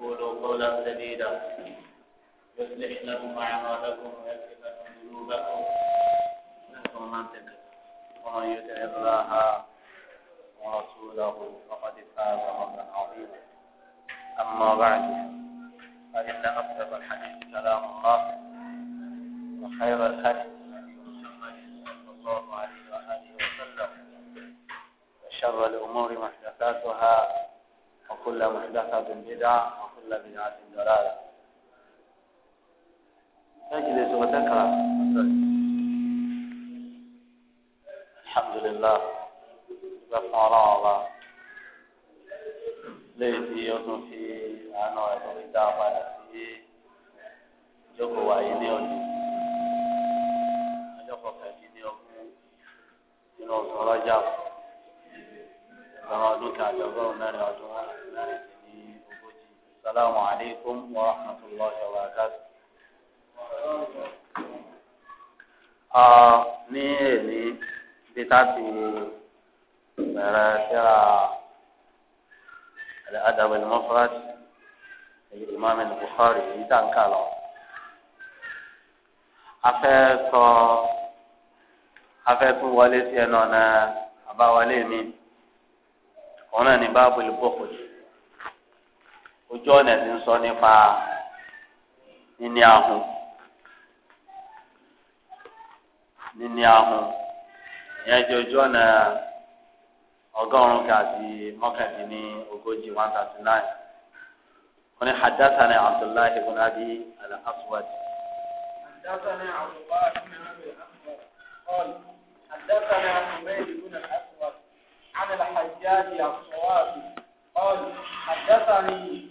وقولوا قولا سديدا يصلح لكم أعمالكم ويغفر لكم ذنوبكم لكم من ومن يطع الله ورسوله فقد فاز فوزا عظيما أما بعد فإن أصدق الحديث كلام الله وخير الحديث الله عليه وآله وسلم وشر الأمور محدثاتها وكل محدثة بدعة وكل بدعة ضلالة اجلس وتكره الحمد لله غفر الله léèdì ọdún fi àánú ẹ̀dùn mi dá padà sí ìjókòó wáyé ní ọdún ọjọ́ kọkàndín ní ọdún nínú ọ̀sán ọlọ́jà ẹgbẹ̀rún ọdún kàdé ọgọ́rùn-ún mẹ́rin ọdún mẹ́rin. السلام عليكم ورحمة الله وبركاته ní èmi bí táti bẹ̀rẹ̀ síra al-Adab al-Mufrad èyí Imam al-Bukhari yìí tá n kà lọ. afẹ́ sọ afẹ́ tún wọlé sí ẹnu ọ̀nà àbáwọlé mi òun náà ní báàbù al-Bukhl ojú ọ̀nà ti ń sọ nípa níní ahun níní ahun ìyẹn jẹ́ ojú ọ̀nà ọgọ́rùn-ún kàti mọ́kàndínní ogójì one thirty nine wọ́n ní hadassani abdullahi ibn abi al-aswad. hadassani abdullahi ibn abi al-aswad qol hadassani abdullahi ibn al-aswad عن الحجاج الصواب قال حدثني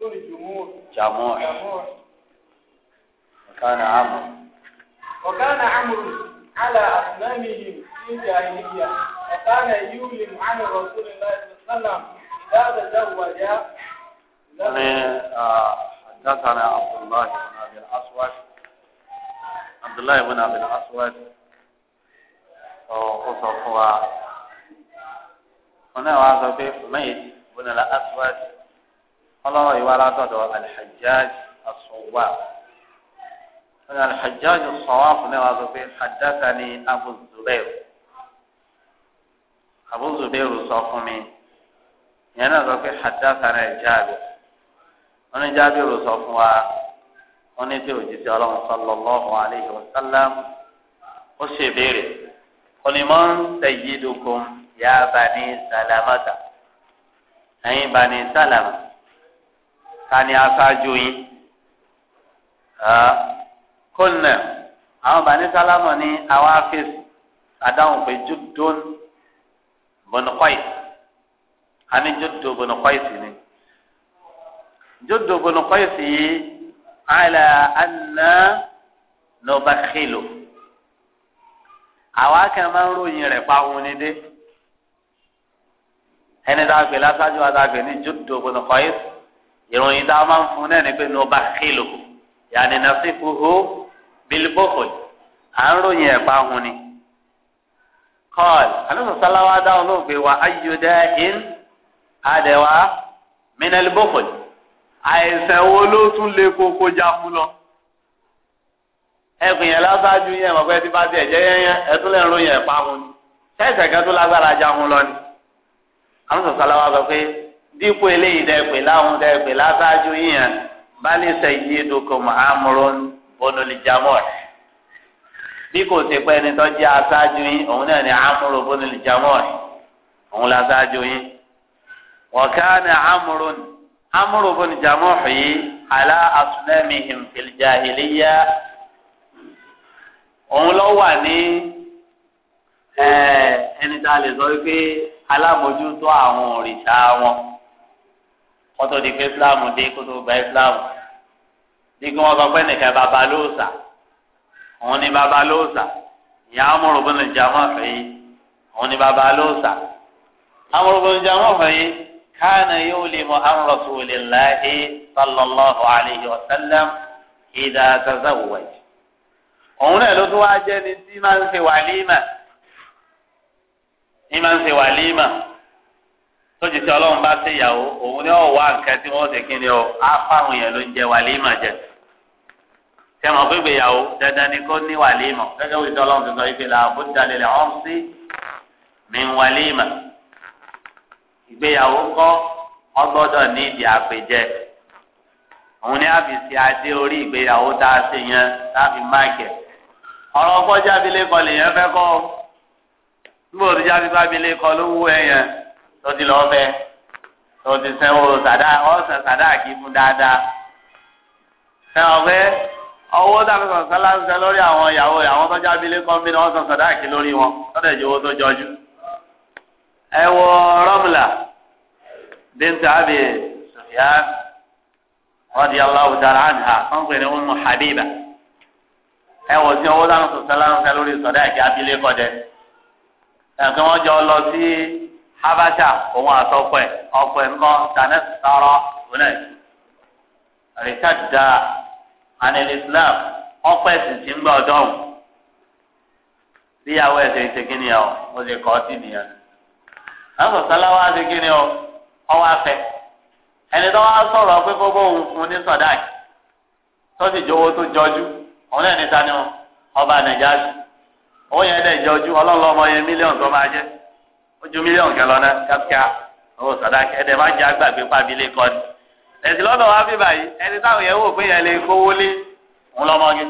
وكان عمرو وكان عمرو على أصنامهم في جاهلية وكان يولم عن رسول الله صلى الله عليه وسلم إذا تزوج يعني، آه، حدثنا عبد الله بن أبي الأسود عبد الله بن أبي الأسود وقصة هو هنا وعظة ميت حميد بن الأسود ọlọ́rọ̀ ìwà látọ̀dọ̀ alhajjaj asọ̀wà ọ̀nà alhajjaj asọ̀wà fún ẹwà sọ pé hadata ni abu zubair abu zubair sọ fún mi ìyẹn náà sọ pé hadata ni jaabi wọn ní jaabi sọ fún wa wọn ní tí òjì sí ọlọ́run wa sallam ó ṣe béèrè onímọ̀ ń sayyidukum ya bani salamata ẹ̀yin bani salama tani aṣáájú yín kólnẹ àwọn bani sálámù ní àwọn afẹsí adáhùn pé jùdón bọnukọ́ìs àní jùdó bọnukọ́ìs ni jùdó bọnukọ́ìs yìí àlà àná nọbàkìlò àwọn akẹ́ máa ń ròyìn rẹ̀ pa òun ni dé ẹni tá a gbé lásájú wa tá a gbé ní jùdó ìròyìn tá a máa ń fún náà ni pé ní ọba kéèlò yàní nàṣípò ó bílíbọ̀fọ̀ à ń ròyìn ẹ̀ bá hun ni. kọ́ọ̀lù alóòsàn sáláwá dáhùn ló gbé wa ayọ̀dẹ́ in adẹ̀wá mínẹ́líbọ̀fọ̀ àìsàn wo ló tún lè koko já fún lọ. ẹkùn yẹn lásáájú yẹn mọ̀ pé tí bá tiẹ̀ jẹ́ yẹn ẹtún lè ròyìn ẹ̀ hun ni. sẹ́ẹ̀sẹ̀ kan tó lágbára já hun lọ ni. alóòsàn sọ pé dípò eléyìí dẹ́pẹ̀ láwọn dẹ́pẹ̀ látàjú yíyan balẹ̀ sẹ́yìn dùkọ̀ muhammadun bonulijamor bí kò sí pé ẹni tó jẹ́ aṣáájú yín òun náà ni amúrò bonulijamor òun láṣáájú yín wọ̀kánà amúrún amúrò bonulijamor yìí alá asunamihim filijahiliya òun lọ wà ní ẹni tá a lè sọ wípé alámòjútó àwọn òrìṣà wọn kótó di pé islam dé kótó gba islam dígbì wọn sọ pé nìkan bàbá lóòsà òun ni bàbá lóòsà ìyá amúròbónú jàmọ́ fẹ̀yì òun ni bàbá lóòsà amúròbónú jàmọ́ fẹ̀yì kánà yóò lè mọ amúròsùlélàhí sallallahu alayhi wa sallam ìdá tazawwaj òun náà ló tún wá jẹ́ ni tí máa ń ṣe wàlímà ní máa ń ṣe wàlímà tójì tí ọlọ́run bá ṣe ìyàwó òun ni ó wá nǹkan tí wọ́n ṣe kí ni ọ á fáwọn èèyàn ló ń jẹ wàlímà jẹ tẹmọ gbégbé ìyàwó dandan ni kó ní wàlímà gẹ́gẹ́ bí tọ́lọ́run ti sọ yìí pé dalẹ̀ lẹ̀ ọ́n sí mi wàlímà ìgbéyàwó kọ́ wọ́n ní ìdí àpèjẹ òun ni àbìsí adé orí ìgbéyàwó tá a ṣe yẹn láti máàkì ọ̀rọ̀ ọgbọ́n jábílẹ̀ kọ́ lè tó ti lọ́ọ́ fẹ́ tó ti sẹ́wọ́ sàdá ọ̀sán sàdá kì í fún dáadáa. ẹ ọ̀ pé owó dáná sàn sálá ń sẹ lórí àwọn ìyàwó rẹ̀ àwọn tọ́jú abilé kọ́mbínà wọ́n sàn sàdá kì lórí wọn lọ́dẹ̀ jẹ́ owó tó jọjú. ẹ wọ rọ́mùlà bíntì àbí sùfìyàn radiyallahu ta'ala anha wọ́n pè ní Ummu Habiba ẹ wọ sí owó dáná sàn sálá ń sẹ lórí sàdá kì abilé kọ́ dẹ. ẹ̀ habasha òun àtọkọ ẹ ọkọ ẹ ńkọ tànẹ sọrọ òun ẹ rìtàdà anil islam ọkọ ẹsìn tí ń gbọ ọdọ òun bíyàwó ẹsẹ ìṣe kí ni ọ mo lè sí nìyẹn gbogbo òun fún ní tó sì jówó ọba nàìjíríà òun yẹn jọjú yẹn mílíọ̀nù tó máa ó ju mílíọ̀nù kan lọ náà kíákíá owó sàdáàkì ẹ̀dẹ̀ máa ń jẹ́ agbàgbé pàbílẹ̀ kọ́ ni. ẹ̀sìn lọ́dọ̀ wa bí báyìí ẹni táwọn yẹn wò pé yẹn lè gbówó lé ń lọ́mọge.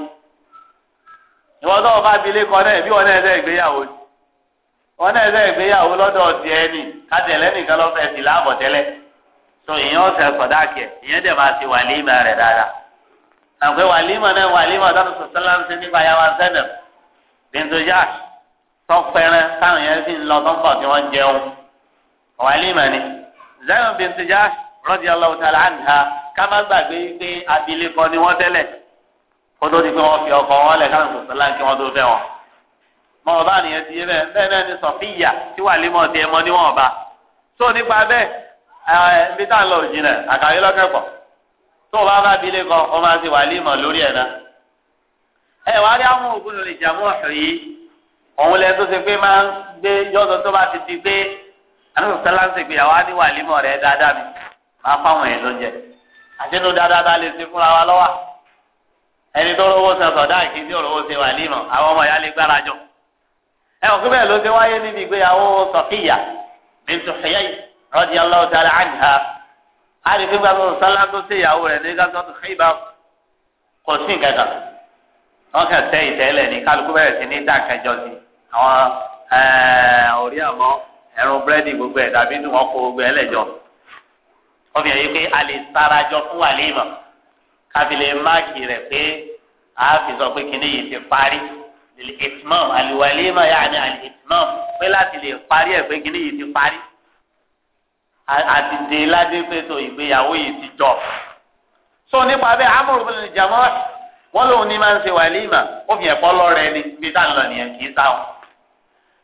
ìwọ tó o pàbílẹ̀ kọ́ náà bí wọn náà ẹ̀dẹ̀ ìgbéyàwó ni wọn náà ẹ̀dẹ̀ ìgbéyàwó lọ́dọ̀ ọ̀dì ẹni kájẹ̀lẹ́ nìkan lọ́ fẹ́ sí láàbọ̀ tẹ́lẹ̀ tó ìyẹn ọ̀sẹ̀ sàdáàkì ìyẹn dẹ̀ máa ti wàlímà rẹ̀ dáadáa. àgbẹ̀ wàlímà náà wàlímà tọpẹrẹ táwọn yẹn fi ń lọ tó ń bọ̀ tí wọ́n jẹun ọ̀wá lima ni Zainab bint Jahsh radiyallahu ta'ala anha ká má gbàgbé pé abilékọ ni wọ́n tẹ́lẹ̀ kó tó pé wọ́n fi ọkọ wọn lẹ̀ káwọn sọ̀tọ̀ láǹkì wọn tó fẹ́ wọn. mọ ọba nìyẹn ti yé bẹ́ẹ̀ bẹ́ẹ̀ náà ni Sọfíyà tí wà límọ̀ tiẹ̀ mọ níwọ̀n ọba tó nípa bẹ́ẹ̀ ẹ bí tá à ń lọ òjìnà àkàwé lọ́kẹ́kọ̀ọ́ tó o bá bá abilékọ o máa ti wà límọ̀ lórí ẹ̀ òun lẹ tó ṣe pé máa ń gbé yọ̀dọ̀ tó bá ti di pé àwọn sọ̀tẹ́lá ń ṣègbè àwa ní wàlímọ̀ rẹ̀ dáadáa mi máa fáwọn èèyàn lóúnjẹ àṣẹnu dáadáa ta lè ṣe fúnra wa lọ́wọ́ ẹni tó rówó san sọ̀dá kì sí òrówó ṣe wàlímọ̀ àwọn ọmọ ìyá lè gbára jọ. ẹ ò kíbẹ̀ ló ṣe wáyé níbi ìgbéyàwó Sọfíyà bintu Huyay radiyallahu àwọn eh, orí àmọ́ ẹran búrẹ́dì gbogbo ẹ̀ tàbí nù ọkọ̀ gbogbo ẹ̀ lẹ́jọ́ wọ́n fi hàn yí pé a lè sarajọ fún wàlímọ̀ káfí lè máàkì rẹ̀ pé a fi sọ pé kíní yìí ti parí ìtìmọ̀ àlùwàlímọ̀ yà ni àlìtìmọ̀ pé láti lè parí ẹ̀ pé kíní yìí ti parí àti dè ládé pé tó ìgbéyàwó yìí ti jọ. sọ nípa bẹ́ẹ̀ amúrò fún ìjàmọ́ wọn lòun ní máa ń ṣe wàlímọ̀ ó fi ẹ̀kọ́ lọ́rẹ́ ni bí táà ń lọ nìyẹn kì í sáwọn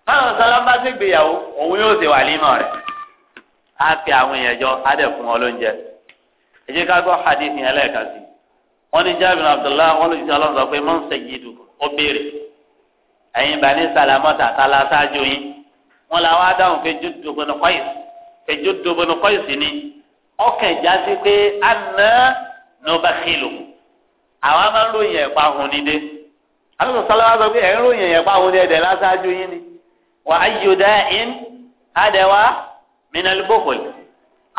báwọn sọlá bá ti gbéyàwó òun yóò ṣe wàlímà rẹ̀ á fi àwọn èèyàn jọ á dẹ̀ fún wọn lóúnjẹ ẹ jẹ́ ká gbọ́ hadith yẹn lẹ́ẹ̀kan sí wọ́n ní jábìrì abdullahi wọ́n lè ṣe ọlọ́sọ pé mọ́ ń ṣèjìdù ó béèrè ẹ̀yin bá ní sàlámọ́tà tálá ṣáájú yín wọ́n là wá dáhùn pé júdù bọ́nù kọ́yìsì pé júdù bọ́nù kọ́yìsì ni ọkàn ìjà sí pé àná ní ọba kìlò àwa máa ń ròyìn ẹ̀pá hun ni dé àwọn sọlá wá sọ pé ẹ̀ ń ròyìn ẹ̀pá hun ni ẹ̀dẹ̀ láṣáájú yín ni wà á yọ dá in àdẹwà minal bukhul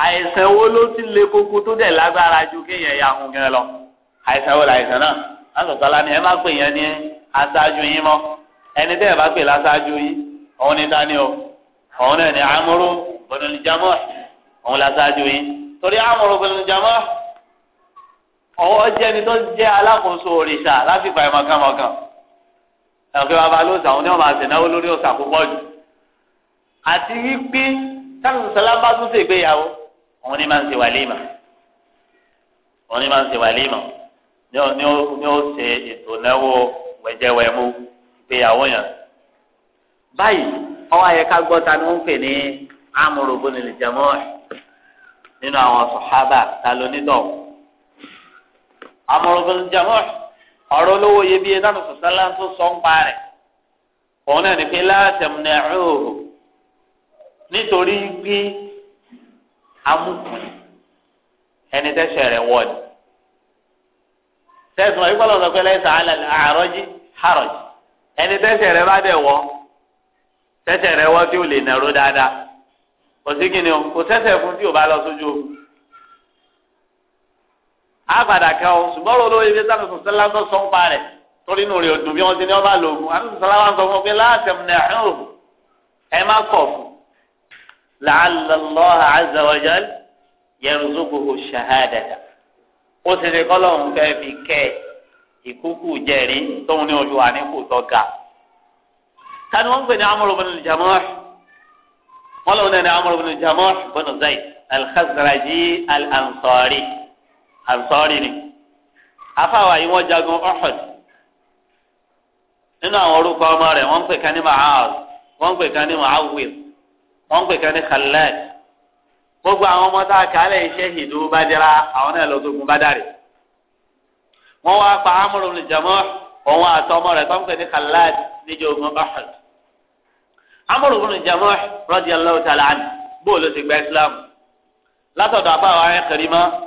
àìsàn wo ló ti le koko tó dẹ̀ lágbára ju kéèyàn ya hun gan lọ àìsàn wo làìsàn náà asọ̀tàlá ni ẹ má pè yẹn ní aṣáájú yín mọ́ ẹni tẹ́ ẹ bá pè láṣáájú yín òun ni dání o òun náà ni amúrú bọ̀dọ̀lìjámọ́ òun láṣáájú yín torí amúrú bọ̀dọ̀lìjámọ́ ọwọ́ jẹ́ni tó jẹ́ alákòóso òrìṣà láti fà ẹ̀mọ̀kànmọ̀kàn ẹ̀rọ pé bàbá ló sàwọn ní ọmọ àtẹnáwó lórí ọ̀sà púpọ̀ jù àti wípé táwọn sọlá bá tún ṣe ìgbéyàwó òun ni máa ń ṣe wàlímà òun ni máa ń ṣe wàlímà ni ó ni ó ṣe ètò náwó wẹ̀jẹwẹ̀mú ìgbéyàwó yẹn báyìí ọwọ́ ayẹ ká gbọ́ ni wọ́n ń pè ní amúrògbó nílẹ̀ jẹmọ́ nínú àwọn sọ̀hábà ta ló ní dọ̀ amúrògbó nílẹ̀ jẹmọ́ ọ̀rọ̀ olówó iyebíye náà sọ sálá tó sọ ń pa rẹ̀ òun náà ní pé látẹ̀mùnà ẹ̀rọ nítorí pé amúkùn ẹni tẹ́sẹ̀ rẹ̀ wọ̀ ni tẹ́sán ọ̀yí kọ́lọ́ sọ pé lẹ́sà àárọ̀jì àárọ̀jì ẹni tẹ́sẹ̀ rẹ̀ bá dẹ̀ wọ́ tẹ́sẹ̀ rẹ̀ wọ́ tí ò lè nàró dáadáa kò sí kí kò tẹ́sẹ̀ fún tí ò bá lọ sójú o á padà ká o ṣùgbọ́n olówó ibi sáà tuntun sẹ́lá tó sọ ń pa rẹ̀ torí inú rẹ̀ dùn bí wọ́n ti ní ọba lògùn àti sọ́lá wa sọ fún pé láàtẹ̀mù ní àhẹ́rù ẹ má kọ̀ fún làálọ́lọ́ àzẹ̀wọ̀jẹ́ yẹrùsókò ṣàhádàdà ó sì ní kọ́lọ́hún fẹ́ fi kẹ́ ìkúkú jẹ̀rí tóun ní olùwà ní kò tọ́ ga tani wọ́n ń pè ní amúrò bínú jamuh àbísọ́rì ni afáwa yìí wọ́n jagun Uhud nínú àwọn orúkọ ọmọ rẹ̀ wọ́n ń pè kan ní Mu'az wọ́n ń pè kan ní Mu'awwil wọ́n ń pè kan ní Khalid gbogbo àwọn ọmọ tá a kálẹ̀ iṣẹ́ ìdú Badira àwọn náà lọ sógun Badari wọ́n wá pa amúrùn ní Jamuh òun àtọmọ rẹ̀ tó ń ní Khalid níjọ́ ogun Uhud amúrùn ní Jamuh radiyallahu ta'ala bóòlù ti gba Islam látọ̀dọ̀ àbáwá ẹ̀ kẹrìmọ́.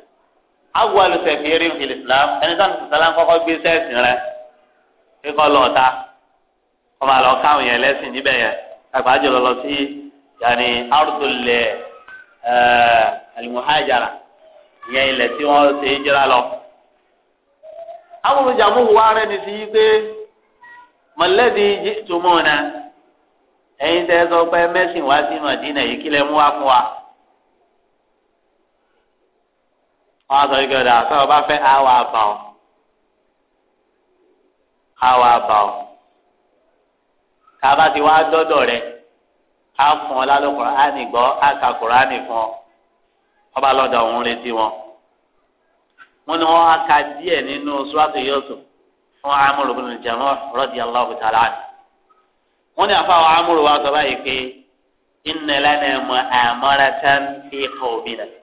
awwalu safirin fil islam ẹni tí wọn sọsọ kọ́kọ́ gbé sẹẹsì rẹ kíkọ lọta ọmọ àlọ káwọn yẹn lẹsìn níbẹ̀ yẹn àgbà jùlọ lọ sí yanni arúgbólẹ ẹ eh, eh, alimuhajara ìyẹn ilẹ̀ tí wọn ṣe é jẹrà lọ. àwọn olùjàmùhù wa rẹ ní sí yí pé mọlẹ́bí jìtùmọ̀ náà ẹ̀yin tẹ́ sọ pé mẹ́sìn wá sí Mádínà yìí kílẹ̀ mú wá fún wa. wọ́n á sọ yìí gbọ́dọ̀ ọba fẹ́ àwọ àbà ọ àwọ àbà a ti wá dọ̀dọ̀ rẹ̀ á fún ọ lálùkọ á kùránì fún ọ ọba lọ́dọ̀ òun retí wọn ni wọn aka ka nínú fún amúlò bínú jẹmọ ni àfa àwọn amúlò wa sọ báyìí pé inna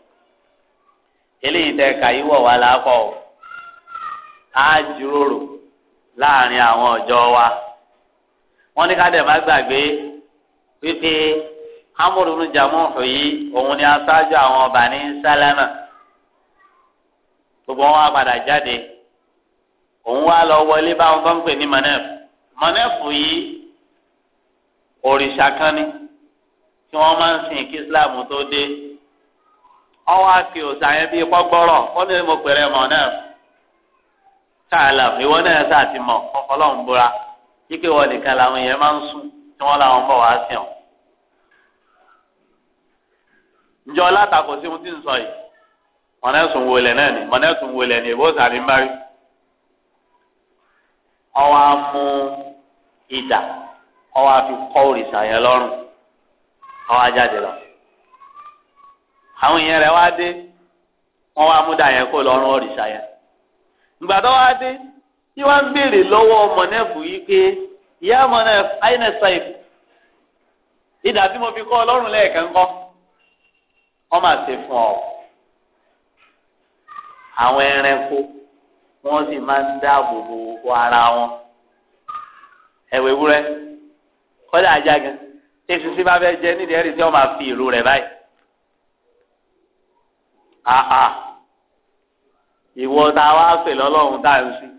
eléyìí tẹ kàyí wọ̀ wá lákọ̀ o á jíròrò láàrin àwọn ọ̀jọ́ wa wọ́n ní ká dẹ̀ má gbàgbé wípé amúrú ní jamuhu yìí òun ni aṣáájú àwọn ọba ní sálámà gbogbo wọn á padà jáde òun wá lọ wọlé báwọn tó ń pè ní manef manef yìí òrìṣà kan ni tí wọ́n máa ń sìn kí islam tó dé. a àti òsà yẹn bíi kọ́gbọ́rọ̀ ó ní mo pèrè mọ̀ náà káàlà ìwọ náà sá ti mọ ọ̀fọlọ́hún búra yíké wọ́n nìkan làwọn èèyàn máa ń sùn tí wọ́n làwọn bọ̀ wá sí ọ njọ látakò sí ohun tí ń sọ yìí mọ̀nẹ́sùn wọlé náà ni mọ̀nẹ́sùn wọlé ni sàrí fi kọ́ òrìṣà yẹn lọ́rùn jáde lọ. àwọn èèyàn rẹ̀ wá dé wọ́n wá mú dà yẹn kó lọ́rùn òrìṣà yẹn ìgbà tó wá dé tí wọ́n ń béèrè lọ́wọ́ mọ̀nẹ́fù yìí pé ìyá mọ̀nẹ́fù ainesaif ìdà tí mo fi kọ́ ọlọ́run lẹ́ẹ̀kan kọ́ wọ́n máa ṣe fún ọ àwọn ẹranko wọ́n sì máa ń dáàbò bo ara wọn ẹ̀wẹ̀ ewúrẹ́ kọ́dà ajá gan èsì sí bá fẹ́ jẹ nídìí ẹ̀rí tí wọ́n máa fi ìrù rẹ̀ báyìí. àà ìwọ tá a wá pè lọ́lọ́run tá à ń sìn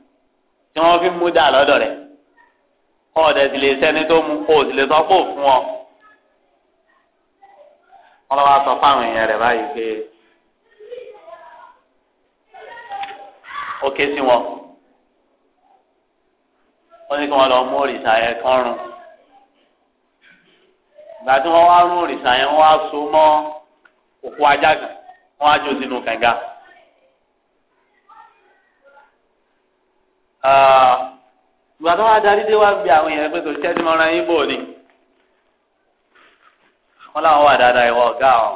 tí wọ́n fi mú dà lọ́dọ̀ rẹ̀ ọ̀dẹ̀ sì lè sẹ́ni tó mú kó o sì lè sọ pé òfun ọ. wọ́n lọ́ wá sọ fáwọn èèyàn rẹ̀ báyìí pé ó ké sí wọn ó ní kí wọ́n lọ mú òrìṣà yẹn kán run ìgbà tí wọ́n wá rún òrìṣà yẹn wọ́n wá so mọ́ òkú ajá kan. wọ́n á jò sínú kànga. Ah, ìgbà tó wá darí dé wá gbé àwọn èèyàn pé kò ṣẹ́ sí mọ́ra yín bò ni wọ́n láwọn wà dáadáa ìwọ ọ̀gá ọ̀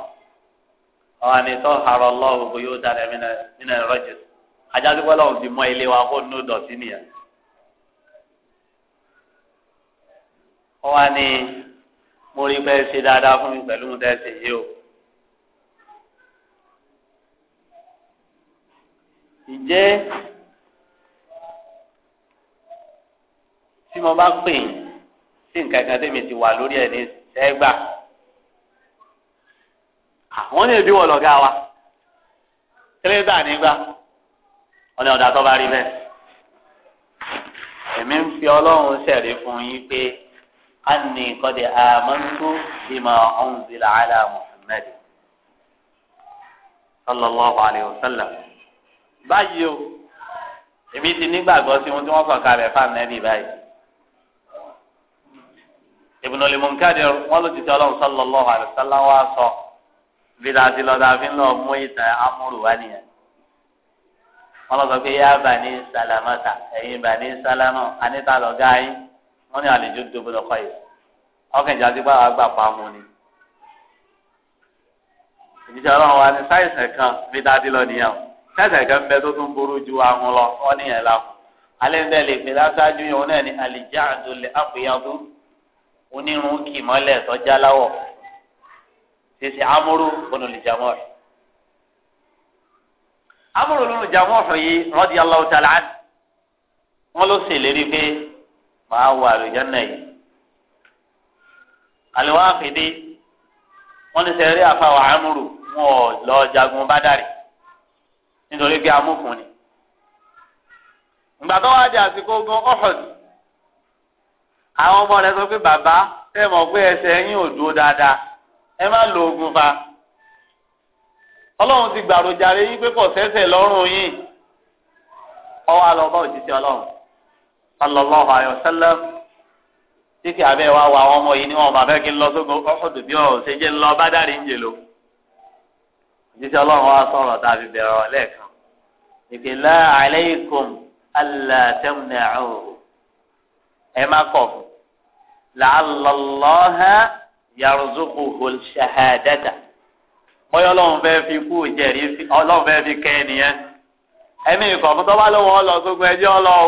àwọn àni tó harọ lọ́wọ́ bó yóò dára mínà rọ́jẹ̀ ajá tó wọ́n lọ́wọ́ fi mọ́ ilé wa kó nù dọ̀tí nìyẹn. wọ́n wá mo rí pé ṣe dáadáa fún mi pẹ̀lú mo tẹ́ ṣe yìí o. ìjẹ́ tí mo bá pè sí nǹkan kan tẹ́mi ti wà lórí ẹ̀ ní ẹgbà àwọn ní ìdíwọ̀ lọ́gá wa kílẹ̀ tà nígbà wọn ni ọ̀dà tó bá rí bẹ́ẹ̀ èmi ń fi ọlọ́run ṣẹ̀rí fún yín pé anni qad amantu bima unzila ala Muhammad sallallahu alayhi wa sallam báyìí o èmi ti nígbàgbọ́ sí ohun tí wọ́n sọ kalẹ̀ fáànù ẹ̀dì báyìí Ibn al-Munkadir wọn ló ti tẹ Ọlọ́run sallallahu alaihi wasallam wa sọ bílá ti lọ dàbí lọ mú ìtàn amúrù wá nìyẹn wọn lọ sọ pé yá Bani Salamata ẹ̀yin Bani Salama anita lọgá yín wọn ní àlejò dóbi lọkọ yìí ọkàn ìjà ti bá wa gbà pa ni ìdíje Ọlọ́run wa ní sáyẹsẹ kan bílá ti lọ nìyẹn o sẹ́sẹ̀kẹ́ ń bẹ tó tún burú ju ahun lọ wọ́n ní yẹn láhùn alẹ́ ń bẹ lè pè lásáájú yẹn òun náà ní àlìjá àdúlẹ̀ àfìyàbú onírun kì mọ́lẹ̀ sọ́jà láwọ̀ ṣèṣe amúrú onùlùjàmọ́ rẹ̀ amúrú onùlùjàmọ́ rẹ̀ yìí rọ́dí aláwọ̀ tàlá wọn ló ṣèlérí pé màá wà àlùjánnà yìí àlùwà àfìdí wọn ní sẹ́rí àfàwọ̀ amúrú wọn ò lọ jagun bá dàrí. nítorí pé amúkùn ni ìgbà tó wá di àsìkò ogun ọ̀hún àwọn ọmọ rẹ̀ sọ pé bàbá ẹ mọ̀ pé ò lo ogun fa ọlọrun ti gbàròjàre yín pé kò sẹ́sẹ̀ lọ́rùn yín ọwọ́ àlọ́bá òjíṣẹ́ ọlọ́run sallallahu alayhi wa títí wa wà àwọn ọmọ yìí ni wọn bá fẹ́ kí n lọ sógun ọ̀hún bí ọ̀hún ṣe ìgbélá àlẹ́yìnkùn alàtẹ́mùnàáwò ẹ má kọ̀ fún làálọ́lọ́hà yàrùzùkù ṣàhàdàdà bọ́yọ̀ ọlọ́run fẹ́ fi kú jẹ̀rí ọlọ́run fẹ́ fi kẹ́ ẹnìyẹn ẹ̀mí ìkọ̀ fún tọ́ba lówó ọlọ́ gbogbo ẹjẹ́ ọlọ́ o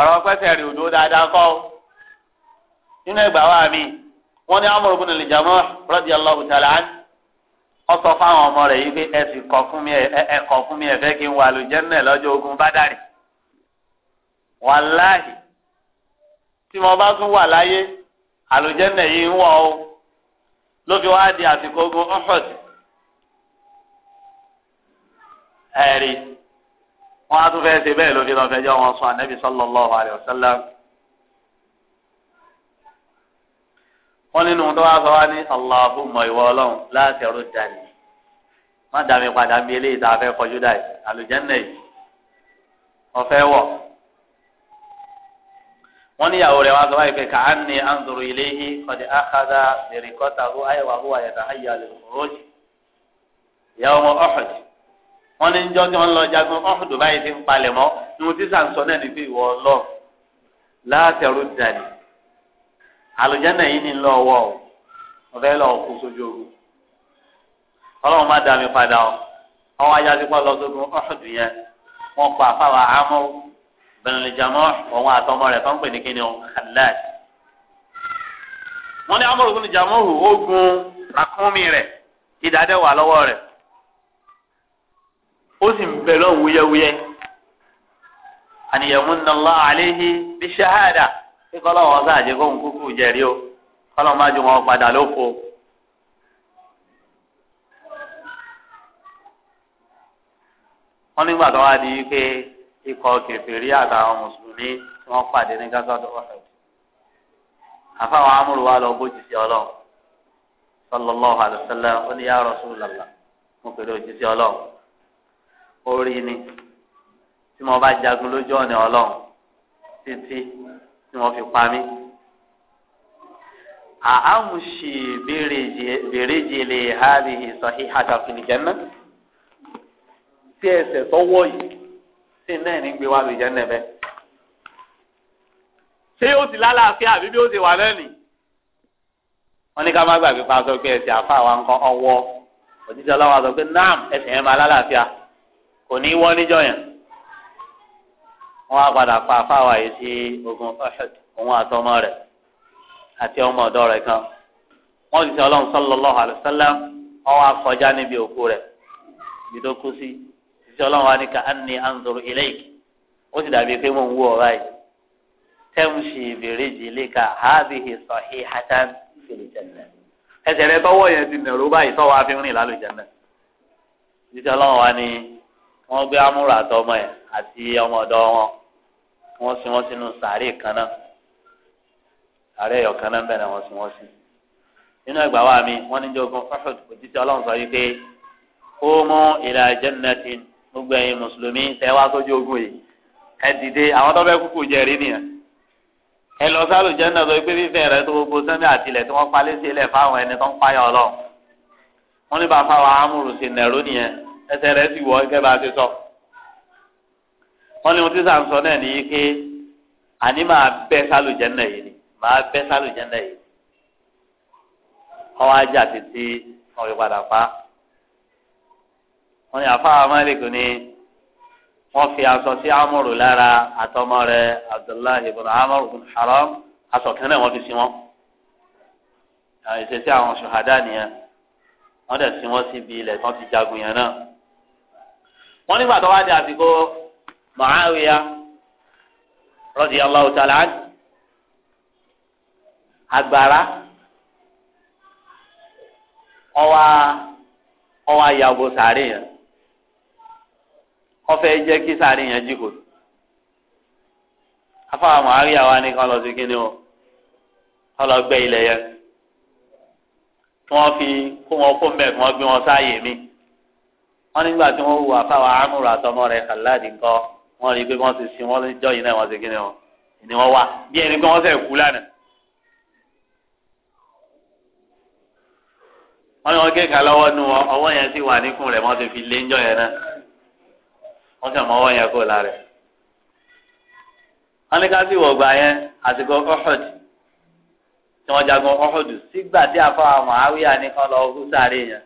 ọ̀rọ̀ pẹ́sẹ̀ rí odò dáadáa kọ́ o nínú ẹgbàá wa mi wọ́n ní amúrúbùnú lè jàmọ́ rọ́díyàlọ́hùn tàlàánì. ọsọ fáwọn ọmọ rẹ yìí pé ẹ sì kọ fún mi ẹ kọ fún mi ẹ kí n wà lùjẹnẹ lọ́jọ́ ogun bádàrí wàláhì tí mo bá tún wà láyé yìí wọ o ló fi wá di àsìkò ogun ọfọd ẹ̀rí wọn á tún fẹ́ ṣe bẹ́ẹ̀ ló fi fẹjọ́ wọn ànábì wọn nínú tó sọ wá ní Allahumma ìwọ Ọlọ́run láti ọrọ má dàmí padà eléyìí tá a fẹ́ kọjú yìí ọfẹ wọ wọn níyàwó rẹ̀ wá sọ wáyé pé ka'anni anzuru ilayhi qad akhadha birikotahu aywa huwa yatahayya lil-khuruj yawma wọn ní njọ́ tí wọ́n lọ jagun ti ń palẹ̀ mọ́ ní mo ti sàn sọ náà ní fi àlùjánnà yìí ni lọ wọ o mo lọ kó sójú ogun ọlọ́run má dá mi padà o ọwọ́ ajá ti pọ̀ lọ sógun yẹn wọ́n pa àfàwà àmọ́ bẹ̀rẹ̀lẹ̀jàmọ́ ọ̀hún àtọmọ rẹ̀ tó ń pè ní kíni o wọ́n ní ìjàmọ́ rẹ̀ ìdádẹ́ wà lọ́wọ́ rẹ̀ ó sì ń bẹ̀ wúyẹ́wúyẹ́ kí kọ́lọ́wọ́ ọ̀sán àjẹ́ kóhun kúkú jẹ̀rí o kọ́lọ́wọ́ má ju wọn padà wọ́n nígbà tó wá di pé ikọ̀ kẹfìrí àtàwọn mùsùlùmí tí wọ́n pàdé ní gásọ́dọ̀ ọ̀sẹ̀ amúlù wa lọ bójú tí wọ́n fi pa mí. àhámùsì bèrèjìlè hàbì ìsọ̀hí àtàkùnìjẹ́nà tí ẹsẹ̀ tọwọ́ yìí sí náà ní gbé wá lùjẹ́nà bẹ́ẹ̀. ṣé yóò ti lálàáfíà àbí bí ó ti wà náà nì? wọ́n ní ká má gbàgbé pa aṣọ pé ẹsẹ̀ àfa àwa ń ọwọ́ òjíṣẹ́ ọlọ́wọ́ aṣọ pé náà ẹsẹ̀ yẹn máa lálàáfíà kò ní wọ́n níjọ́ yẹn wọn á padà pa fáwa yìí sí ogun ọ̀ṣọ́d òun àtọmọ rẹ̀ àti ọmọ ọ̀dọ́ rẹ̀ kan wọn ti sọ ọlọ́run sallallahu alaihi wasallam wọn wá kọjá níbi òkú rẹ̀ ibi tó kú sí ìṣe ọlọ́run wa ní ká anni anzuru ilayki ó ti dàbí pé mò ń wú ọ báyìí tẹ́mùsì bèrèjì lẹ́ka hábìhì sọ̀hí hátán fil janna ẹsẹ̀ rẹ tọwọ́ yẹn ti nàró báyìí tọ́wọ́ á fi rìn lálùjànnà ìṣe ọlọ́run wa ní wọ́n gbé amúra àtọmọ ẹ̀ àti ọmọ ọ̀dọ́ wọn wọ́n sin wọ́n sínú sàárè kan náà sàárè ẹ̀yọ̀ kan náà bẹ̀rẹ̀ wọ́n sin wọ́n sí. nínú ẹgbàá wa mi wọ́n ní jogun fáfọ̀d òjíṣẹ́ ọlọ́run sọ wípé kó mú ìlà jẹ́nẹ́tì gbogbo ẹ̀yin mùsùlùmí tẹ́ wá sójú ogun yìí ẹ dìde àwọn tó fẹ́ kúkú jẹ̀rí nìyẹn. ẹ lọ sálù jẹ́nà sọ pé fífẹ́ rẹ tó gbogbo sẹ́mi àtìlẹ̀ tí wọ́n palẹ́ sí ilẹ̀ fáwọn ẹni tó ń payọ̀ ọlọ́run. wọ́n ní bàbá wa amúrù nẹ̀rú nìyẹn ẹsẹ̀ rẹ̀ sì wọ́ gẹ́gẹ́ bá a ti sọ wọ́n ní otí sàǹsọ náà ní ike àní máa bẹ́ sálùjẹ́nà yìí ni máa bẹ́ sálùjẹ́nà yìí ọwọ́ ajá títí wọ́n padà pa wọ́n ní àfáà Málíkù ni wọ́n fi aṣọ sí amúrù lára àtọmọ rẹ̀ Abdullahi ibn Amr ibn Haram aṣọ kan náà fi sí wọn ìṣesí àwọn ṣùhádà nìyẹn wọ́n dẹ̀ sí wọn síbi ilẹ̀ tí wọ́n ti jagun yẹn náà wọ́n nígbà tó wá di àsìkò. Muawiya radiyallahu ta'ala anhu agbára ọwa ọwa yàgò sàárè yẹn ọfẹ jẹ kí sàárè yẹn jìkò afọwọ́ Muawiya wa ní kán lọ sí kíni o kán lọ gbẹ ilẹ̀ yẹn kí wọ́n fi kó wọn kó mbẹ́ kí wọ́n gbé wọn sáàyè mi wọ́n nígbà tí wọ́n wù afọwọ́ amúra tọmọ rẹ̀ kàlá dìgbọ́. wọn rí i pé wọ́n ti sin wọ́n lọ́jọ́ yìí náà wọ́n ti kí ni wọ́n ni wọn wá bí ẹni pé wọ́n sẹ̀ kú lánàá. wọn ní wọ́n gé nǹkan lọ́wọ́ nu wọn ọwọ́ yẹn sì wà níkùn rẹ̀ wọ́n ti fi lé ńjọ́ yẹn náà wọ́n sẹ̀ mọ́ ọwọ́ yẹn kó lára rẹ̀. wọ́n ní ká sì wọ̀ gbà yẹn àsìkò ọ̀hùd tí wọ́n jagun sígbà tí yẹn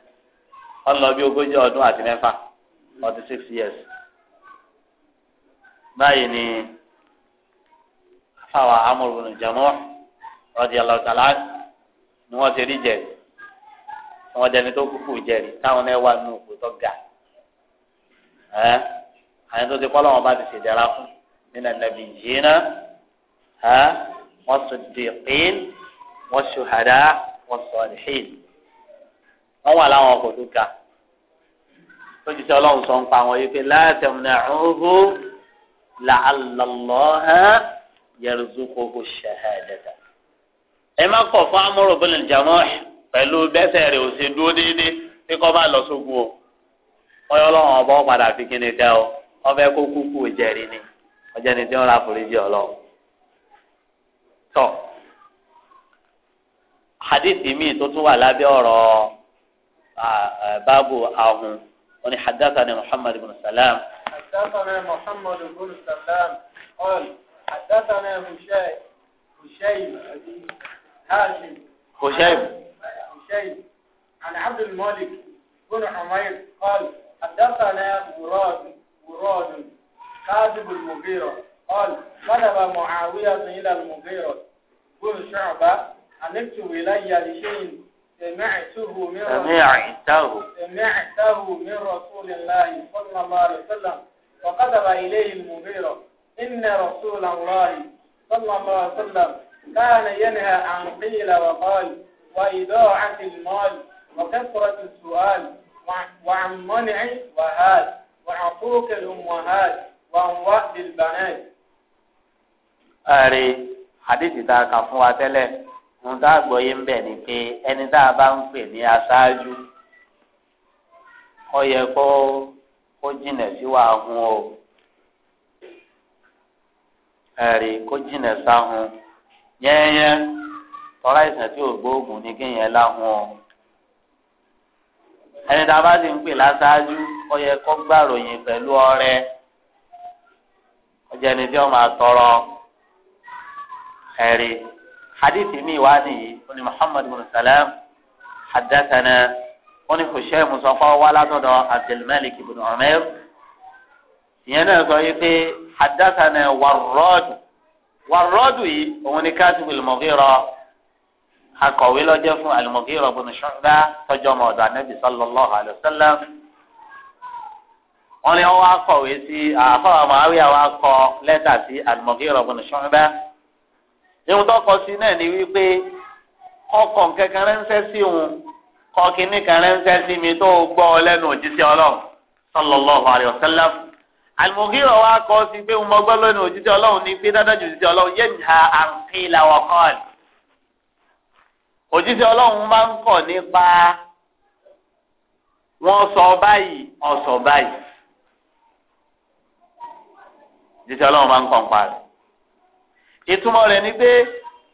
lọ bí ogójì ọdún àti forty six years. báyìí ni fáwọn amúlùmí jẹmọ ọdí ọlọtàlá ni wọn ti rí jẹ wọn jẹni tó kúkú jẹrì táwọn náà wà nínú òkú tó ga ẹ àyẹn tó ti kọ́ lọ́wọ́ bá ti ṣèdára fún nínú ẹ̀nàbí yìí náà ẹ wọ́n sọ dèkín wọ́n sọ hàdá wọ́n sọ ọ̀dẹ̀hìn wọ́n wà láwọn ọkọ̀ tó ga lójútì ọlọ́run sọ ń pa àwọn yìí pé láti ọ̀nà ọ̀hún la'allallah yarzuquhu shahadata. ẹ má kọ̀ fún amúrò bẹ́ẹ̀ jàmọ́ pẹ̀lú bẹ́sẹ̀ rẹ̀ ò ṣe dúró déédéé tí kò bá lọ sógun o. wọ́n yọ ọlọ́run ọba padà fi kíni dá o wọ́n fẹ́ kó kúkú jẹ́rìí ni ọjọ́ ni tí wọ́n rà foríjì ọlọ́run. tọ́ hadithi míì tó tún wà lábẹ́ ọ̀rọ̀ báàbù ahun wọn ni muhammad ibn salam. حدثنا محمد بن سلام قال حدثنا هشام هشام هاشم هشام هشام عن عبد الملك بن حميد قال حدثنا مراد مراد كاذب المغيرة قال طلب معاوية إلى المغيرة بن شعبة أن اكتب إلي لشيء سمعته من سمعته من رسول الله صلى الله عليه وسلم وكتب إليه المغيرة إن رسول الله صلى الله عليه وسلم كان ينهى عن قيل وقال وإضاعة المال وكثرة السؤال وعن منع وهاد وعقوق الأمهات وعن وعد البنات أري حديث تاكا فوا تلẹ̀ ń dá àgbọ́yé ń bẹ̀ ni pé ẹni tá a bá ń pè ní aṣáájú ó yẹ kó kó jìnà sí wàá hun o ẹ̀rí kó jìnà sáhun yẹ́nyẹ́ tọ́lá ìsàn tí ò gbóògùn ní kéèyàn láhun o ẹni tá a bá sì ń pè láṣáájú ó yẹ kó gbàròyìn pẹ̀lú ọrẹ ọjà ẹni tí ó máa tọrọ ẹ̀rí hadith mi wá nìyí oní muhammad bin salam hadathana wọ́n ní hussein musafar wà látọ̀dọ̀ abdulmalik ibn umair ìyẹn náà sọ yìí pé hadassana warrọ́ọ̀dù warrọ́ọ̀dù yìí òun ni kátìbù al-mughira akọ̀wé lọ́jọ́ fún al-mughira ibn shu'ba tọ́jọ́ ọmọ ọ̀dọ̀ anabi sallallahu alayhi wa sallam wọ́n ní wọ́n akọ̀wé sí àfọwọ́ muawiya wọ́n akọ lẹ́tà sí al-mughira ìhun tó kọ sí náà ni wípé ọkọ̀ kẹkẹrẹ ń sẹ́ sí òun kọkìní kan ránṣẹ́ sí mi tó gbọ́ ọ lẹ́nu òjíṣẹ́ ọlọ́run sallallahu alayhi wa sallam al-Mughira wa kọ́ sí pé mo gbọ́ lẹ́nu òjíṣẹ́ ọlọ́run ní pé dáadáa jù òjíṣẹ́ ọlọ́run yẹn ní àǹkìlà wa qal òjíṣẹ́ ọlọ́run máa ń kọ̀ nípa wọ́n sọ báyìí ọ̀sọ̀ báyìí òjíṣẹ́ ọlọ́run máa ń kọ̀ nípa rẹ̀ ìtumọ̀ rẹ̀ ni pé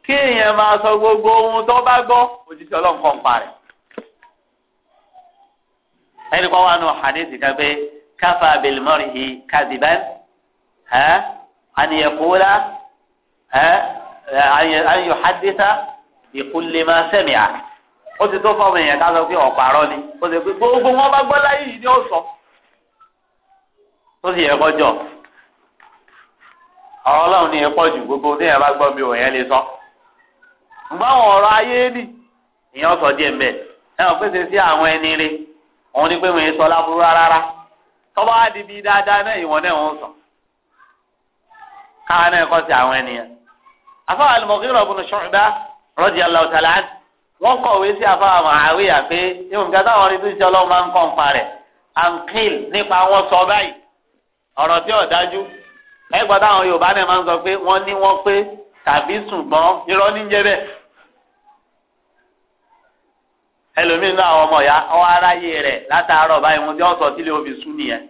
kí èèyàn máa sọ gbogbo ohun tó bá gbọ́ òjíṣẹ́ ọlọ́run kọ̀ nípa rẹ̀ ẹni kọ́ wa hadith kan pé káfa kadiban ẹ àníyàkúra ẹ àníyàn hadita ìkúlẹ̀mà sẹ́mìà ó ti tó fọwọ́ èèyàn ká pé ọ̀pàrọ̀ ni ó ti pé gbogbo wọn bá láyé yìí ni ó sọ tó sì yẹ kọjọ ọ̀rọ̀ ọlọ́run ni gbogbo mi ò yẹn lè sọ ọ̀rọ̀ ayé ni sọ díẹ̀ mbẹ́ ẹ̀ pèsè sí àwọn ẹni òun ni pé wọ́n yẹn sọ láburú rárá tọ́ba á di bí dáadáa náà ìwọ̀n náà wọ́n sọ káwọn náà kọ́ sí àwọn ènìyàn. afáwọn al-Mughira ibn Shu'ba radiyallahu ta'ala anhu wọ́n kọ̀wé sí afáwọn Mu'awiya pé ìwọ̀n gàdá àwọn ọ̀rẹ́ tó ṣiṣẹ́ ọlọ́run máa ń kọ́ ń parẹ̀ ankil nípa wọn sọ báyìí ọ̀rọ̀ tí ò dájú ẹgbẹ́ táwọn Yorùbá náà máa ń sọ pé wọ́n ní wọ́n pé tàbí ṣùgbọ́n irọ́ ní jẹ́ bẹ́ẹ̀ ẹlòmíín náà àwọn ọmọ ya ọwọ aráyé rẹ látàárọ̀ báyìí mo ti ọsọ sílé òbí sùn nìyẹn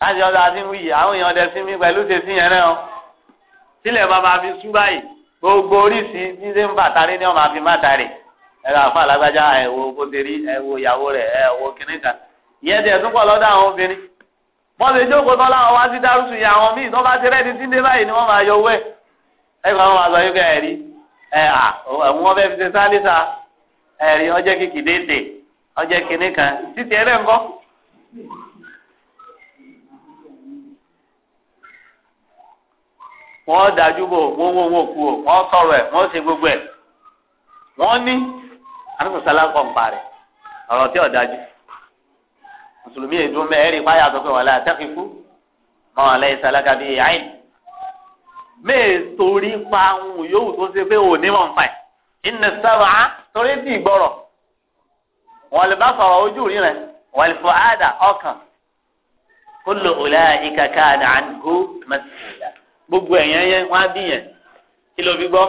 láti ọdọ àti wíyì àwọn èèyàn ọdẹ sí mi pẹ̀lú tètè yẹn náà sílẹ̀ bàbá fi sùn báyìí gbogbo oríṣi ní ṣe ń bà tari ni ọmọ àfi má tari ẹ̀rọ àfa alágbájá ẹ wo bó ṣe rí ẹ wo ìyàwó rẹ ẹ wo kìnní kan ìyẹn tiẹ̀ tún pọ̀ lọ́dọ̀ àwọn obìnrin wọ́n lè jókòó tán láwọn wá sí dárúsù yẹn àwọn míì tó bá ti rẹ́ni tí dé báyìí ni wọ́n máa yọ owó ẹ̀ ẹ̀ kàn wọ́n máa sọ yókè ẹ̀rí ẹ̀ à wọ́n fẹ́ fi ṣe sálísà ẹ̀rí ọjọ́ kìkì déédéé ọjọ́ kìíní kan títí ẹ̀rẹ́ wọ́n dájú bò o wọ́n sọ̀rọ̀ ẹ̀ wọ́n ṣe gbogbo ẹ̀ wọ́n ní anúkùsálà ń ń parẹ́ ọ̀rọ̀ tí ò dájú mùsùlùmí èdè mẹ́rin páyà sọ pé wàhálà àtẹ́kìkú mọ́ ọ̀lẹ́ ìsàlákà bíi àìn mẹ́ẹ̀ torí pa ohun yòówù tó ṣe pé òní wọ́n ń inna sábà torí dì gbọ́rọ̀ wal basara ojú ríran wal fuada ọkàn kullu ulaika kana anhu mas'ula gbogbo ẹ̀yẹn yẹn wọ́n á bí yẹn kí ló fi gbọ́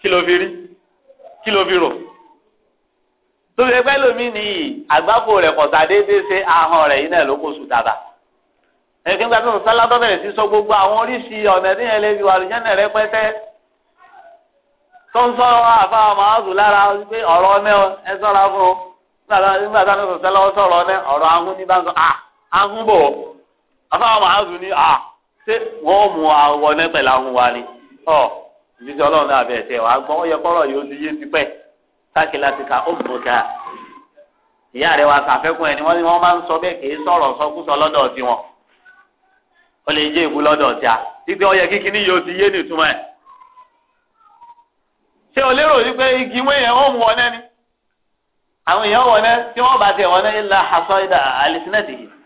kí ló fi rí kí ló fi rò tóbi ẹgbẹ́ lómi ni àgbákò rẹ̀ kọ̀tà déédéé ṣe ahọ́n rẹ̀ yìí náà ló kó sùn dábàá ẹ̀kíngbà tó ń sálá tó bẹ̀rẹ̀ sí sọ gbogbo àwọn oríṣi ọ̀nà tí yẹn lè fi wà tó ń sọ àfa màázù lára pé ọ̀rọ̀ ọ̀nẹ́ ẹ sọ̀rọ̀ fún un nígbà tá ló ọrụ lọ́wọ́ sọ̀rọ̀ ọ̀nẹ́ ọ̀rọ̀ ahun ní bá à ahun bò àfa màázù ní à ṣé wọ́n mú àwọn ọ̀nẹ́ pẹ̀lú ahun wa ni ọ̀ ìdíjọ́ ọlọ́run náà bẹ̀ẹ̀ tẹ̀ wá gbọ́n ó yẹ kọ́rọ̀ yóò yé ti pẹ́ káàkiri ka ó mú ká ìyá sàfẹ́kùn wọ́n ṣé o lérò wípé igi nwee yẹn wọ́n mú wọn náà ni àwọn èèyàn wọn náà tí wọ́n bá tẹ̀ wọn náà ilà àṣọ ìdá àlìsínẹ́tì yìí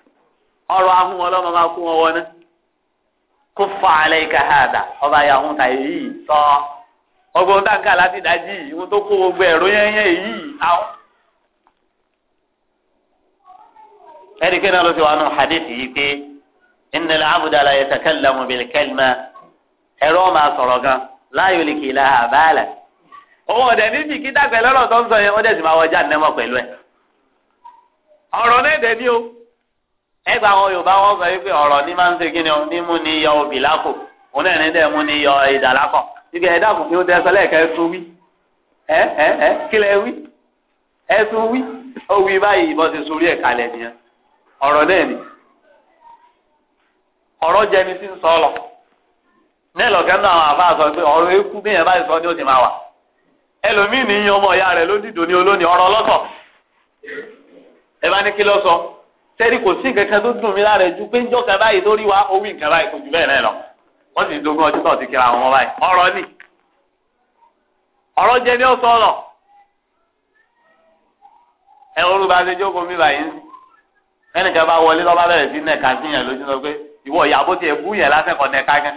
ahun wọn lọ́mọ máa kú wọn wọn náà kó ìka ọba yà ń ta èyí sọ ọgbọ́n táǹkà láti dájí ìhun tó kó gbogbo ẹ̀rọ yẹn yẹn èyí àwọn. ẹ̀ríkẹ́ náà ló ti wà nù hadith yìí pé abudulayi ẹ̀rọ máa sọ̀rọ̀ gan láyò lè òun ọ̀dẹ̀ níbi kí dàgbẹ́ lọ́rọ̀ tó ń sọ yẹn wọ́n dẹ̀ sì máa wọjá nẹ́mọ̀ pẹ̀lú ẹ̀. ọ̀rọ̀ náà dẹ̀ ní o ẹgbẹ́ àwọn Yorùbá wọn sọ wípé ọ̀rọ̀ ní máa ń ṣe kíni o ní mú ni yọ lákò òun náà ní dẹ̀ mú ni yọ ìdà lákọ̀ ibi ẹ̀dá kò kí ó dẹ́ sọlẹ̀ kẹ́ wí ẹ ẹ ẹ kílẹ̀ wí ẹ wí ó wí báyìí ìbọn ti sun ẹ̀ kalẹ̀ nìyẹn ọ̀rọ̀ náà ni ọ̀rọ̀ ẹlòmíì ní yan ọmọ ìyá rẹ̀ lódìdó ní olónìí ọ̀rọ̀ ọlọ́tọ̀ ẹ bá ní kí lọ sọ sẹ́rí kò sí nǹkan kan tó dùn mí lára ju pé njọ́ kan báyìí lórí wa ó wí nǹkan báyìí kò jù bẹ́ẹ̀ náà lọ wọ́n sì ń dogun ọjọ́ náà ti kíra ọmọ báyìí ọ̀rọ̀ ni ọ̀rọ̀ jẹ ní ọ̀sán ọ̀nà ẹ orú bá ṣe jókòó mi báyìí ẹnìkan bá wọlé lọ́ba bẹ̀rẹ̀ sí nẹ̀ka sí yẹn lójú lọ pé ìwọ ìyàbó tiẹ̀ bú yẹn lásẹ̀kọ̀ nẹ̀ka gan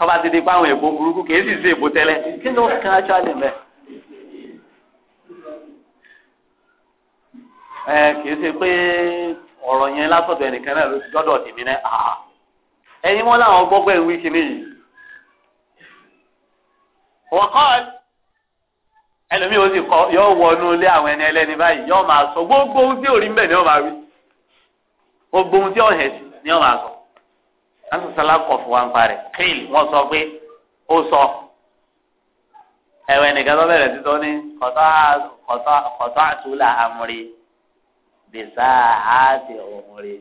kọba ti di pa àwọn èèbó burúkú kì í sì sí èèbó actually ẹ kì í ṣe pé ọ̀rọ̀ yẹn látọ̀dọ̀ ẹnìkan náà ló ti dọ́dọ̀ tèmi náà ẹni wọn làwọn gbọ́gbẹ́ yìí. kọ ilé àwọn ẹni ẹlẹ́ni báyìí máa sọ gbogbo ohun tí ò rí ni máa gbogbo sọ. asosala kọ fún wa nfa rẹ kéèlì wọn sọ pé ó sọ ẹwẹ nìkan tó bẹ̀rẹ̀ títọ ní kọtọ àtúlà àmúrí bìsà àti òmùrí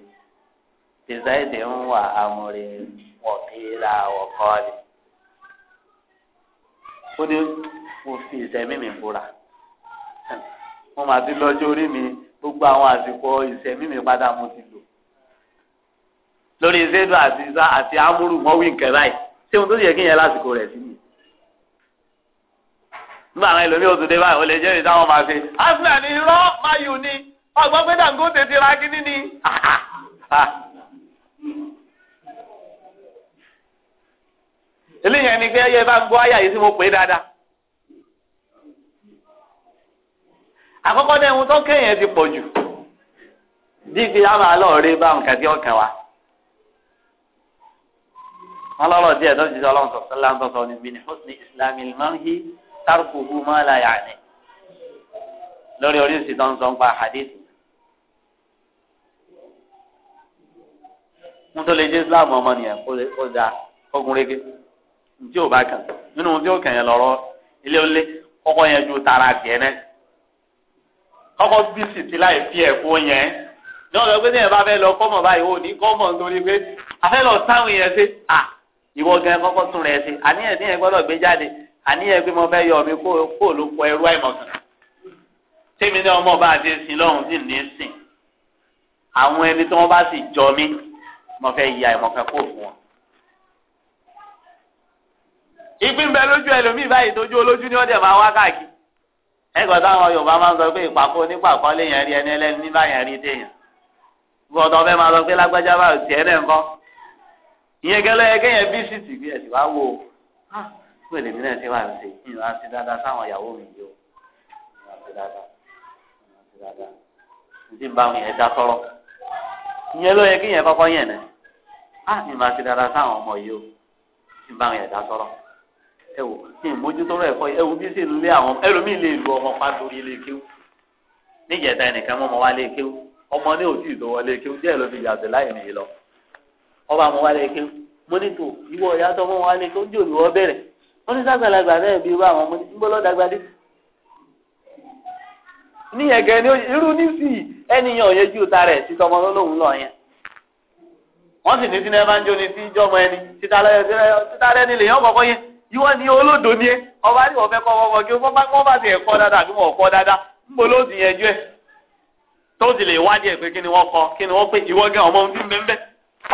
bìsà èdè ń wà àmúrí wọkìlà wọkọọlì ó ní mo fi ìsẹmí mi fura mo máa ti lọ́jọ́ orí mi gbogbo àwọn àsìkò ìsẹmí mi padà mo ti lò lórí zédù àti isa àti amúrù wọn wí nǹkan báyìí ṣé ohun tó yẹ kí yẹn lásìkò rẹ̀ sí ni. nígbà àwọn ẹlòmíràn tó dé báyìí ó lè jẹ́rìí táwọn máa ṣe. arsenal ni irọ́ mayu ni ọgbọ́n pé dangote ti ra kíní ni. eléyìí ẹni pé ẹyẹ bá gbọ́ àyà yìí tí mo pè é dáadáa. àkọ́kọ́ ní ẹ̀hún tó kéèyàn ti pọ̀ jù. dídí àmàlọ́ rẹ bá nǹkan tí ọkàn wa wọn lọ́rọ̀ díẹ̀ tó ti sọ ọlọ́run sọ sọlá ń sọsọ ní bíní hosni islami manhi tarkuhu ma la ya'ni lórí oríṣi tó ń sọ ń pa hadith. ń tó lè jẹ́ islam ọmọ nìyẹn kó da kókun rege ntí ò bá kàn nínú ohun tí ó kàn yẹn lọ́rọ́ ilé olé kọ́kọ́ yẹn ju tara tiẹ̀ náà kọ́kọ́ bí sìtì láì fi ẹ̀kọ́ yẹn ní ọ̀dọ́ pé ní ẹ̀ bá fẹ́ lọ kọ́mọ̀ báyìí ó ní kọ́mọ̀ nítorí pé afẹ́ lọ sáwọn yẹn ṣe à ìwọ gan kọ́kọ́ tún rẹ̀ sí àníyàn tí yẹn gbọ́dọ̀ gbé jáde àníyàn pé mo fẹ́ yọ mi kó kó ló pọ ẹrú àìmọ̀kan tèmi ní ọmọ bá ti sin lọ́hùn sí ní sìn àwọn ẹni tí wọ́n bá sì jọ mí mo fẹ́ yí àìmọ̀kan kó fún wọn. ìpín bẹ lójú ẹlòmíì báyìí tójú olójú ni ọdẹ máa wá káàkiri ẹgbẹ́ táwọn Yorùbá máa ń sọ pé ìpàkọ́ nípàkọ́ lè yẹn rí ẹni ẹlẹ́ni níbàyẹn rí téèyàn gbọ́dọ̀ fẹ́ máa sọ pé lágbájá báyìí tiẹ̀ náà ń kọ́ ìyẹn gẹlẹ kẹyìn bí sìtì bí ẹsì wá wò ó ah, wọ́n lèmi náà ṣe wà ṣe kí n wá dáadáa sáwọn ìyàwó mi yìí ó wá ṣe dáadáa wá ṣe dáadáa n ti bá wọn yẹn dá tọrọ ìyẹn ló yẹ kí yẹn yẹn náà á ah, mi máa ṣe dáadáa sáwọn ọmọ yìí ó n ti bá wọn yẹn dá tọrọ ẹ wò kí n mójútó rẹ ẹ wò bí sì ń lé àwọn ẹlòmíì lè lu ọmọ pa lórí ilé níjẹta ẹnìkan mọ́ ọmọ wa lé kéwù ọmọ ní òtí ìdówọlé kéwù díẹ̀ ló fi yàtọ̀ láì nìyí lọ ọba àwọn wálé ké mọnitọ ní tò ìwọ ìyá tó fún wálé ké ojú òmìwọ bẹ̀rẹ̀ wọn ní sàgbàlagbà náà bí àwọn dé. ní ni irú nísìnyí ẹnìyàn ò yẹjú ta rẹ̀ sí tọmọ lọ́lọ́hún lọ yẹn. wọ́n sì ní ń jóni sí ẹni yẹn ìwọ ni olódò ni ẹ ọba ní ọ̀fẹ́ kọ́ ọkọ̀ kí wọ́n bá ti ẹ̀kọ́ dáadáa wọn dáadáa tó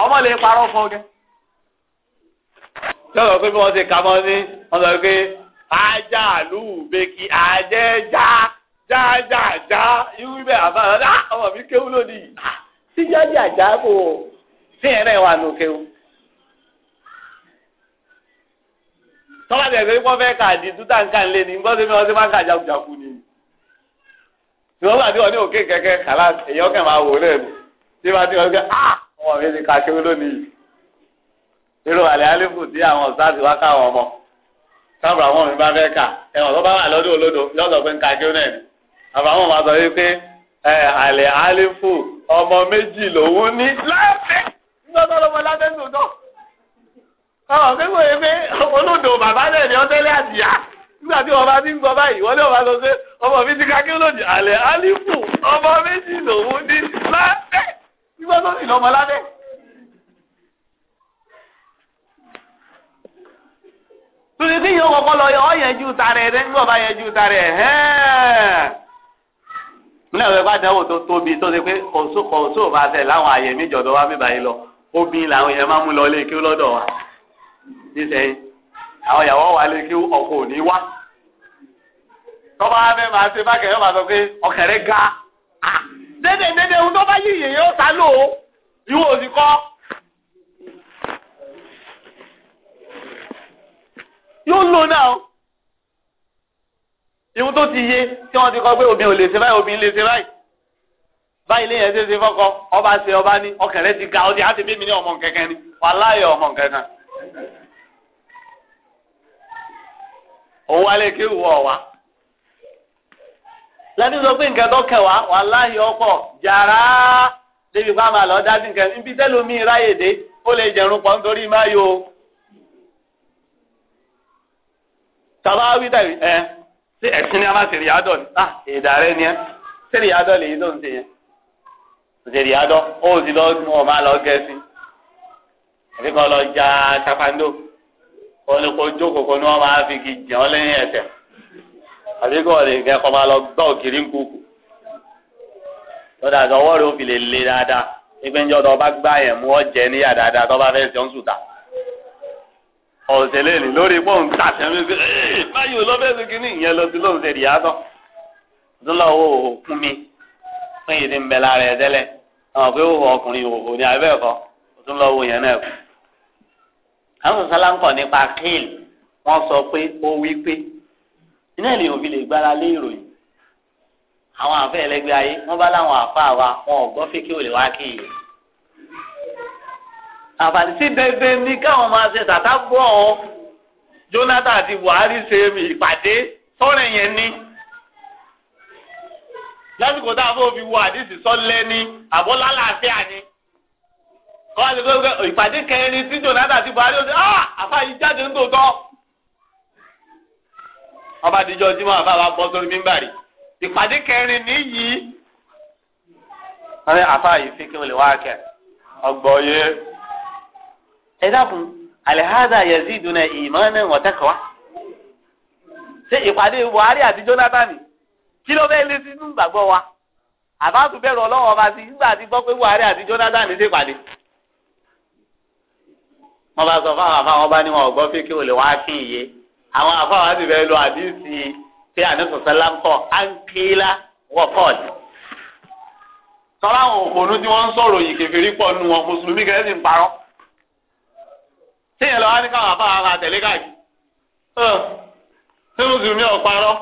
ọmọ lè parọ́ fún ọgẹ́. lọ́wọ́ pé bí wọ́n ṣe kà mọ́ ní wọ́n sọ pé ajá lùbẹ́kì àjẹjá jájájá irú bẹ́ẹ̀ àbára dá ọmọ mi kéwú lónìí sí jájájá kò sí ẹ̀rẹ́ kéwú. tọ́lá wọ́n fẹ́ kà di lé ní mi wọ́n máa ń kà ìwọ́n bá ti wọ́n ní òkè kàlá máa wò lẹ́nu ọmọ mi ti ka kéwé lónìí irú àlẹ́ àlébù tí àwọn ọ̀sáàtì wá káwọn ọmọ sábà àwọn mi bá fẹ́ kà ẹ̀wọ̀n tó bá wà lọ́dún olódo lọ́sọ̀ pé ń ka kéwé náà ni àbá àwọn ọmọ sọ wípé àlẹ́ àlébù ọmọ méjì lòún ní láàbẹ̀ nígbà tó lábẹ́ ọ̀ pé kò pé olódo bàbá náà ni ọtẹ́lẹ̀ àdìyá nígbà tí wọn ti ń gbọ́ báyìí wọn ní sọ pé ọmọ mi ti ka kéwé lónìí àlẹ́ àlébù ọmọ méjì lòún ní láàbẹ̀ nígbà tó sì lọ́mọ ládé. tùdí tí yóò kọ́kọ́ lọ ọ yẹnjú tara ẹ̀ nígbà bá yẹnjú tara ẹ̀ hẹ́ẹ̀. nílẹ̀ wẹ́pẹ́ àdánwò tó tóbi tó ṣe pé kòsó kòsó bá tẹ̀ láwọn àyè méjọ̀dọ̀ wá bíbá yìí lọ obìnrin làwọn èèyàn máa ń mú lọ lé kí ó lọ́dọ̀ wa nísẹ̀yìn àwọn ìyàwó wa lé kí ọkọ̀ òní wá. tọ́ba abẹ́ máa ṣe bákẹ́ yóò máa sọ pé ọkẹ̀rẹ́ ga. dédé dédé ohun tó bá yí ìyẹn yóò sá lò ó ìwọ òsì yóò ti yé ti kọ pé obìnrin ò lè ṣe báyìí obìnrin lè ṣe báyìí báyìí lè ọba ṣe ọba ní ọkẹrẹ ti ga ọdí ní ni ọmọ kẹkẹ. òun wálé kí wá. lẹ́ni sọ pé nǹkan tó kẹwàá wàláhì ọ̀pọ̀ jàrá débi pa máa lọ dájú nǹkan níbi tẹ́lómi ráyè dé ó lè jẹ̀rún pọ̀ nítorí má yó. wí tàbí ẹ ṣé ẹ̀sìn ni a máa ṣe rìádọ̀ ni ah èdè ààrẹ ni ẹ ṣé rìádọ̀ lèyí tó ń ṣe yẹn ṣe rìádọ̀ ó sì lọ mú ọ máa lọ gẹ̀ẹ́sì àbí lọ ja ṣàpàǹdò òun ni kò jókòó kó ni wọ́n máa fi kì jẹun lẹ́yìn ẹ̀sẹ̀ àbí kò lè kẹ́ kọ́ máa lọ gbọ́ òkìrí ń kúkú lọ́dà àti ọwọ́ rẹ̀ ó fi lè le dáadáa ìpè ń jọ tó bá gbá yẹn mú ọ jẹ níyà dáadáa tó bá fẹ́ ṣe ń sùtà ọ̀sẹ̀lẹ̀ ni lórí pọ̀ ń tà sẹ́mi pé báyìí ò lọ́fẹ́ sí kínní ìyẹn lọ sí lóun ṣe rí àtọ̀ lọ́wọ́ òkun mi fún ìdí ń bẹ lára ẹ̀ tẹ́lẹ̀ àwọn pé òwò ọkùnrin òwò ni àbẹ́ ẹ̀kọ́ òtún lọ́wọ́ yẹn náà kù. àwọn sọ́lá ń kọ̀ nípa kíl wọ́n sọ pé ó wí pé iná ènìyàn fi lè gbára lé ìròyìn àwọn àfẹ́ ẹlẹgbẹ́ ayé wọ́n bá láwọn àfa wa wọn ò gbọ́ fíkì ò lè wá kí iye. àfàdí sí bẹ́ẹ̀ ni káwọn máa ṣe tàtà bọ̀ ọ́ Jonathan àti Buhari ṣe ìpàdé sọ́rọ̀ yẹn ni lásìkò tá a fọ́ fi wo àdìsí sọ́lẹ̀ ni àbọ̀ lálàáfíà ni. kọ́ àti gbogbo ìpàdé kẹrin tí Jonathan ti Buhari ó ti ah àfa yìí jáde ń tòótọ́ ọba àdìjọ jimọ àbáwá bọ sórí mímbàrí ìpàdé kẹrin nìyí. wọn ní àfa yìí fi kí wọn lè wá kẹ ọgbọ yé. ẹ dákun alihada yaziduna ìmọ̀ọ́nà wọ̀tẹ́kọ̀ọ́ ṣé ìpàdé Buhari àti Jonathan kí ló fẹ́ lé sínú ìgbàgbọ́ wa àbátú bẹ̀rù ọlọ́wọ́ ọba sí nígbà tí gbọ́ pé Buhari àti Jonathan ṣe pàdé. wọ́n bá sọ fáwọn àfáwọn bá ní wọn ò gbọ́ kí wọn lè wá kí iye àwọn àfáwà ti bẹ lọ àdìsí pé àdìsí sẹlá ń kọ ánkìlá wọfọd sọlá àwọn òpònú tí wọn ń sọ̀rọ̀ yìí kẹfìrí pọ nu wọn mùsùlùmí kẹrẹ ti ń parọ́ tíyẹn lọ wá ní káwọn àfáwà máa tẹ̀lé káàkiri ṣé mùsùlùmí ò parọ́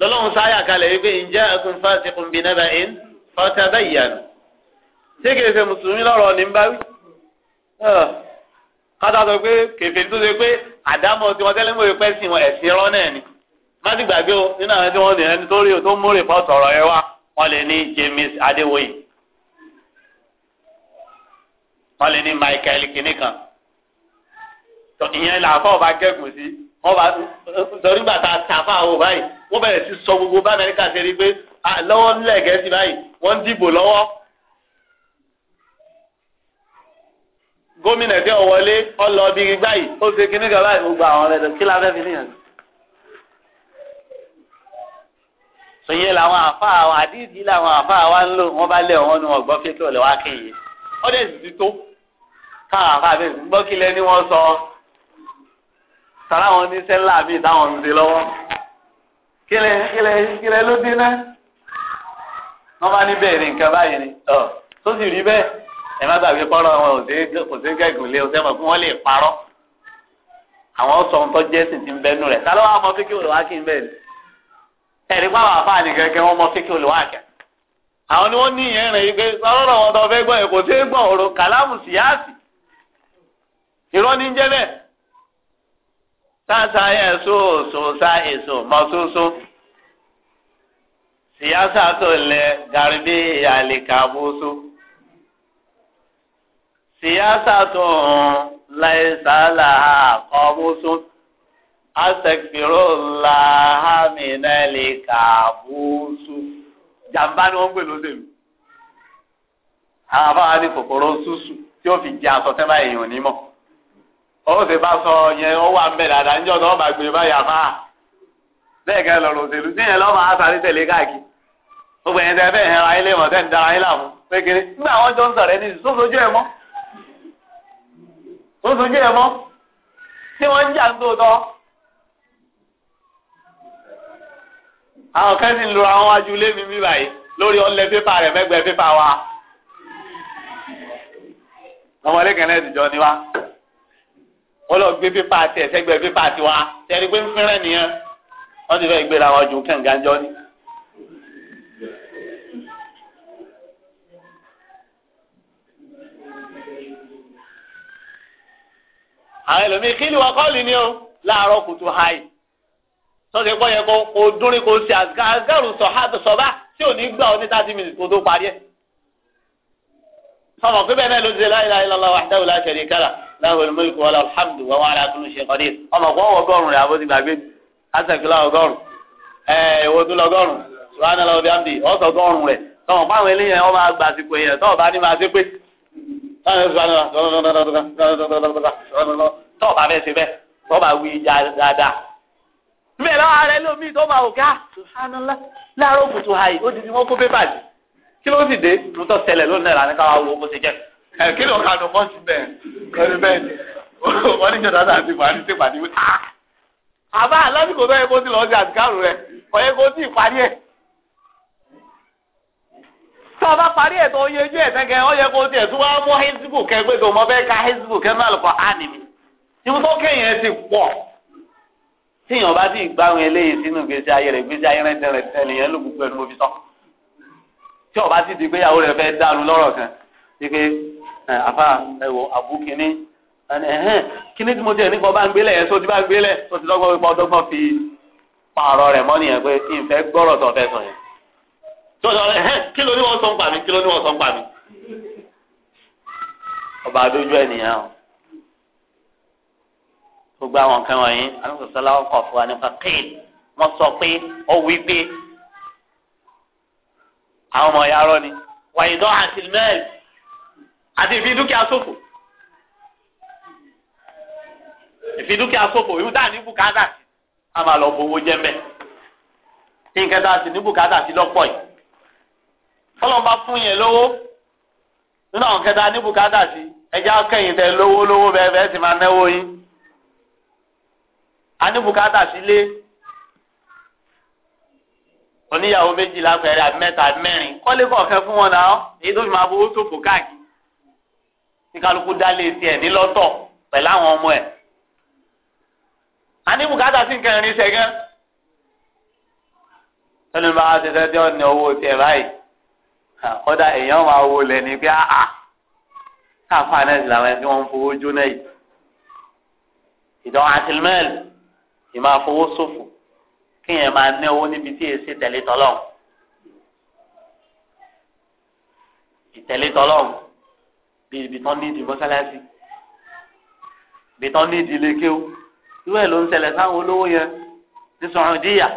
lọ́lọ́run sáyà kalẹ̀ wípé ǹjẹ́ ẹkùn fásitì kùn bí nẹbẹ ìn ọtẹ bẹyìí yẹn ṣé kìí ṣe mùsùlùmí lọ́rọ̀ ní kátà sọ pé kèfèrí tó ṣe pé àdámọ̀ tí wọ́n tẹ́lẹ̀ mọ̀ pé ẹ̀sìn wọn ẹ̀sìn rán ni má ti gbàgbé o nínú àwọn tí wọ́n lè ẹni tó rí o tó mú rìpọ́tù ọ̀rọ̀ yẹn wá wọ́n lè ní James Adéwoyè wọ́n lè ní Michael kìnìkan tó ìyẹn làáfọ̀ bá kẹ́kùn sí wọ́n bá torí gbàtà tàfà o báyìí wọ́n bẹ̀rẹ̀ sí sọ gbogbo bá Amẹ́ríkà ṣe rí pé lọ́wọ́ nílẹ̀ Gẹ̀ẹ́sì báyìí wọ́n dìbò lọ́wọ́ gómìnà kí ọ wọlé ọlọ bí gbígbá yìí ó ṣe kíní kan báyìí gbogbo àwọn ọ̀rẹ́ rẹ̀ kí la fẹ́ fi níyànjú. sọyẹ làwọn àfa àwọn àdídì làwọn àfa àwa ń lò wọn bá lẹ wọn ni wọn gbọ́ fífi ọlẹ wá kéye ọdẹ sì tó káwọn àfa mi gbọ́ kí lẹ ni wọn sọ sara wọn ní sẹlá mi táwọn ń de lọ́wọ́ kílẹ kílẹ kílẹ ló dín náà wọn bá ní bẹ́ẹ̀ ni nǹkan báyìí ni tó sì rí bẹ́ẹ̀ ẹ má gbàgbé kọ́rọ̀ wọn kò sí gẹ̀gùn lé o sẹ́mọ̀ fún wọn lè parọ́ àwọn sọ ohun tó jẹ́ sì ti ń bẹ́nu rẹ̀ ta ló wá mọ fíkì olùwà kí n bẹ́ẹ̀ ni ẹ̀rí pàwọn àfáàní gẹ́gẹ́ wọn mọ fíkì olùwà kẹ́ àwọn ni wọ́n ní ìyẹn rẹ̀ yìí pé sọ́rọ̀ wọn tó fẹ́ gbọ́ ẹ̀ kò sí gbọ́ ọ̀rọ̀ kàlámù síyáàsì irọ́ ní jẹ́ bẹ́ẹ̀ sáàsà yẹn sòsòsà èso mọ́sósó síyáàsà tó lẹ gàrí àlè kàbóso siyasatun laisa laha qamusun astaghfirullah minal kabusu. jàmbá ni wọ́n ń gbé lóde mi. àbá ni kòkòrò súsù tí ó fi jẹ aṣọ tẹ́ báyìí yàn nímọ̀. ó sì bá sọ yẹn ó wà ń bẹ̀ dáadáa níjọ́ tó bá gbé báyìí àbá. bẹ́ẹ̀ kẹ́ lọ́rọ̀ òṣèlú sí yẹn lọ́mọ àṣàrí tẹ̀lé káàkiri. gbogbo ẹ̀yẹn tẹ́ fẹ́ hẹ́ra ilé mọ̀ tẹ́ ń dara ilé àmú. pé kiri nígbà wọn jọ ń sọ̀rọ̀ ẹni sóṣojú ẹ̀ mọ́ wọ́n sọ jẹ́ mọ́ tí wọ́n jà ń tòótọ́. àwọn kan ń lo àwọn wájú ilé mi mi báyìí lórí ọ̀lẹ́ pépà rẹ̀ mẹ́gbẹ́ pépà wa. ọmọdé kan náà ni wa wọ́n lọ gbé pépà tiẹ̀ sẹ́gbẹ́ pépà tiwa tẹ́rí pé ń fẹ́rẹ̀ nìyẹn wọ́n ti fẹ́ gbé làwọn ju kànga jọ ni. àwọn ẹlòmíì kí ni wọ́n kọ́ lì ní o láàárọ̀ kùtù háì sọ́sẹ̀ pọ́ yẹ kó o dúnrín kó o ṣe àgàrù sọ̀bá tí ò ní gbà ọ ní thirty minutes kó o tó parí ẹ̀ sọmọ pé bẹ́ẹ̀ náà ló ti ṣe la ilaha illallah wahdahu la sharika lahu lahul mulku wa lahul hamdu wa huwa ala kulli shay'in qadir ọmọ kó wọ́n ọgọ́rùn-ún rẹ̀ àbótí gbàgbé asàkìlá ọgọ́rùn-ún ẹ̀ ìwọ tó lọ́gọ́rùn-ún subhanallah wa bihamdi ọ̀sọ̀ ọgọ́rùn-ún rẹ̀ sọmọ fáwọn eléyẹn wọ́n máa gbà àsìkò yẹn tọ́ọ̀ bá ní máa ṣe pé tọ́ bá bẹ́ẹ̀ ṣe bẹ́ẹ̀ tọ́ bá wí dáadáa. bẹ́ẹ̀ lọ́wọ́ ara ẹ lómi tó máa òkè àtúnṣánilá láàárọ̀ kùtù àyè ó di ti wọ́n kó pépà jù kí ló sì dé mo tọ́ ṣẹlẹ̀ lónìí náírà ní káwá wo bó ṣe jẹ́. ẹ kí ló ka ló pọ́ǹsì bẹ́ẹ̀ lórí bẹ́ẹ̀ ni wọ́n ní jọ̀dá náà ti parí ti parí wí. àbá lásìkò bẹ́ẹ̀ kó ti lọ́ọ́ tó o bá parí ẹ̀ tó yẹjú ẹ̀ tẹ́kẹ́ ọ yẹ kó tiẹ̀ tó wá mú hezbollah kẹ́ tó mọ bẹ́ẹ̀ ka hezbollah kẹ́ náà lọ́kọ̀ ánì ìwọ́n tó kẹ́yìn ti pọ̀ tíyàn bá ti gbá àwọn eléyìí sínú gbèsè ayé rẹ̀ gbèsè ayé rẹ̀ tẹ̀rẹ̀ tẹ̀lé yẹn lóògùn pẹ̀lú mo fi tán tí ọba ti di gbéyàwó rẹ̀ fẹ́ dànù lọ́rọ̀ kan wípé àfa ẹ̀wọ̀ àbúkínní kíní tí mo jẹ́ nípa ọba ń gbélé yẹn tó bá ń gbélé tó dọ́gbọ́n fi pààrọ̀ rẹ̀ mọ́ nìyẹn pé ìfẹ́ gbọ́rọ̀ tó fẹ́ sọ yẹn tọ́jọ́ ẹ kí ló ní wọ́n sọ pa mí kí ló ní wọ́n sọ pa mí. ọba àdójú ènìyàn o gbogbo àwọn nǹkan wọ̀nyí alùpùpùsọ́lá ọkọ̀ fún nípa kéèd wọ́n sọ pé ó wí pé àwọn ọmọ ìyá ni wàyí àti mẹ́ẹ̀lì àti ìfi dúkìá ṣòfò ìfi dúkìá ṣòfò ìwú dáa ní bùkátà sí a máa jẹ́ mbẹ́ kí nǹkan dáa sí ní bùkátà sí lọ́pọ̀ yìí tọ́lọ́n bá fún yẹn lówó nínú àwọn kẹta ní bùkátà sí ẹja kẹyìn tẹ lówó lówó bẹ́ẹ̀ bẹ́ẹ̀ sì máa náwó yín a ní bùkátà sí lé oníyàwó méjì lápẹẹrẹ àbí mẹ́ta àbí mẹ́rin kọ́lé kọ̀ọ̀kan fún wọn náà èyí tó fi máa fowó ṣòfò káàkiri tí kálukú dálé tiẹ̀ nílọ́tọ̀ pẹ̀lú àwọn ọmọ ẹ̀ a ní bùkátà sí nǹkan irinṣẹ́ gan ẹnu bá a ti fẹ́ tí ọ̀ ní owó tiẹ̀ báyìí kọ́dà èèyàn máa wo lẹ́ni pé àà káfá náà sì làwọn ẹni tí wọ́n ń fowó jóná yìí ìdán àtìlmẹ́ẹ̀lì ìmáa fowó ṣòfò kéèyàn máa ná owó níbi tí èsì tẹ̀lé tọ́lọ́m ìtẹ̀lé tọ́lọ́m bíi ibi tán ní ìdí mọ́sálásí ibi tán ló ń ṣẹlẹ̀ sáwọn olówó yẹn ní sọ̀rọ̀ díyà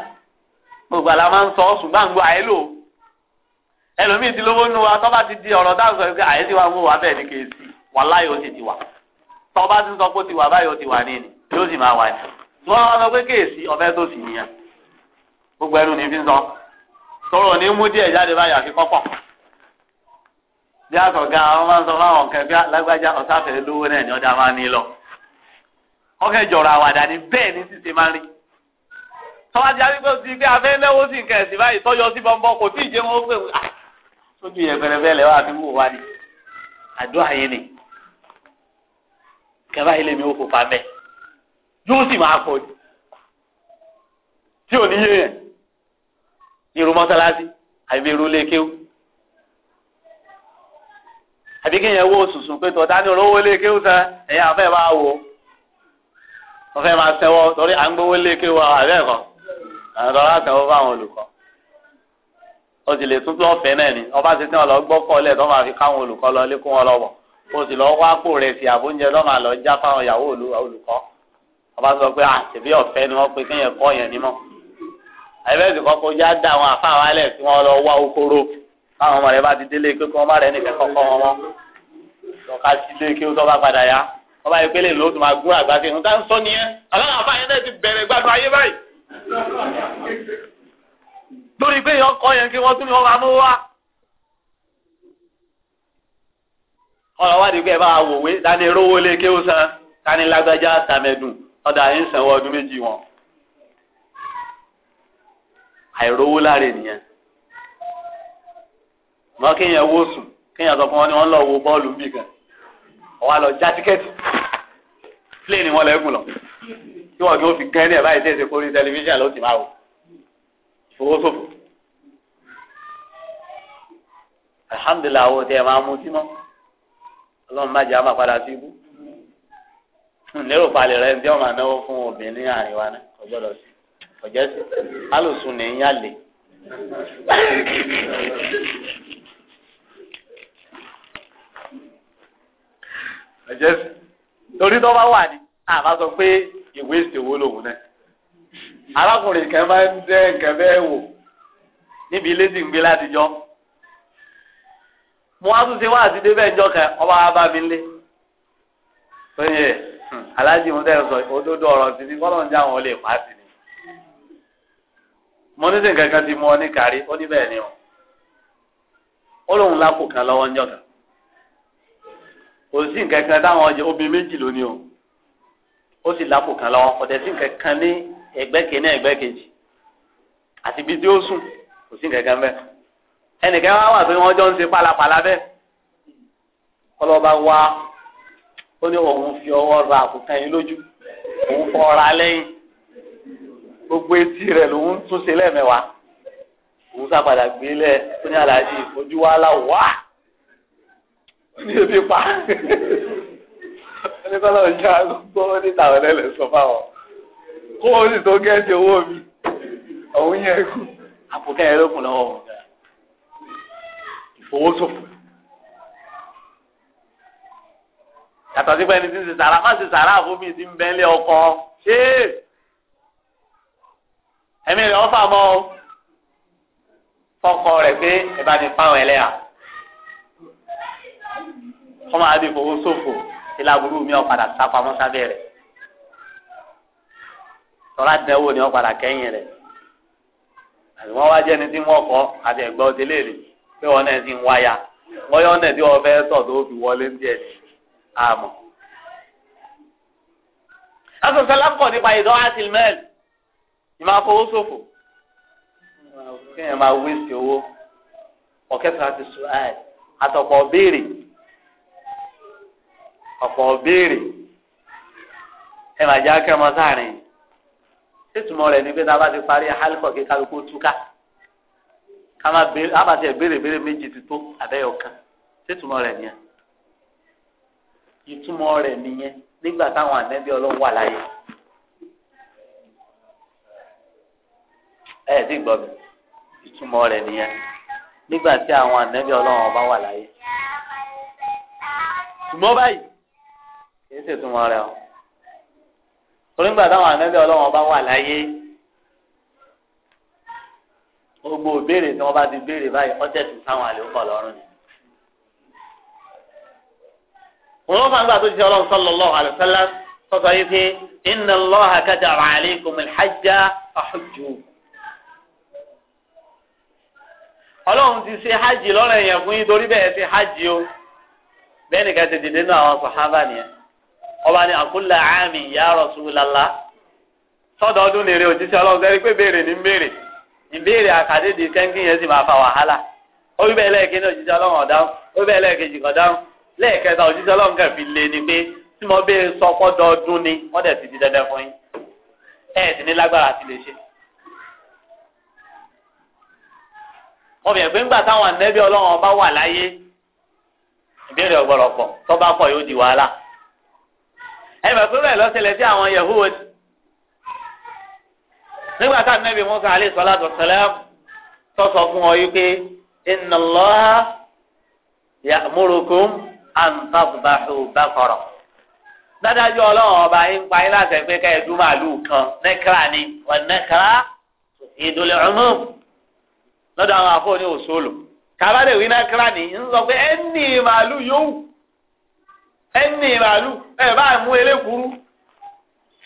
gbogbo àlà máa ń sọ ọ́ ṣùgbọ́n àgbọ̀ àyè ẹlòmíì ti lówó nu wa tọ́ba ti di ọ̀rọ̀ dáhùn sọ pé àyè ti wá wa bẹ́ẹ̀ ni kèé sí láyé ó sì ti wà tọ́ba ti sọ pé ó ti wà báyìí ó ti wà ní yóò sì máa wà ní. wọ́n sọ pé tó sì gbogbo ẹnu ní fi sọ tọrọ ní mú a ga wọn máa ń sọ fáwọn bí alágbájá ọ̀sáfẹ́ lówó náà ni ọjà tójú yẹn pẹrẹpẹrẹ lẹ wà fi wò wá ni àdúrà yẹn ni kẹfà yìí lèmi ò kò pa mẹ yóò sì máa pọ̀ jù tí ò ní yé yẹn irú mọ́sálásí àbí irú lékéwú àbí kéèyàn wó sùsùn pé tọ́ta ní olówó lékéwú sàn ẹ̀yà àfẹ́ máa wò wọ́n fẹ́ máa sẹ́wọ́ torí à ń gbówó lékéwú àwọn àbẹ́ ẹ̀kọ́ àwọn tọ́lá sẹ́wọ́ fáwọn olùkọ́ o sì lè tún pé ọ̀fẹ́ náà ni ọba ṣe tí wọn lọ gbọ́ kọ́lẹ̀ tó máa fi káwọn olùkọ́ lọ lé kó wọn lọ wọ̀ o sì lọ wá pò rẹ̀ sí àbóúnjẹ tó máa lọ já fáwọn ìyàwó olùkọ́ ọba sọ pé àṣebí ah, ọ̀fẹ́ ni wọ́n pe kéèyàn kọ́ yẹn nímọ̀ àyẹ̀bẹ̀sì kan kó já dá àwọn àfa àwọn alẹ̀ tí wọ́n lọ wá okoro káwọn ọmọ rẹ̀ bá ti délé pé kí wọ́n má rẹ̀ nìkan kọ́kọ́ wọn mọ́ lọ́ka sílé kí ó tọ́ bá padà yá ọba yìí pélé ló máa gún àgbà torí pé yọ kọ́ yẹn kí wọ́n tún ní wọ́n máa mú wá. ọ̀rọ̀ wá di pé ẹ bá wòwe dání rówó lé kí ó san kání lágbájá tàmẹ́dùn ọ̀dà yìí ń sanwó ọdún méjì wọn. àìrówó láre nìyẹn. wọ́n kéèyàn wó sùn kéèyàn sọ fún wọn ni wọ́n lọ wo bọ́ọ̀lù ń bì kan ọ̀wá lọ já tíkẹ́ẹ̀tì pléènì wọn lẹ́gùn lọ kí wọ́n kí wọ́n fi gẹ́rẹ́ ẹ̀ báyìí tẹ̀sí kórí tẹlifíṣàn ló ti máa wò owó ṣòfò alihamdulilayi awo tẹ ẹ máa mú símọ Ọlọ́run má jẹ àmà padà sí ibú lérò palẹ rẹ ǹjẹ́ wọn máa náwó fún obìnrin àárín wa náà ọgbọdọ sí ọjọ sí alùsùn ní yín àlè. ọjọ sí torí tó bá wà ní àbá sọ pé ìwé ìṣèwò lòun náà arákùnrin kan máa ń dẹ́ nǹkan bẹ́ẹ̀ wò níbi ilé sì ń gbé látijọ́ mo wá tún ṣe wá àti débẹ̀ ńjọ́ kan ọba wa bá mi lé tó yẹ hmm, mo tẹ̀ sọ òdodo ọ̀rọ̀ sí ni kọ́lọ̀ ń já wọn lè pa sí ni mo ní sí nǹkan kan ti mú ọ ní kárí ó ní bẹ́ẹ̀ ni o ó lóun lápò kan lọ́wọ́ ńjọ́ kò sí nǹkan kan táwọn ọjà obìnrin méjì lónìí o ó sì lápò kan lọ́wọ́ kò dẹ̀ sí nǹkan kan ní ẹgbẹ́ kìíní ẹgbẹ́ kejì àti ibi tí ó sùn kò sí kankan bẹ́ẹ̀ ẹnìkan wá wà pé wọ́n jọ ń ṣe pálapàla bẹ́ẹ̀ kọlọ́ba wá ó ní òun fi ọwọ́ ra àkùtàn yín lójú òun fọra lẹ́yìn gbogbo etí rẹ̀ lòun tún ṣe lẹ́ẹ̀mẹ́wàá òun sábàdà gbélé ó ní aláàjì ojú wa la wá ní ebi pa ẹni kọ́lọ́ ìjà gbọ́ ní tàwọn ẹlẹ́sọ̀ fáwọn kó o sì tó gẹ́ẹ̀sì owó mi òun yẹn kú àpòkẹ́ yẹn ló lọ́wọ́ wọn ìfowósòfò. yàtọ̀ sí pé ẹni tí ń ṣe sàrà má ṣe sàrà fún mi ti ń bẹ́ńlẹ̀ ọkọ ṣé ẹ̀mí rẹ̀ ọ̀fà mọ́ ọ fọkọ rẹ̀ pé ẹ bá mi fáwọn ẹlẹ́yà kọ́ máa di fowósòfò mi ọ̀ sápamọ́ sábẹ́ rẹ̀. tọ́lá dẹ́wò ni wọ́n padà kẹ́yìn rẹ̀ àti wọ́n wá jẹ́ tí wọ́n kọ́ àti ẹ̀gbọ́n ti léèrè pé wọn náà ti ń wáyà wọ́n yọ tí wọ́n fẹ́ sọ̀ tó fi wọlé ń díẹ̀ àmọ́. lápò nípa owó àtọ̀pọ̀ béèrè ọ̀pọ̀ béèrè ẹ̀ sítumọ̀ rẹ̀ ni pé tá a bá ti parí àhálíkọ̀ kí kálukú túká ká má béèrè á bá tiẹ̀ béèrè béèrè méjì ti tó àbẹ́yọ̀ kan sítumọ̀ rẹ̀ nìyẹn ìtumọ̀ rẹ̀ nìyẹn nígbà táwọn ànẹ́bí ọlọ́run wà láyé ẹ̀ ti gbọ́ mi ìtumọ̀ rẹ̀ nìyẹn nígbà tí àwọn ànẹ́bí ọlọ́run ọba wà láyé ṣùgbọ́n báyìí kì í ṣètumọ̀ rẹ̀ o. torí ńgbà táwọn ọlọ́wọ́n bá wà láyé gbogbo ìbéèrè tí wọ́n bá ti béèrè báyìí ọjọ́ ti sáwọn àlè ńkọ̀ lọ́rùn ni. wọ́n ló fàǹgbà tó ti sọ ọlọ́run yìí pé inna Allaha kataba alaykum al-hajja fahujju. ọlọ́run ti ṣe hajj lọ́rọ̀ fún yín torí bẹ́ẹ̀ ṣe hajj o bẹ́ẹ̀ nìkan ti dìde àwọn nìyẹn. ọba ni àkúlẹ̀ ya Rasulullah sọ́dọ̀ ọdún lèrè òjíṣẹ́ eri sẹ́ni pé béèrè ní béèrè ìbéèrè àkàdédé kẹ́ńkì yẹn sì máa fa wàhálà ó wí bẹ́ẹ̀ lẹ́ẹ̀kejì òjíṣẹ́ ọlọ́run ọ̀dáhùn lẹ́ẹ̀kẹta ọlọ́run kẹ̀ fi lé ni pé tí mo bẹ́ẹ̀ sọ ni wọ́n dẹ̀ ti di dandan fún yín ẹ̀ sì ọba wà láyé ìbéèrè ọ̀gbọ̀rọ̀ pọ̀ tọ́ bá ẹ bá pé bẹ́ẹ̀ lọ́sẹ̀lẹ̀ sí àwọn Yahudi nígbà tá ànábì Musa alayhi salatu wassalam sọ̀sọ̀ fún ọ yìí pé inna Allaha ya'murukum an tadhbahu baqara dádájú ọlọ́run ọba yín ń pa yín láti ẹgbẹ́ ká ẹ̀dùn màálùú kan nẹ́kírà ni wọ́n nẹ́kírà ìdúlẹ̀ ọ̀hún lọ́dọ̀ àwọn afọ́ ní òṣòlò kábàdé wí nẹ́kírà ni ń sọ pé ẹni màálùú yóò ẹnì màálù ẹ bá mú elékuru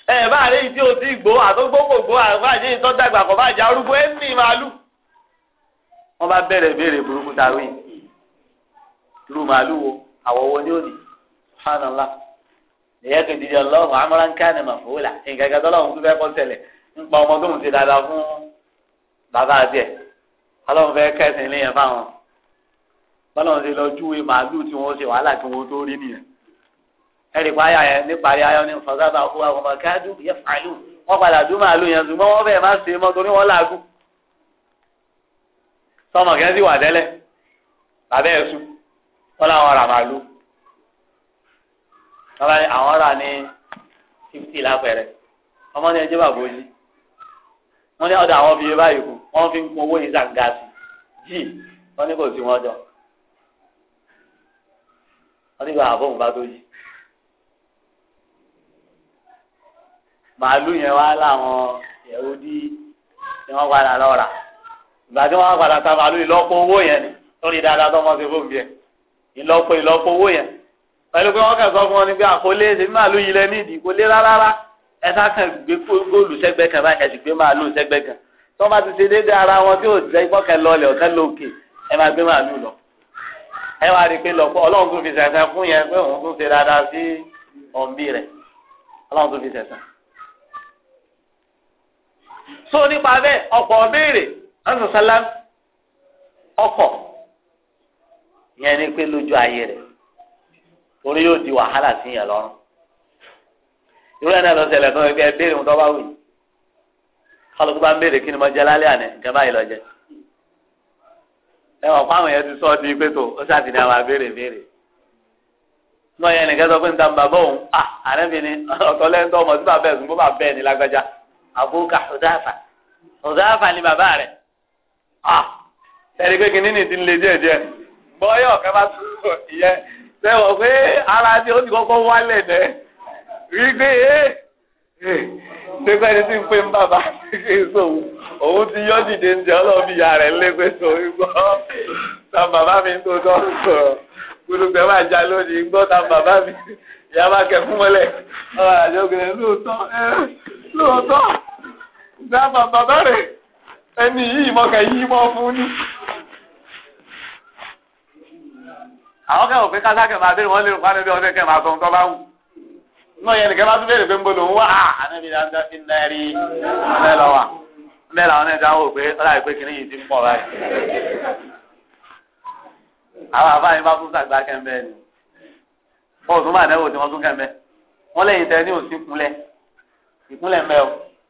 ẹ bá rí ìdí òsì ìgbó àtọgbókògbó àbájé ìtọ́dàgbà kọ́ bá jẹ arúgbó ẹnì màálù. wọ́n bá bẹ̀rẹ̀ béèrè burúkú tàwé lu màálù wo àwọ̀wọ́ ni ó ní hánàlá ìyá kejì jẹ lọ́wọ́ amúránkánì màfúwìlà nǹkan kan tọ́lọ́hún tó fẹ́ kọ́ tẹ̀lẹ̀ ń pa ọmọ tó ń ṣe dáadáa fún bàbá àti ẹ̀ ọlọ́run fẹ́ kẹ́sìn ilé yẹn fáwọn bọ́lọ́run ṣe lọ júwe màálù tí wọ́n ṣe wàhálà tí wọ́n tó rí nìyẹn ẹ̀rì pa ayà yẹn nípa ayà yẹn ní fọ̀sábà owó àwọn ọmọ káàdù yẹ fàálù wọ́n padà dún màálù yẹn ṣùgbọ́n wọ́n fẹ́ẹ̀ má ṣe é mọ́ torí wọ́n làágùn. sọmọ kẹ́ sì wà tẹ́lẹ̀ bàbá ẹ̀ sùn wọ́n làwọn rà màálù. bàbá àwọn rà ní fifty lápẹ̀rẹ̀ ọmọ ní ẹjẹ́ bàbá òjì wọ́n ní ọ̀dọ̀ àwọn fi báyìí kù wọ́n fi ń kún owó ní zangasi jì wọ́n ní kò sí wọn jọ wọ́n ní kò àbóhùn bá tó yìí. màálù yẹn wá láwọn Yẹhudi tí wọ́n padà lọ rà ìgbà tí wọ́n padà ta màálù ìlọ́pọ̀ owó yẹn ni lórí dáadáa tó wọ́n ti fóun bíẹ̀ ìlọ́pọ̀ ìlọ́pọ̀ owó yẹn pẹ̀lú pé wọ́n kàn sọ fún wọn ni pé àkólé ṣe màálù yìí lẹ́ni ìdí kò lé rárá ẹ sá kàn gbé góòlù sẹ́gbẹ́ kan báyìí ẹ sì gbé màálù sẹ́gbẹ́ kan tí wọ́n bá ti ṣe déédéé ara wọn tí ò jẹ́ ìgbọ́kẹ́ lọlẹ̀ ọ̀kẹ́ lókè ẹ máa gbé màálù lọ ẹ wá rí i pé lọ́pọ̀ ọlọ́run tó fi sẹ̀sẹ̀ fún yẹn pé òun tó ṣe dáadáa sí ọ̀nbí rẹ̀ ọlọ́run tó fi sẹ̀sẹ̀. so nípa bẹ́ẹ̀ ọkọ̀ béèrè ọ̀sọ̀sálá ọkọ̀ yẹn ni pé lójú ayé rẹ̀ torí yóò di wàhálà sí yẹn lọ́rùn irú ẹ̀ náà lọ béèrè ń tọ́ba wì kálukú bá ń béèrè kí ni mo jẹ lálẹ́ àná nǹkan báyìí lọ jẹ ẹ fáwọn yẹn ti sọ ọ́ di pé tó ó ṣàtìní àwọn abéèrè béèrè ah, ọmọ tí bàbá àbúkà ọ̀dáfà ọ̀dáfà ni bàbá Ah Tẹri pé ni ti ń le díẹ̀ gbọ bọ́yọ̀ ọ̀kẹ́ bá tún ìyẹn sẹ́wọ̀n pé ara tí ó ti wálẹ̀ dẹ rí pé ee eh, eh, pépé ni tí ń pè ń bàbá ṣe sòwò òun ti yọ dìde ń ìyá rẹ̀ gbọ́ ta bàbá mi tó tọ́ gbólógbé máa já lónìí gbọ́ ta bàbá mi ìyá fún mọ́lẹ̀ ọ̀rọ̀ lóòótọ́ eh, dábàá bàbá rẹ̀ ẹni yìí mọ̀kà yìí mọ̀ fún ni. àwọn kẹ́wọ̀n pé kásákẹ́ máa bẹ̀rẹ̀ wọ́n lérò fún anábì ọ̀sẹ̀ kẹ́wọ̀n àtọ̀ nǹkan bá wù. náà yẹn nìkan bá tún bẹ̀rẹ̀ pé ń bolo ń wá anábì dáadáa fi náà rí ọ̀nà ẹ̀ lọ́wọ́ bẹ́ẹ̀ làwọn ẹ̀dá wò pé ọ̀là ìpè kìíní yìí ti ń pọ̀ báyìí. àwọn àbáyé bá tún sàgbá kẹ́mbẹ́ ni wọ́n tún bá àdẹ́wò tí wọ́n tún kẹ́mbẹ́ wọ́n lẹ́yìn tẹ́ ní òsì kúnlẹ̀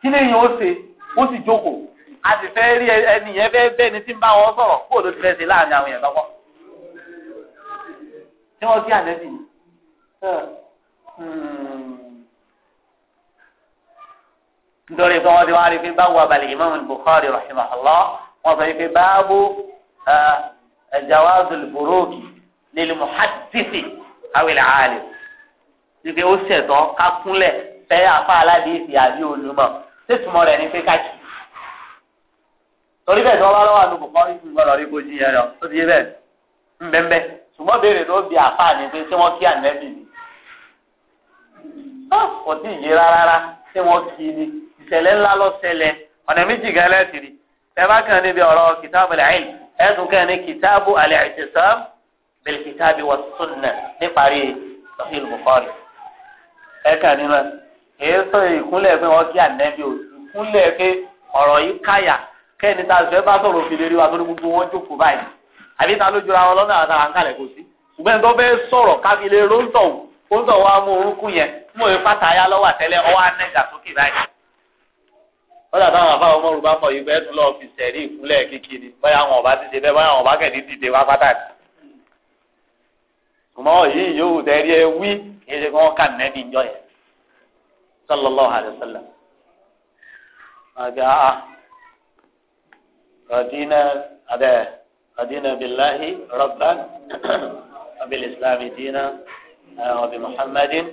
kí lèyìn ó ṣe ó sì jókòó a sì fẹ́ rí ẹni yẹn fẹ́ bẹ́ẹ̀ ni tí ń bá wọn sọ̀rọ̀ kó ló ti fẹ́ ṣe láàrin àwọn yẹn lọ́wọ́ tí wọ́n kí ànẹ́bì hmm. nítorí pé wọ́n ti wá rí pé báwo abalẹ̀ imam Bukhari rahimahullah wọ́n sọ pé báàbò jawazul buruki lil muhaddisi awil alim ti pé ó ṣẹ̀tọ́ ká fẹ́ afá aládìsí àbí olùmọ̀ tètùmọ̀ rẹ̀ ní pé káàkì. torí bẹ́ẹ̀ tí wọ́n bá lọ́wọ́ àlùkò kan ìfún ìgbọ́n lọ́rí kó jiyàn lọ ti yé bẹ́ẹ̀ ṣùgbọ́n béèrè ló bi afá ni pé ṣé wọ́n kí ànẹ́bì ni. Ah, kò tí ì ṣé wọ́n kí ni ìṣẹ̀lẹ̀ ńlá ṣẹlẹ̀ ọ̀nà méjì gan lẹ́sìrì bá kàn níbi ọ̀rọ̀ kìtàbù ẹ̀sùn kàn ní kìtàbù al-i'tisam èyí sọ ìkúnlẹ̀ pé wọ́n kí ànẹ́bí o ìkúnlẹ̀ pé ọ̀rọ̀ yìí káyà kẹ́ni tá a fẹ́ bá sọ̀rọ̀ òfin lérí wa tó ní gbogbo wọn jókòó báyìí àbí ta ló jura wọn lọ́nà àwọn àwọn àǹkàlẹ̀ kò sí ṣùgbọ́n tó fẹ́ sọ̀rọ̀ kábílẹ̀ róńtọ̀ róńtọ̀ wa mú orúkú yẹn mú òye pátá yá lọ́wọ́ àtẹ́lẹ̀ ọwọ́ anẹ́gà sókè báyìí. wọ́n dàbí àwọn afáwọn ọmọ yorùbá mọ̀ yìí pé ẹ̀sùn lọ́ọ́ fi sẹ̀rí ìkúnlẹ̀ kíkiri báyà wọn ọba ti ṣe bẹ́ẹ̀ báyà wọn ọba kẹ̀ ní dìde wá pátá ni. ṣùgbọ́n yìí yóò tẹ̀rí ẹ wí kí sallallahu alayhi wa sallam àti àá rọdínà àdẹ rọdínà bíláhi rabban abil islami dínà ọbí muhammadin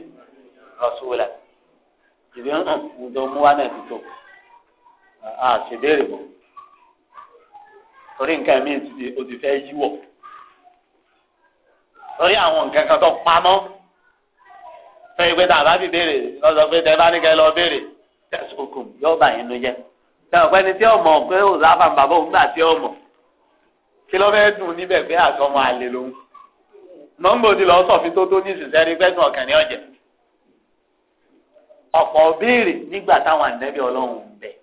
rasula ìdí ń tó mú wa náà ti tó a ṣe béèrè mọ torí nǹkan mi ti o ti fẹ́ yíwọ torí àwọn nǹkan kan tó pamọ́ fẹ́ ìpè tà bá fi béèrè lọ́sọ̀ pé tẹ bá ní kẹ́ lọ béèrè tẹ̀sùkùn yóò bà yín ló jẹ́. sẹ́wọ̀n pẹ́ni tí ọmọ pé òzáfà ń bàbá òun gbà tí ọmọ kí ló fẹ́ dùn níbẹ̀ pé àtọmọ àlè lòun. nọ́mbà òdi lọ sọ̀fi tó tó ní ìsinsẹ́rí pẹ́sùn ọ̀kàn ní ọ̀jẹ̀. ọ̀pọ̀ béèrè nígbà táwọn ànẹ́bí ọlọ́run ń bẹ̀.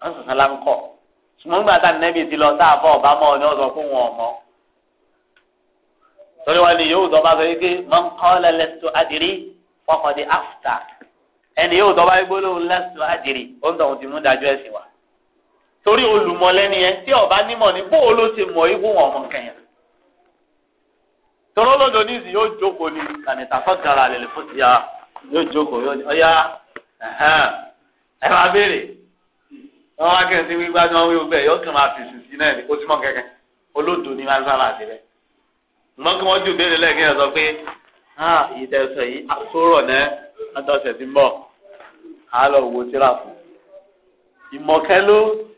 wọ́n sọ̀sọ́ láńkọ̀ ṣùgbọ́n nígbà táwọn ànẹ́bí ti lọ sáà fọ́ ọ̀bámọ́ ọ torí wọn ni yóò dọba sọ yìí pé man qala lastu adri faqad afta ẹni yóò dọba yìí gbólóhùn lastu adri ó ń tọ̀hún ti mú dájú ẹ̀sìn wa torí olùmọ̀lẹ́ni yẹn tí ọba nímọ̀ ní bó o ló ti mọ̀ ikú wọn ọmọ nǹkan yẹn tọrọ lọ́dọ̀ ní ìsìn yóò jókòó ni kànìtà fọ́tara lè fún ti ya yóò jókòó yóò ní ọ̀ya ẹ máa béèrè wọn wá kẹ́hìn sí gbígbá ní wọn wí bẹ́ẹ̀ yóò kàn máa fèsì sí náà ní kó mọ kí wọn jù béèrè lẹ́ẹ̀kẹ́ yẹn sọ pé ah ìtẹ̀sọ yìí àsọ̀rọ̀ náà látọ̀sẹ̀ ti mọ̀ á lọ wo tíra fún ìmọ̀kẹ́ ló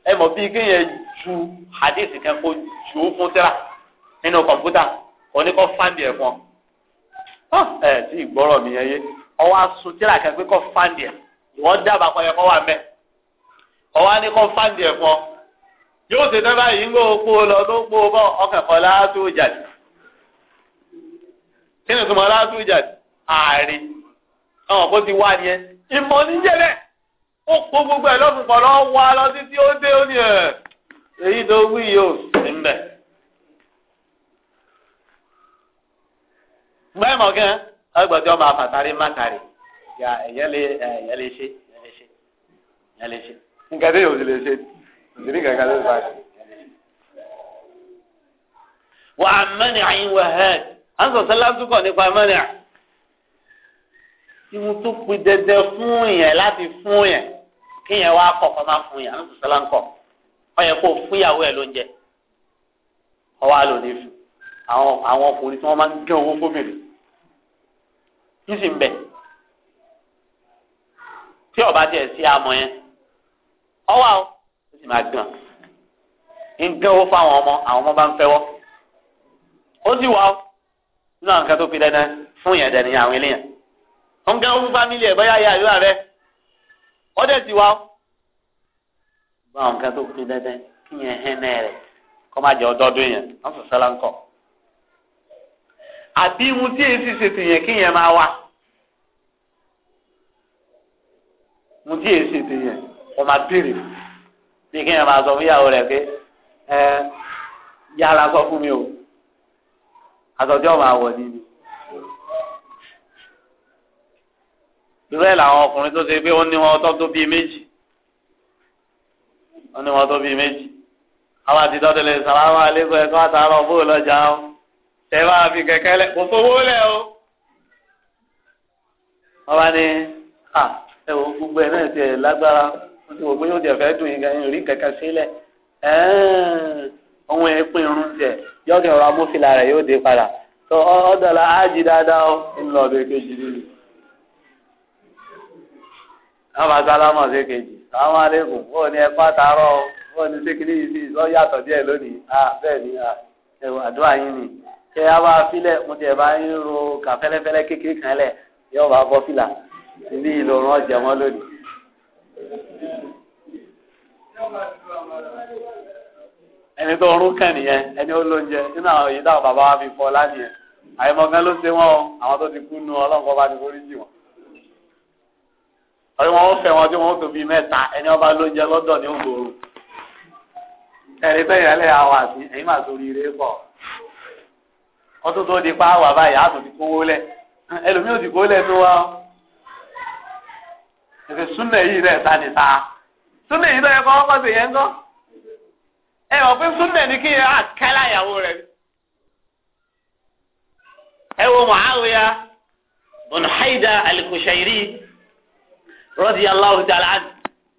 ẹ mọ̀ bí kéèyàn ju àdéhìsì kan kó ju ó fún tíra nínú kọ̀ǹpútà oníkọ́ fáńdì ẹ̀ fún ọ ẹ tí ìgbọ́rọ̀ mi yẹn yé ọwọ́ asun tíra kan pé kọ́ fáńdì ẹ̀ wọ́n dábàá pọ̀ yẹ kọ́ wà mẹ́ ọwọ́ aníkọ́ fáńdì ẹ̀ fún ọ yóò ṣe tẹ́ báyìí ń gbọ́ kí ni ìtumọ̀ látú ìjà ààrẹ àwọn kó ti wá nìyẹn ìmọ̀ níjẹ́ ó kó gbogbo ẹ̀ lọ́sùn pọ̀ lọ́wọ́ lọ sí tí ó dé ó ní ẹ̀ èyí tó wí ń bẹ̀. gbẹ́ mọ̀ ọgbọ̀n tí wọ́n máa fàtàrí ya lè lè ṣe lè ṣe. nǹkan tí yóò lè ṣe kankan ló ń bá a ṣe. àyínwó hẹ́ẹ̀dì. ansọ sẹlẹsùkọ nípa mẹrin tí mo tún pe dẹdẹ fún yẹn láti fún yẹn kí yẹn wá kọ kọ máa fún yẹn ansọ sẹlẹsùkọ ọyẹ kó fúyàwó ẹ ló ń jẹ ọwọ àlò ní fún àwọn àwọn ọkùnrin tí wọn máa ń gé owó fóbìnrin yìí sì ń bẹ tí ọba tiẹ̀ sí amọ̀ yẹn ọwọ́ àwọn ó sì máa gàn ń gé owó fáwọn ọmọ àwọn ọmọ bá ń fẹ́wọ́ ó sì wà ó nínú àwọn kan tó fi dandan fún yẹn dẹni àwọn eléyàn wọn gán fún fámìlì ẹ bóyá ya ìlú ààrẹ ọdẹ ti wá ó bá àwọn kan tó fi dandan kí yẹn hẹnẹ rẹ kọ má jẹ ọdọọdún yẹn wọn sọ sọlá ń kọ àbí irun tí èsì ṣètò yẹn kí yẹn máa wà irun tí èsì ṣètò yẹn wọn máa béèrè bí kí yẹn máa sọ fún ìyàwó rẹ pé ẹ sọ fún mi o asọjọ máa wọ níbi irú ẹ làwọn ọkùnrin tó ṣe pé ó ní wọn tó tó bíi méjì ó ní wọn tó bíi méjì àwọn àti dọdẹlẹ sàlámà alẹkùn ẹkọ àtàrà fún ọlọjà ó tẹ bá fi kẹ̀kẹ́ lẹ kò fowó lẹ o wọn bá ní à ẹ wo gbogbo ẹ náà tiẹ̀ lágbára wọn ti wò pé yóò jẹ fẹẹ dùn yín gan yín rí kẹ̀kẹ́ sílẹ̀ ẹ ẹ ohun ẹ pín irun tiẹ̀ yóò kẹ́ ọ̀rọ̀ amófinla rẹ̀ yóò dé padà tó ọ̀dọ̀là ájì dáadáa ó ń lọ ọdún kejì nínú. wọ́n máa sálámọ̀ sí kejì àwọn alẹ́kùn ó ní ẹ̀fọ́ àtàárọ̀ ó ní sékìlì yìí sí ìsọ yàtọ̀ díẹ̀ lónìí à bẹ́ẹ̀ ni ẹ̀wọ̀n àdúrà yín ni kẹ́ ẹ bá filẹ̀ mo tiẹ̀ bá ń ro kà fẹ́lẹ́fẹ́lẹ́ kékeré kan lẹ̀ yóò bá bọ́ fìlà ní ìlọrin ọ̀jẹ̀ wọn lónìí. ẹni tó rún kàn nìyẹn ẹni ó lóúnjẹ nínú àwọn èyí táwọn bàbá wa fi fọ lánìyẹn àyẹmọgán ló ṣe wọn o àwọn tó ti kú nu ọlọ́nkọ́ bá ti foríjì wọn. ọ̀rẹ́ wọn ó fẹ́ wọn tí wọn ó tó bíi mẹ́ta ẹni ọba lóúnjẹ lọ́dọ̀ ní ògbòrò. ẹ̀rí bẹ́ẹ̀ yẹn lẹ́yà wà sí ẹ̀yìn màá torí ire tó di pa àwà báyìí àtò ti kówó ò ti kówó tó ẹ ọ pé súnmẹ ni kí ẹ àkàlà ìyàwó rẹ ẹ wo Muawiya bùnú haida alikushairi radiyallahu ta'ala anhu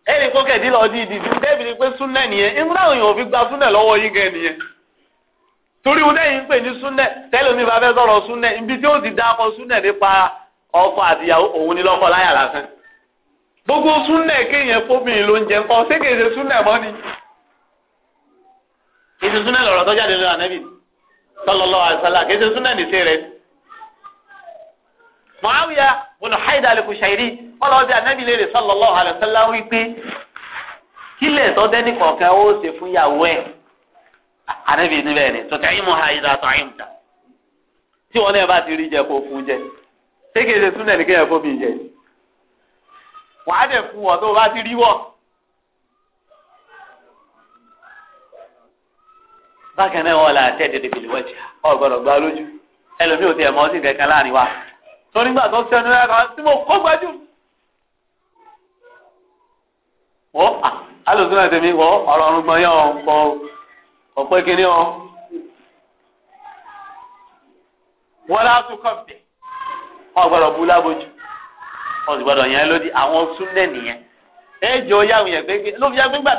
ẹ lè kó kẹ̀dí lọ di ìdìbò débi ni pé súnmẹ nìyẹn ìmúra òyìnbó fi gba súnmẹ lọwọ yín gẹ nìyẹn torí wọn lẹ́yìn ń pè ní súnmẹ bá súnmẹ ibi tí ó ti dá akọ súnmẹ nípa ọkọ òun ni gbogbo súnmẹ kéèyàn fóbìnrin ló ń jẹ kìsì súnà lọ̀rọ̀ tó jáde lọ́wọ́ ànábì sallallahu alaihi wasallam kìsì súnà nìṣe rẹ̀. Muawiya bùnú haida al-Kushairi wọn lọ́wọ́ bí ànábì lè rè sallallahu alaihi wasallam wípé kílẹ̀ tó dẹ́ni kọ̀ọ̀kan ó ṣe fún yàwó ẹ̀ ànábì níbẹ̀ ni tòkè ìmọ̀ haida tó àyìn ta tí wọn náà bá ti rí jẹ kó fún jẹ ṣé kìsì súnà nìkẹ́yẹ̀ fún mi jẹ wàá dẹ̀ fún wọn tó bá ti rí wọ̀. bákan náà wọ́n là tẹ́ dédé bìlì wọ́ọ̀jì ọ̀gbọ́dọ̀ gbá lójú ẹlòmíì ò tiẹ̀ mọ́ sí kankan láàrin wa tó nígbà tó sẹ́nu ẹ̀ kan tí mo kó gbajú. wọ́n alòsùn náà tẹ̀mí wọ́n ọ̀rọ̀ ọ̀run gbọ́n yẹn ọ̀ ọ̀pẹ́ kínní ọ̀ wọ́n látú kọ́ọ̀tì ọ̀gbọ́dọ̀ bú lábojú ọ̀gbọ́dọ̀ yẹn lódì àwọn súnlẹ̀ nìyẹn ẹ̀jọ̀ yàwùn yẹn gbẹ́gbẹ́ ló fi yàgbẹ́gbà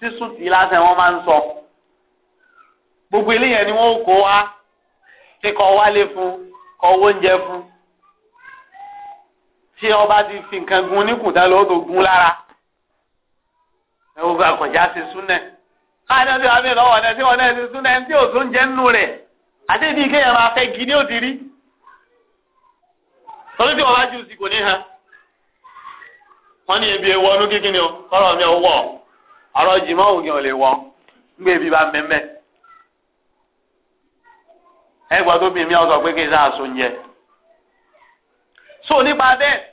sísùn tì lásán wọn máa ń sọ gbogbo eléyẹn ni wọn ò kó wá tí kò wálé fún kò wóúnjẹ fún tí ọba ti fi nǹkan gun oníkùntà lọ́wọ́ tó gun lára ẹ bá kọjá sí súnẹ̀ káàdé ọdún àmì lọ́wọ́ ọ̀nà tí ọ̀nà ti súnẹ̀ tí ò tún jẹ́ nínú rẹ̀ àti ìdí kéèyàn máa fẹ́ gidi ó ti rí torí tí wọn bá jù sí kò ní hàn wọn ní ebi ewu ọdún kíkí ni ọ kọ́rọ̀ mi ò wọ̀ ọ́ ọ̀rọ̀ jìmọ̀ ògì ò lè gbé ibi bá mẹ́mẹ́. ẹ gbọ́ tó bí mi ọ̀sọ̀ pé kí n sáà sùn jẹ. so nípa bẹ́ẹ̀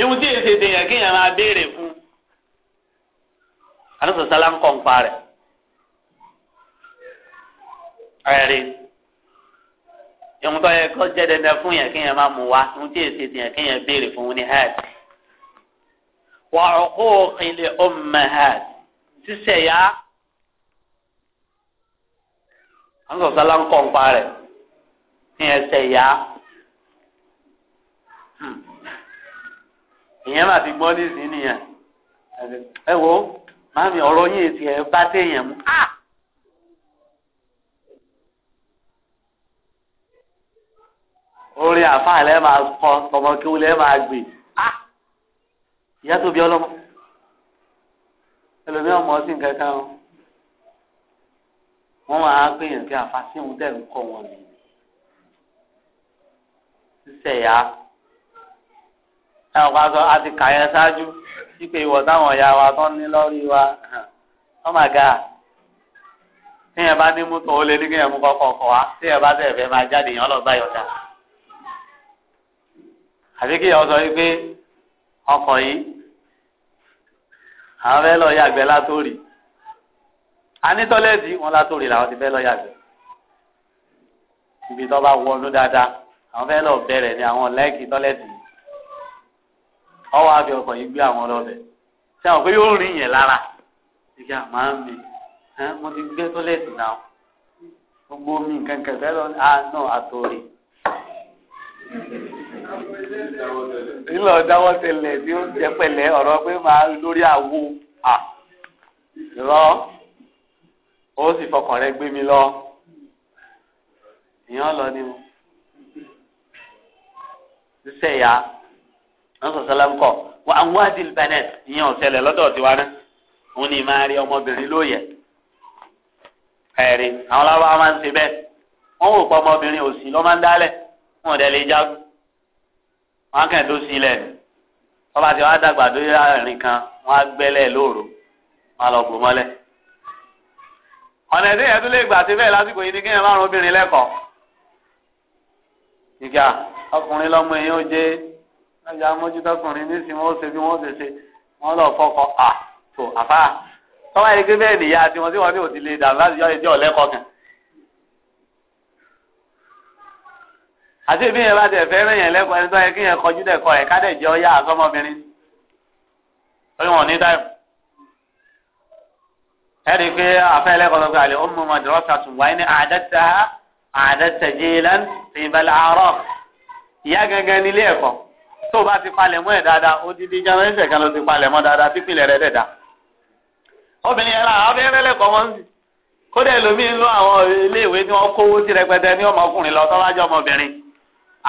ihun tí èsì èdèyàn kéèyàn máa béèrè fún àdúgbò sálá ń kọ́ ń pa rẹ̀. ihun tó yẹ kó jẹ́ fún yẹn kéèyàn máa mú wa ihun tí èsì èdèyàn kéèyàn béèrè fún ní hẹ́ẹ̀tì wà ọkọ òkèlè ọmọhàn ṣíṣe ya wọn sọ sálá ń kọ nǹpa rẹ ní ẹsẹ ya hmm. ìyẹn máa ti gbọ́ nísìnyí nìyẹn ẹ wo màmí ọ̀rọ̀ yín ti ẹ̀ bá téèyàn mú. Ah! orin àfáà lẹ́ẹ̀ máa kọ́ tọmọ lẹ́ẹ̀ máa gbè ìyá tó bí ọlọ́mọ ẹlòmíràn mọ ọtí nǹkan kan wọn máa gbìyànjú pé àfàsíhun dẹ̀ ń kọ́ wọn nìyí sísẹ̀yà ẹ̀wọ̀n kan sọ àti kàyẹ ṣáájú wípé ìwọ̀ táwọn ìyá wa tán ní lórí wa ọmọ àga tíyẹn bá ní mútò ó lé ní kíyẹn mú kọ́kọ́ ọkọ̀ wa tíyẹn bá tẹ̀ fẹ́ máa jáde yẹn ọlọ́gbà yọ̀dà àbí kíyẹn sọ wípé ọkọ̀ yìí àwọn fẹ́ lọ yàgbẹ́ látòrì anítọ́lẹ́dì wọn látòrì làwọn ti fẹ́ lọ yàgbẹ́ ibi tó bá wọnú dáadáa àwọn fẹ́ lọ bẹ̀rẹ̀ ní àwọn lẹ́ẹ̀kì tọ́lẹ́dì ọwọ́ àfi ọkọ̀ yìí gbé àwọn lọ́bẹ̀ ṣé àwọn pé yóò rìn yẹn lára ìgbà máa ń mi mo ti gbé tọ́lẹ́dì náà gbogbo mi nǹkan kẹfẹ́ lọ àánú ah, àtòrì nílò dáwọ́ tẹlẹ̀ tí ó jẹ́ pẹ̀lẹ́ ọ̀rọ̀ pé máa lórí àwo à lọ ó sì fọkàn rẹ gbé mi lọ ìyẹn lọ ni mo sísẹ ya wọn sọ sọlá ń kọ wọn àwọn adìl bennett ìyẹn ò ṣẹlẹ̀ lọ́dọ̀ tiwa náà òun ni máa rí ọmọbìnrin lóye ẹ̀rí àwọn aláwọ̀ máa ń ṣe bẹ́ẹ̀ wọ́n wò pọ̀ ọmọbìnrin òsì lọ́ máa dẹ̀ lè jagun wọn á kàn tó sí ilẹ̀ ni wọn bá ti wọn á dàgbà tó yá ìrìn kan wọn á gbẹ́lẹ̀ lóòrò wọn á lọ bò mọ́lẹ̀. ọ̀nà ẹ̀dín yẹn tó lè gbà síbẹ̀ lásìkò yìí ni kéèyàn márùn obìnrin lẹ́kọ̀ọ́. ìgbà ọkùnrin lọ́mọ èèyàn ó jẹ́ lọ́jà mójútọ́kùnrin nísìnyí wọ́n ó ṣe bí wọ́n ó ṣe ṣe wọ́n lọ fọ́kọ à tó àfáà tọ́wọ́ ẹni pé bẹ́ẹ̀ nìyá tiwọn tí wọ́n ní òdìlé dàrú láti yọ ìdí ọ̀lẹ́kọ̀ọ́ kan. àti ìbí yẹn bá tẹ̀ fẹ́ rẹ̀ yẹn lẹ́kọ̀ọ́ ẹni tó yẹ kí yẹn kọjú dẹ̀kọ́ ẹ̀ ká dẹ̀ jẹ́ ọyá àsọmọbìnrin ó ní wọn ní táìmù ẹ̀rí pé afẹ́ lẹ́kọ̀ọ́ lọ́gbà àlẹ́ ọmọ ọmọdé rọ́ṣà tún wáyé ní àdẹ́tẹ̀ àdẹ́tẹ̀ jẹ́lẹ́n ìbẹ̀lẹ̀ àárọ̀ ìyá gangan nílé ẹ̀kọ́ tó o bá ti palẹ̀ mọ́ ẹ̀ dáadáa odidi jẹ́nẹ́sẹ̀ kan ló ti palẹ̀ mọ́ dáadáa típìlẹ̀ rẹ̀ dẹ̀dá obìnrin yẹn lára abẹ́rẹ́ lẹ́kọ̀ọ́ wọn sì kódà ẹlòmíín lọ àwọn iléèwé tí wọ́n kówó tí rẹpẹtẹ ní ọmọkùnrin lọ tọ́lájọ́ ọmọbìnrin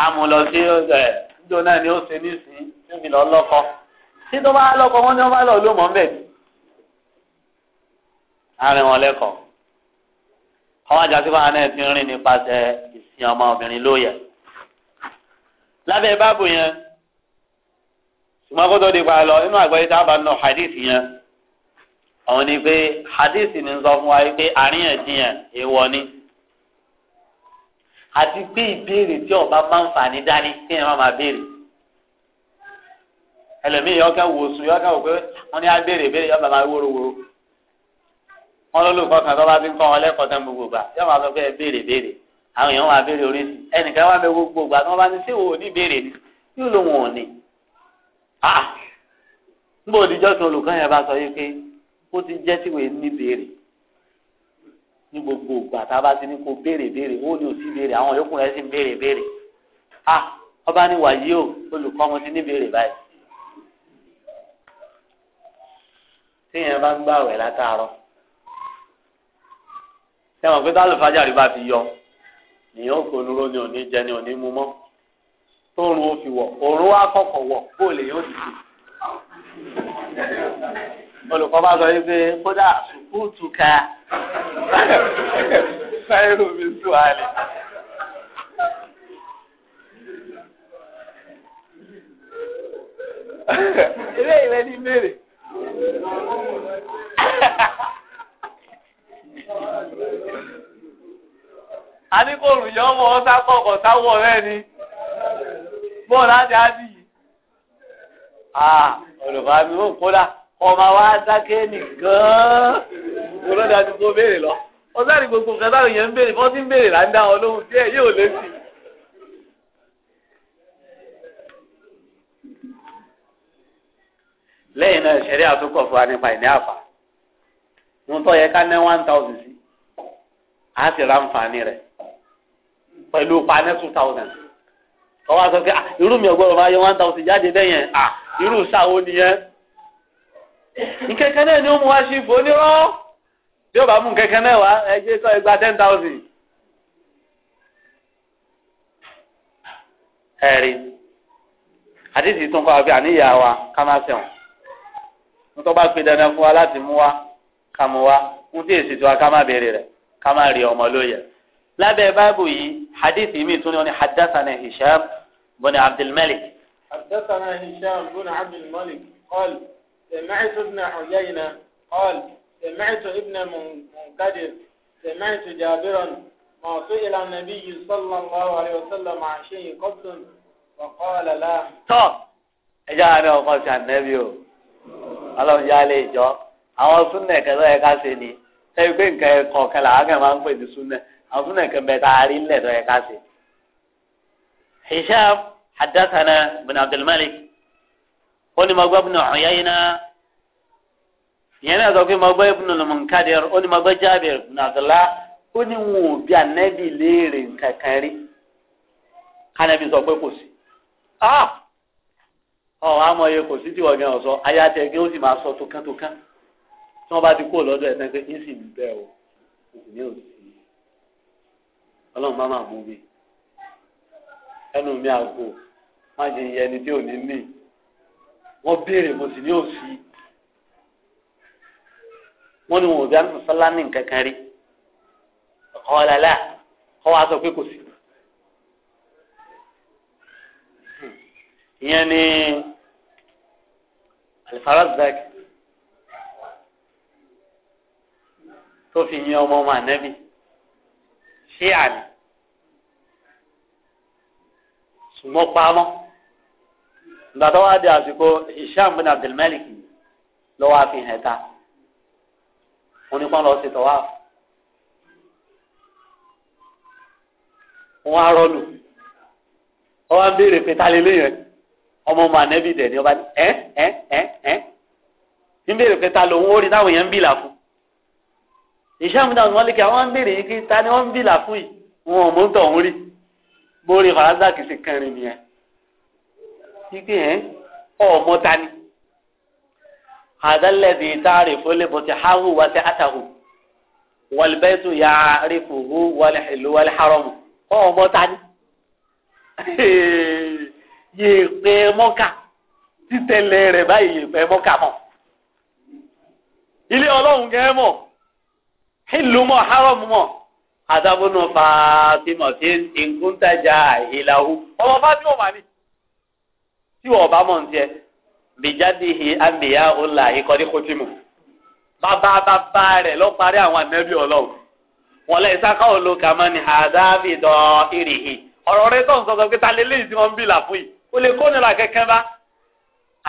amúlọ sí ẹ níjọ náà ni ó ṣe nísìnyí tí mi lọ lọkọ tí tó bá lọkọ wọn ni wọn bá lọ ló mọ bẹ́ẹ̀ ni àárín wọn lẹkọọ àwọn àjàsí wa náà ti rìn nípasẹ̀ ìsìn ọmọbìnrin lóye lábẹ́ báàbò yẹn ṣùgbọ́n kó tó di pa lọ inú àgbáyé tá bá nọ hadith yẹn àwọn ni pé hadith ni sọ fún wa pé àríyànjiyàn èèwọ̀ ni. àti pé ìbéèrè tí ọba bá ń fà ní dání kí ẹ má máa béèrè ẹlòmíì yọ ká wò yọ ká wò pé wọn ní abéèrè béèrè yọ bàbá wóró wóró wọn lólùkọ́ kan tó bá ti ń kọ́ wọn lẹ́kọ̀ọ́ tán gbogbo gbà yọ máa sọ pé ẹ béèrè béèrè àwọn èèyàn gbogbo gbà tí wọn bá ní sí béèrè ni yóò ló wọn ò ní. Ah! níbo olùkọ́ sọ yìí pé ó ti jẹ́ ní gbogbo ìgbà tá a bá ti ní kó béèrè béèrè ó ní òsì béèrè àwọn yòókù rẹ̀ sì ń béèrè béèrè a ah, ọba ní wàyí o olùkọ́ mo ti ní béèrè báyìí. téèyàn bá ń gbààwẹ̀ látàárọ̀ sẹ́wọ̀n pé tá lùfájà rí bá ti yọ nìyẹn òkò onúró ni òní jẹ ni òní mú mọ́ tóorùn ó fi wọ̀ òórùn wa kọ̀kọ̀ wọ̀ bóòlù yóò ti olùkọ́ bá sọ wípé kódà sùkúùtù ka sáyẹ́rù mi sù àlè. ilé ìwé ní mèrè. a ní kò rùn yọ ọmọ ọsà pọkàn táwọn ọ̀rẹ́ ni bọ́ọ̀lù àti àdìyí. olùkọ́ àmì ò kódà ọmọ wa dákẹ́ nìkan wọ́n dájú kó béèrè lọ. wọ́n sáré gbogbo nǹkan táwọn èèyàn ń béèrè wọ́n ti ń béèrè láńdá wọn lóhùn díẹ̀ yóò lé sí i. lẹ́yìn náà ṣẹ̀rí àtúkọ̀ fún wa nípa ìní àfà wọn tọ́ yẹ ká ní one thousand sí a sì ra nfààní rẹ̀ pẹ̀lú paní two thousand ọwọ́ àti ọ̀kẹ́ irú mi ọgbọ́dọ̀ máa yọ one thousand jáde bẹ́yẹn ah, irú sáà ó nìyẹn nkẹ́kẹ́ náà ni ó mú wá sí ìbò onírọ́ tí ó bá mú nkẹ́kẹ́ náà wá ẹgbẹ́ sọ ẹgbàá ten thousand. ẹ̀rí àdìsí tún kọ́ àbí àníyá wa ká má sẹ̀wọ̀n nítorí bá pe dandan fún wa láti mú wa ká mú wa ń tí èsì tí wa ká má béèrè rẹ̀ ká má rí ọmọ lóye. lábẹ́ báàbù yìí àdìsí mi tún ní wọn ni hadassana hisham bọ́ni abdulmalik. hadassana hisham bọ́ni abdulmalik kọ́lù. سمعت ابن عيينة قال سمعت ابن منقدر سمعت جابرا ما سئل النبي صلى الله عليه وسلم عن شيء قبل وقال لا طب ẹjọ́ àná ọkọ̀ sí ànẹ́bí o ọlọ́run yá lè jọ àwọn súnà kẹta ẹ̀ka ṣe ni ẹ̀yìn pé nǹkan ẹ̀kọ́ kẹlà ákẹ́ máa ń pè ní súnà àwọn súnà kẹmẹ tá a rí ńlẹ̀ tó ẹ̀ka ṣe. Hisham hadathana bin Abdulmalik ó ní onye ina Ibn Uyayna ìyẹn náà sọ pé mo gbọ́ Ibn al-Munkadir ó leere nkakari. gbọ́ Jabir ibn Abdullah ó ní wọn ò bí anẹ́bì léèrè kankan rí kánẹ́bì sọ pé kò sí ọ̀ àmọ̀ yẹ ti kó lodo ẹ̀ pé ń sì ń o ní òsì ọlọ́run bá máa mú wọ́n béèrè mo sì ní òsì wọ́n ní wọn ò bí anú sọ́lá ní nǹkan kan rí ọ̀kan ọ̀làlà kọ́ wa sọ pé kò sí. ìyẹn ni Al-Farazdak tó fi yin ọmọ ọmọ ànẹ́bí ṣé àná sùnmọ́ pamọ́ gbàtọ́ wa di àsìkò Hisham bin Abdulmalik lọ́wọ́ àfihàn ta onípọ́n lọ sí tọ́wá wọn á rọlù wọn á béèrè pé ta lélẹ́ yẹn ọmọ ọmọ ànẹ́bí dẹ̀ ni ọba ní ẹ́ ẹ́ ẹ́ ẹ́ ń béèrè pé ta lòun ó rí táwọn yẹn ń bìlà fún Hisham bin àwọn ń béèrè yìí kí ta ni wọ́n ń bìlà fún yìí wọn ò mú tọ̀ ń rí bórí faransa kìí ṣe kẹrin nìyẹn wípé ẹ ọmọ ta ni àdálẹ́dì táàrí fúlẹ́bù ti háhù wá sí àtàhù wàlbẹ́tù yà àrífùhù wàlẹ̀hìlú wàlẹ̀hárọ̀mù ọmọ ta ni yèèpẹ̀ mọ́kà títẹ̀lẹ̀ rẹ̀ báyìí yèèpẹ̀ mọ́kà mọ́ ilé ọlọ́run gẹ́gẹ́ mọ̀ ìlú mọ̀ hárọ̀mù mọ̀ àdàbọ̀nù fàtìmọ̀ tí nkúntàjà ìlàhù ọmọ fàtìmọ̀ mà ní tí wọ́n bá mọ̀ ntiẹ̀ bìjádìhì àmìyá ọ̀là ìkọ́dí kòtìmù bàbá bàbá rẹ̀ ló parí àwọn ànábì ọlọ́run wọn lẹ́yìn sáká òlo kàmá ni àdáàbì dán ìrìhì ọ̀rọ̀ rẹ̀ tó ń sọ sọ pé ta lè léyìí tí wọ́n ń bì là fún yìí ó lè kó nira kẹ́kẹ́ bá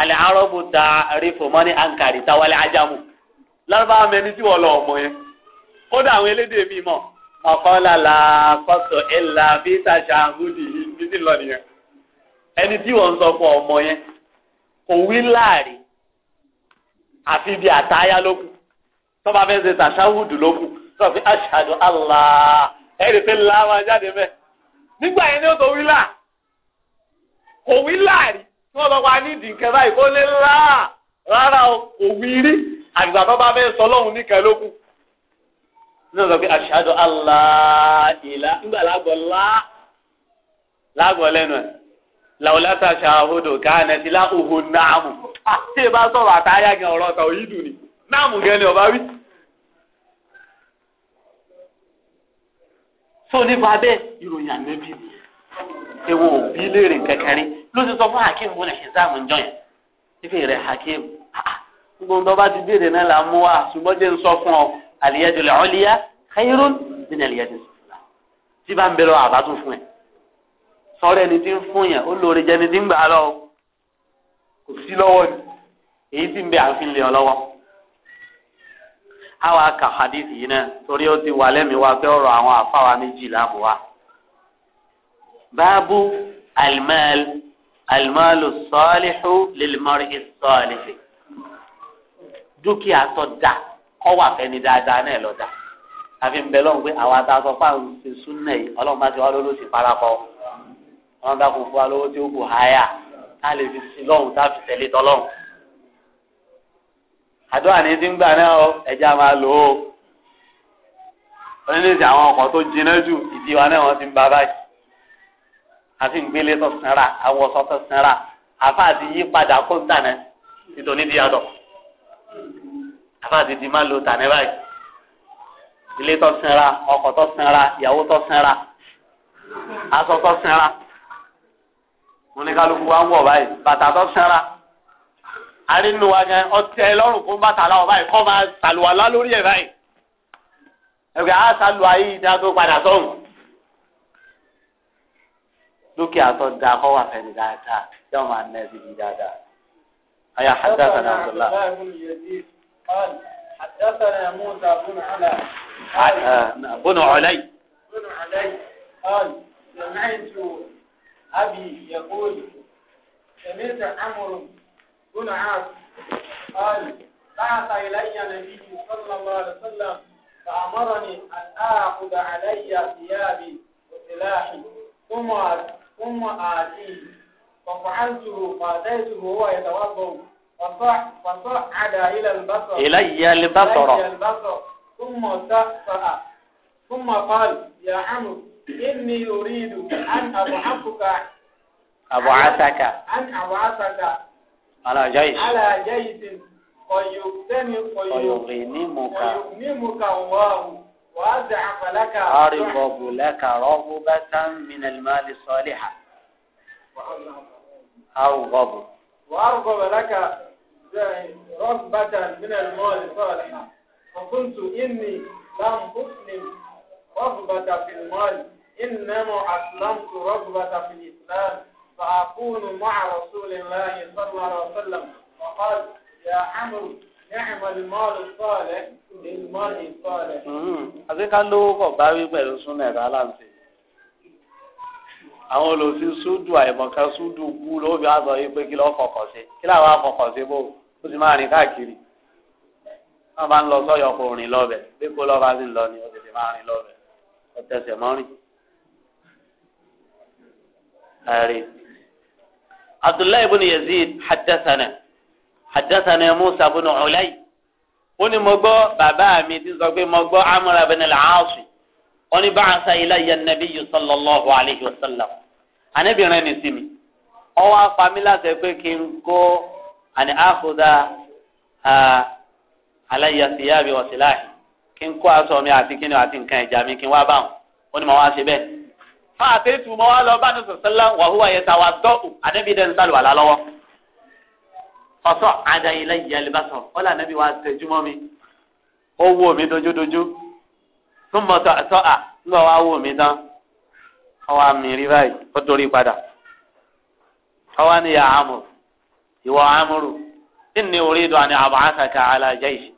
alẹ́ arọ́bù ta rifo mọ́ ní ankari tawalẹ̀ ajamu lárúbáwá mẹ́ni tí wọ́n lọ ọmọ yẹn kódà àwọn elédè mi mọ̀ ọ̀kọ́ làlà kọ́sọ̀ ẹ̀ là tàṣà húdì ẹni tí wọ́n ń sọ fún ọmọ yẹn kò wí láàrin àfi àtayá ló kù tó bá fẹ́ ṣe tàṣáwùdù ló kù tó fi ẹni tí yẹn ni ó tó wí láà kò wí láàrin tí wọ́n sọ pé a nǹkan báyìí kó lé rárá sọ lọ́hùn ló kù ìlà lágbọ̀ lá lágbọ̀ làwùlátà ṣàhódò káànà ti láhùhù náàmù àti ìbá sọ̀rọ̀ àtàyà gan ọ̀rọ̀ ọ̀tà òyìnbó ni náàmù gan ni ọba wí. tó nípa bẹ́ẹ̀ ìròyìn ànábì ewu òbí léèrè kẹkẹrin ló ti sọ fún hakeem wọn ẹ̀ṣinsáàmù ń jọyàn ife rẹ̀ hakeem ah, ah, gbogbo ọba ti béèrè náà là ń wa ṣùgbọ́n jẹ́ ń sọ fún ọ àlìyẹ́dùlẹ̀ khairun nínú àlìyẹ́dùlẹ̀ tí bá ń bẹ lọ àbá tún fún ẹ̀ tọ́rẹ́ ẹni tí ń fún yàn ó lóore jẹni tí ń gbà á lọ kò sí lọ́wọ́ ni èyí tí ń bẹ àfin lè ọ lọ́wọ́. a wàá kà hadith yìí náà torí ó ti wà lẹ́mìí wa pé ọ̀rọ̀ àwọn àfáwa méjì láàbò wa. báàbù almal almalu sọ́ọ́lìhù lilmar'i sọ́ọ́lìhì dúkìá tó da kọ́ wà fẹ́ni dáadáa náà lọ da àfi ń bẹ lọ́hùn pé àwa ta sọ fáwọn ṣe súnà yìí ọlọ́run bá ti wá lólóṣì parapọ̀ wọn bá kún fún wa lọ́wọ́ tí ó kù háyà tá a lè fi sin lọ́hùn tá a fi tẹ̀lé tọ́lọ́hùn. àdúrà ní ti ń gbà náà ọ ẹja máa lò ó oníṣẹ́ àwọn ọkọ̀ tó jiná jù ìdí wa náà wọ́n ti ń ba báyìí àti ìgbélé tó sinra àwọn tó sinra àfa àti yí padà kó tànà nítorí di àdọ̀ àfa àti di máa lo tànà báyìí ilé tó sinra ọkọ̀ tó sinra ìyàwó tó sinra aṣọ tó sinra mo ní kálukú wa ń wọ̀ báyìí bàtà tó sanra arínú wa gan ọtẹ lọ́rùn fún bàtà láwọ̀ báyìí kọ́ máa sàlùwàlá lórí ẹ̀ báyìí ẹgbẹ́ á sàlùwà yìí ní a tó padà sọ̀hún dúkìá tó da kọ́ wà fẹ́ni dáadáa yóò máa ná ẹbí yìí dáadáa. أي حدثنا عبد الله قال حدثنا موسى بن علي بن علي بن علي قال سمعت أبي يقول سمعت عمرو بن عاص قال بعث إلي نبي صلى الله عليه وسلم فأمرني أن آخذ علي ثيابي وسلاحي ثم ثم آتيه ففعلته فأتيته وهو يتوضأ فصعد إلى البصر إلي البصر ثم سأ ثم قال يا عمرو inni uridu an abu'afuka. abu'asaka. an abu'asaka. ala jayi. ala jayi ti kọyọ̀sẹ́ni kọyọ̀kìnímùkà. kọyọ̀kìnímùkà wọ́ọ̀hù. وأضعف لك أرغب لك رغبة من المال الصالحة أرغب وأرغب لك رغبة من المال الصالحة فقلت إني لم أسلم رغبة في المال إنما أسلمت رغبة في الإسلام فأكون مع رسول الله صلى الله عليه وسلم وقال يا عمرو نعم المال الصالح للمال الصالح. Hmm. àti ká lówó kọ̀ bá wí pẹ̀lú súnà ẹ̀rọ aláǹtì. àwọn olùsí súdù àìmọ̀ká súdù wú ló fi wá sọ yìí pé kí lọ́ọ́ fọkàn sí kí làwọn afọkàn sí bò ó sì máa rìn káàkiri. wọ́n bá ń lọ sọ́yọ̀ kò rìn lọ́bẹ̀ bí kò lọ́ọ́ bá sì ń lọ ni ó sì ti máa rìn lọ́bẹ̀ ọtẹsẹ mọrin ari abdullahi ibn yazid hadassana hadassana musa ibn ulay ó ní mo gbọ́ bàbá mi ti sọ pé mo gbọ́ amúra ibn al-aasi ó ní ba'asa ilayya an-nabiyyu sallallahu alayhi wa sallam anabirin ni simi ó wá pa mí láti pé kí n kó àni àkúdà ah, alayya siyabi wa silahi kí n kó aṣọ mi àti kíni àti nǹkan ìjà mi kí n wá bá wọn ó ní mo wá ṣe bẹ́ẹ̀. fún àtẹ́tù mo wá lọ bá ní sọ̀sẹ́lá wàhúwà yẹn tàwa dọ́ọ̀kù àdébí dẹ́n sálùwà lá lọ́wọ́. ọ̀sọ́ àdáyé lẹ́yìn alibásọ̀ ó là nẹ́bí wa tẹjúmọ́ mi ó wò mí dojúdojú tún mọ̀ sọ́ à nígbà wá wò mí tán ọwọ́ mi rí báyìí ó torí padà ọwọ́ ni yà á mọ̀ ìwọ á ìní orí ìdọ̀ àni àbọ̀ àṣàkà àlàjẹ́ yìí.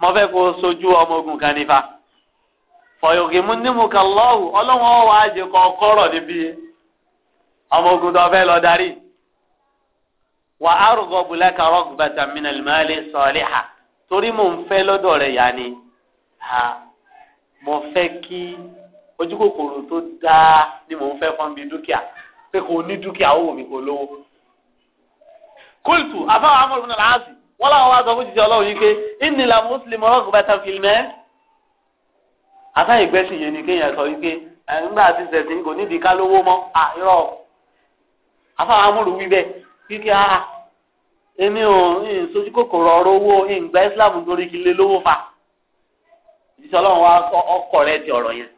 mo fẹ́ kó sojú ọmọ ogun kan nífa fọyọ̀gìmù nímú wà á jẹ kọ́ kọ́rọ̀ níbi ọmọ ogun tó lọ darí wà á rògbò bulẹ̀ kan rọ́ọ̀kì bàtà mìíràn lùmọ́lẹ̀ sọ̀lẹ̀ torí mò ń fẹ́ lọ́dọ̀ ni ha mo fẹ́ kí ojú tó dáa ni ń fẹ́ fọ́n bí dúkìá pé kò ní dúkìá kò lówó. kóòtù afáwọn wọ́n làwọn wá sọ fún jíjẹ ọlọ́run yìí pé ìnìlá mùsùlùmí ọlọ́gùnbẹ́ta fìlmẹ́. àtàyè gbẹ́sìn yẹn ni kéèyàn sọ wípé nígbà tí sẹ̀sìn kò nídìí ká lówó mọ́ àìrọ̀ àfàwọn amúlù wí bẹ́ẹ̀ kíkẹ́ àá ah, èmi ò sojú kòkòrò ọ̀rọ̀ owó ìgbà Islam torí kí lè lówó fa jíjẹ ọlọ́run wá ọkọ̀ rẹ̀ di ọ̀rọ̀ yẹn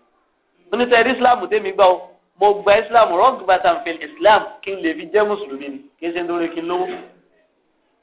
onítẹ̀rí Islam tẹ́mi gbà ó mo gba Islam rọ́gùnbẹ́ta fìl Islam kí n lè fi jẹ́ mùsùlùmí ni kí n ṣe ń torí kí n lówó.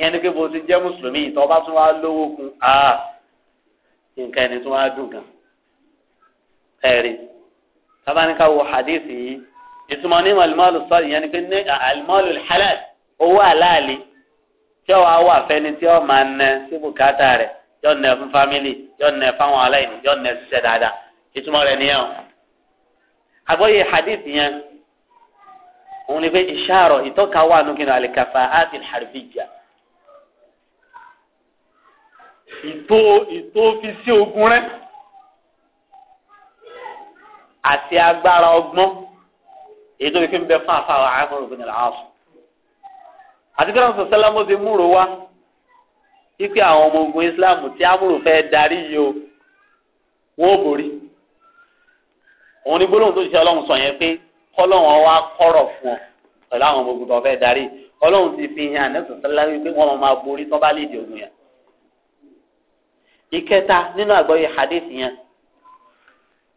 ìyẹn ni pé bó ti jẹ́ mùsùlùmí ìtọ́ bá tún wá lówó kun áà nǹkan ẹni tún wá dùn gan ẹ̀rí tábánikà wo hadith yìí ìtumọ̀ ní màlúmọ́lù sọ ìyẹn ni pé ní àlùmọ́lù halal owó àlàálì tí ó wá wà fẹ́ni tí ó máa nẹ sí bùkátà rẹ̀ yóò nẹ fún fámìlì yóò nẹ fáwọn aláìní yóò nẹ ṣiṣẹ́ dáadáa ìtumọ̀ rẹ̀ nìyẹn o àgbọ́yé hadith yẹn òun ni pé ìṣàrọ̀ ìtọ́ka wà nù kí ni àlìkàfà àti ìhàrìbíjà ìtò ìtò fi sí ogun rẹ àti agbára ọgbọ́n èyí tó fi ń bẹ fún àfàwà àmọ̀rò gbìn làásù àti kí lọ́sọ̀ sẹ́lámù ti múrò wá wípé àwọn ọmọ ogun Islam tí amúrò fẹ́ darí yìí o wọ́n ò borí òun ni gbólóhùn tó ṣiṣẹ́ ọlọ́run sọ yẹn pé kọ́lọ́run wá kọ́rọ̀ fún ọ pẹ̀lú àwọn ọmọ ogun tó fẹ́ darí ọlọ́run ti fi hàn ànẹ́sọ̀ sẹ́lámù pé wọ́n máa borí tó bá lè di ogun yẹn ìkẹta nínú àgbọ́yé hadith yẹn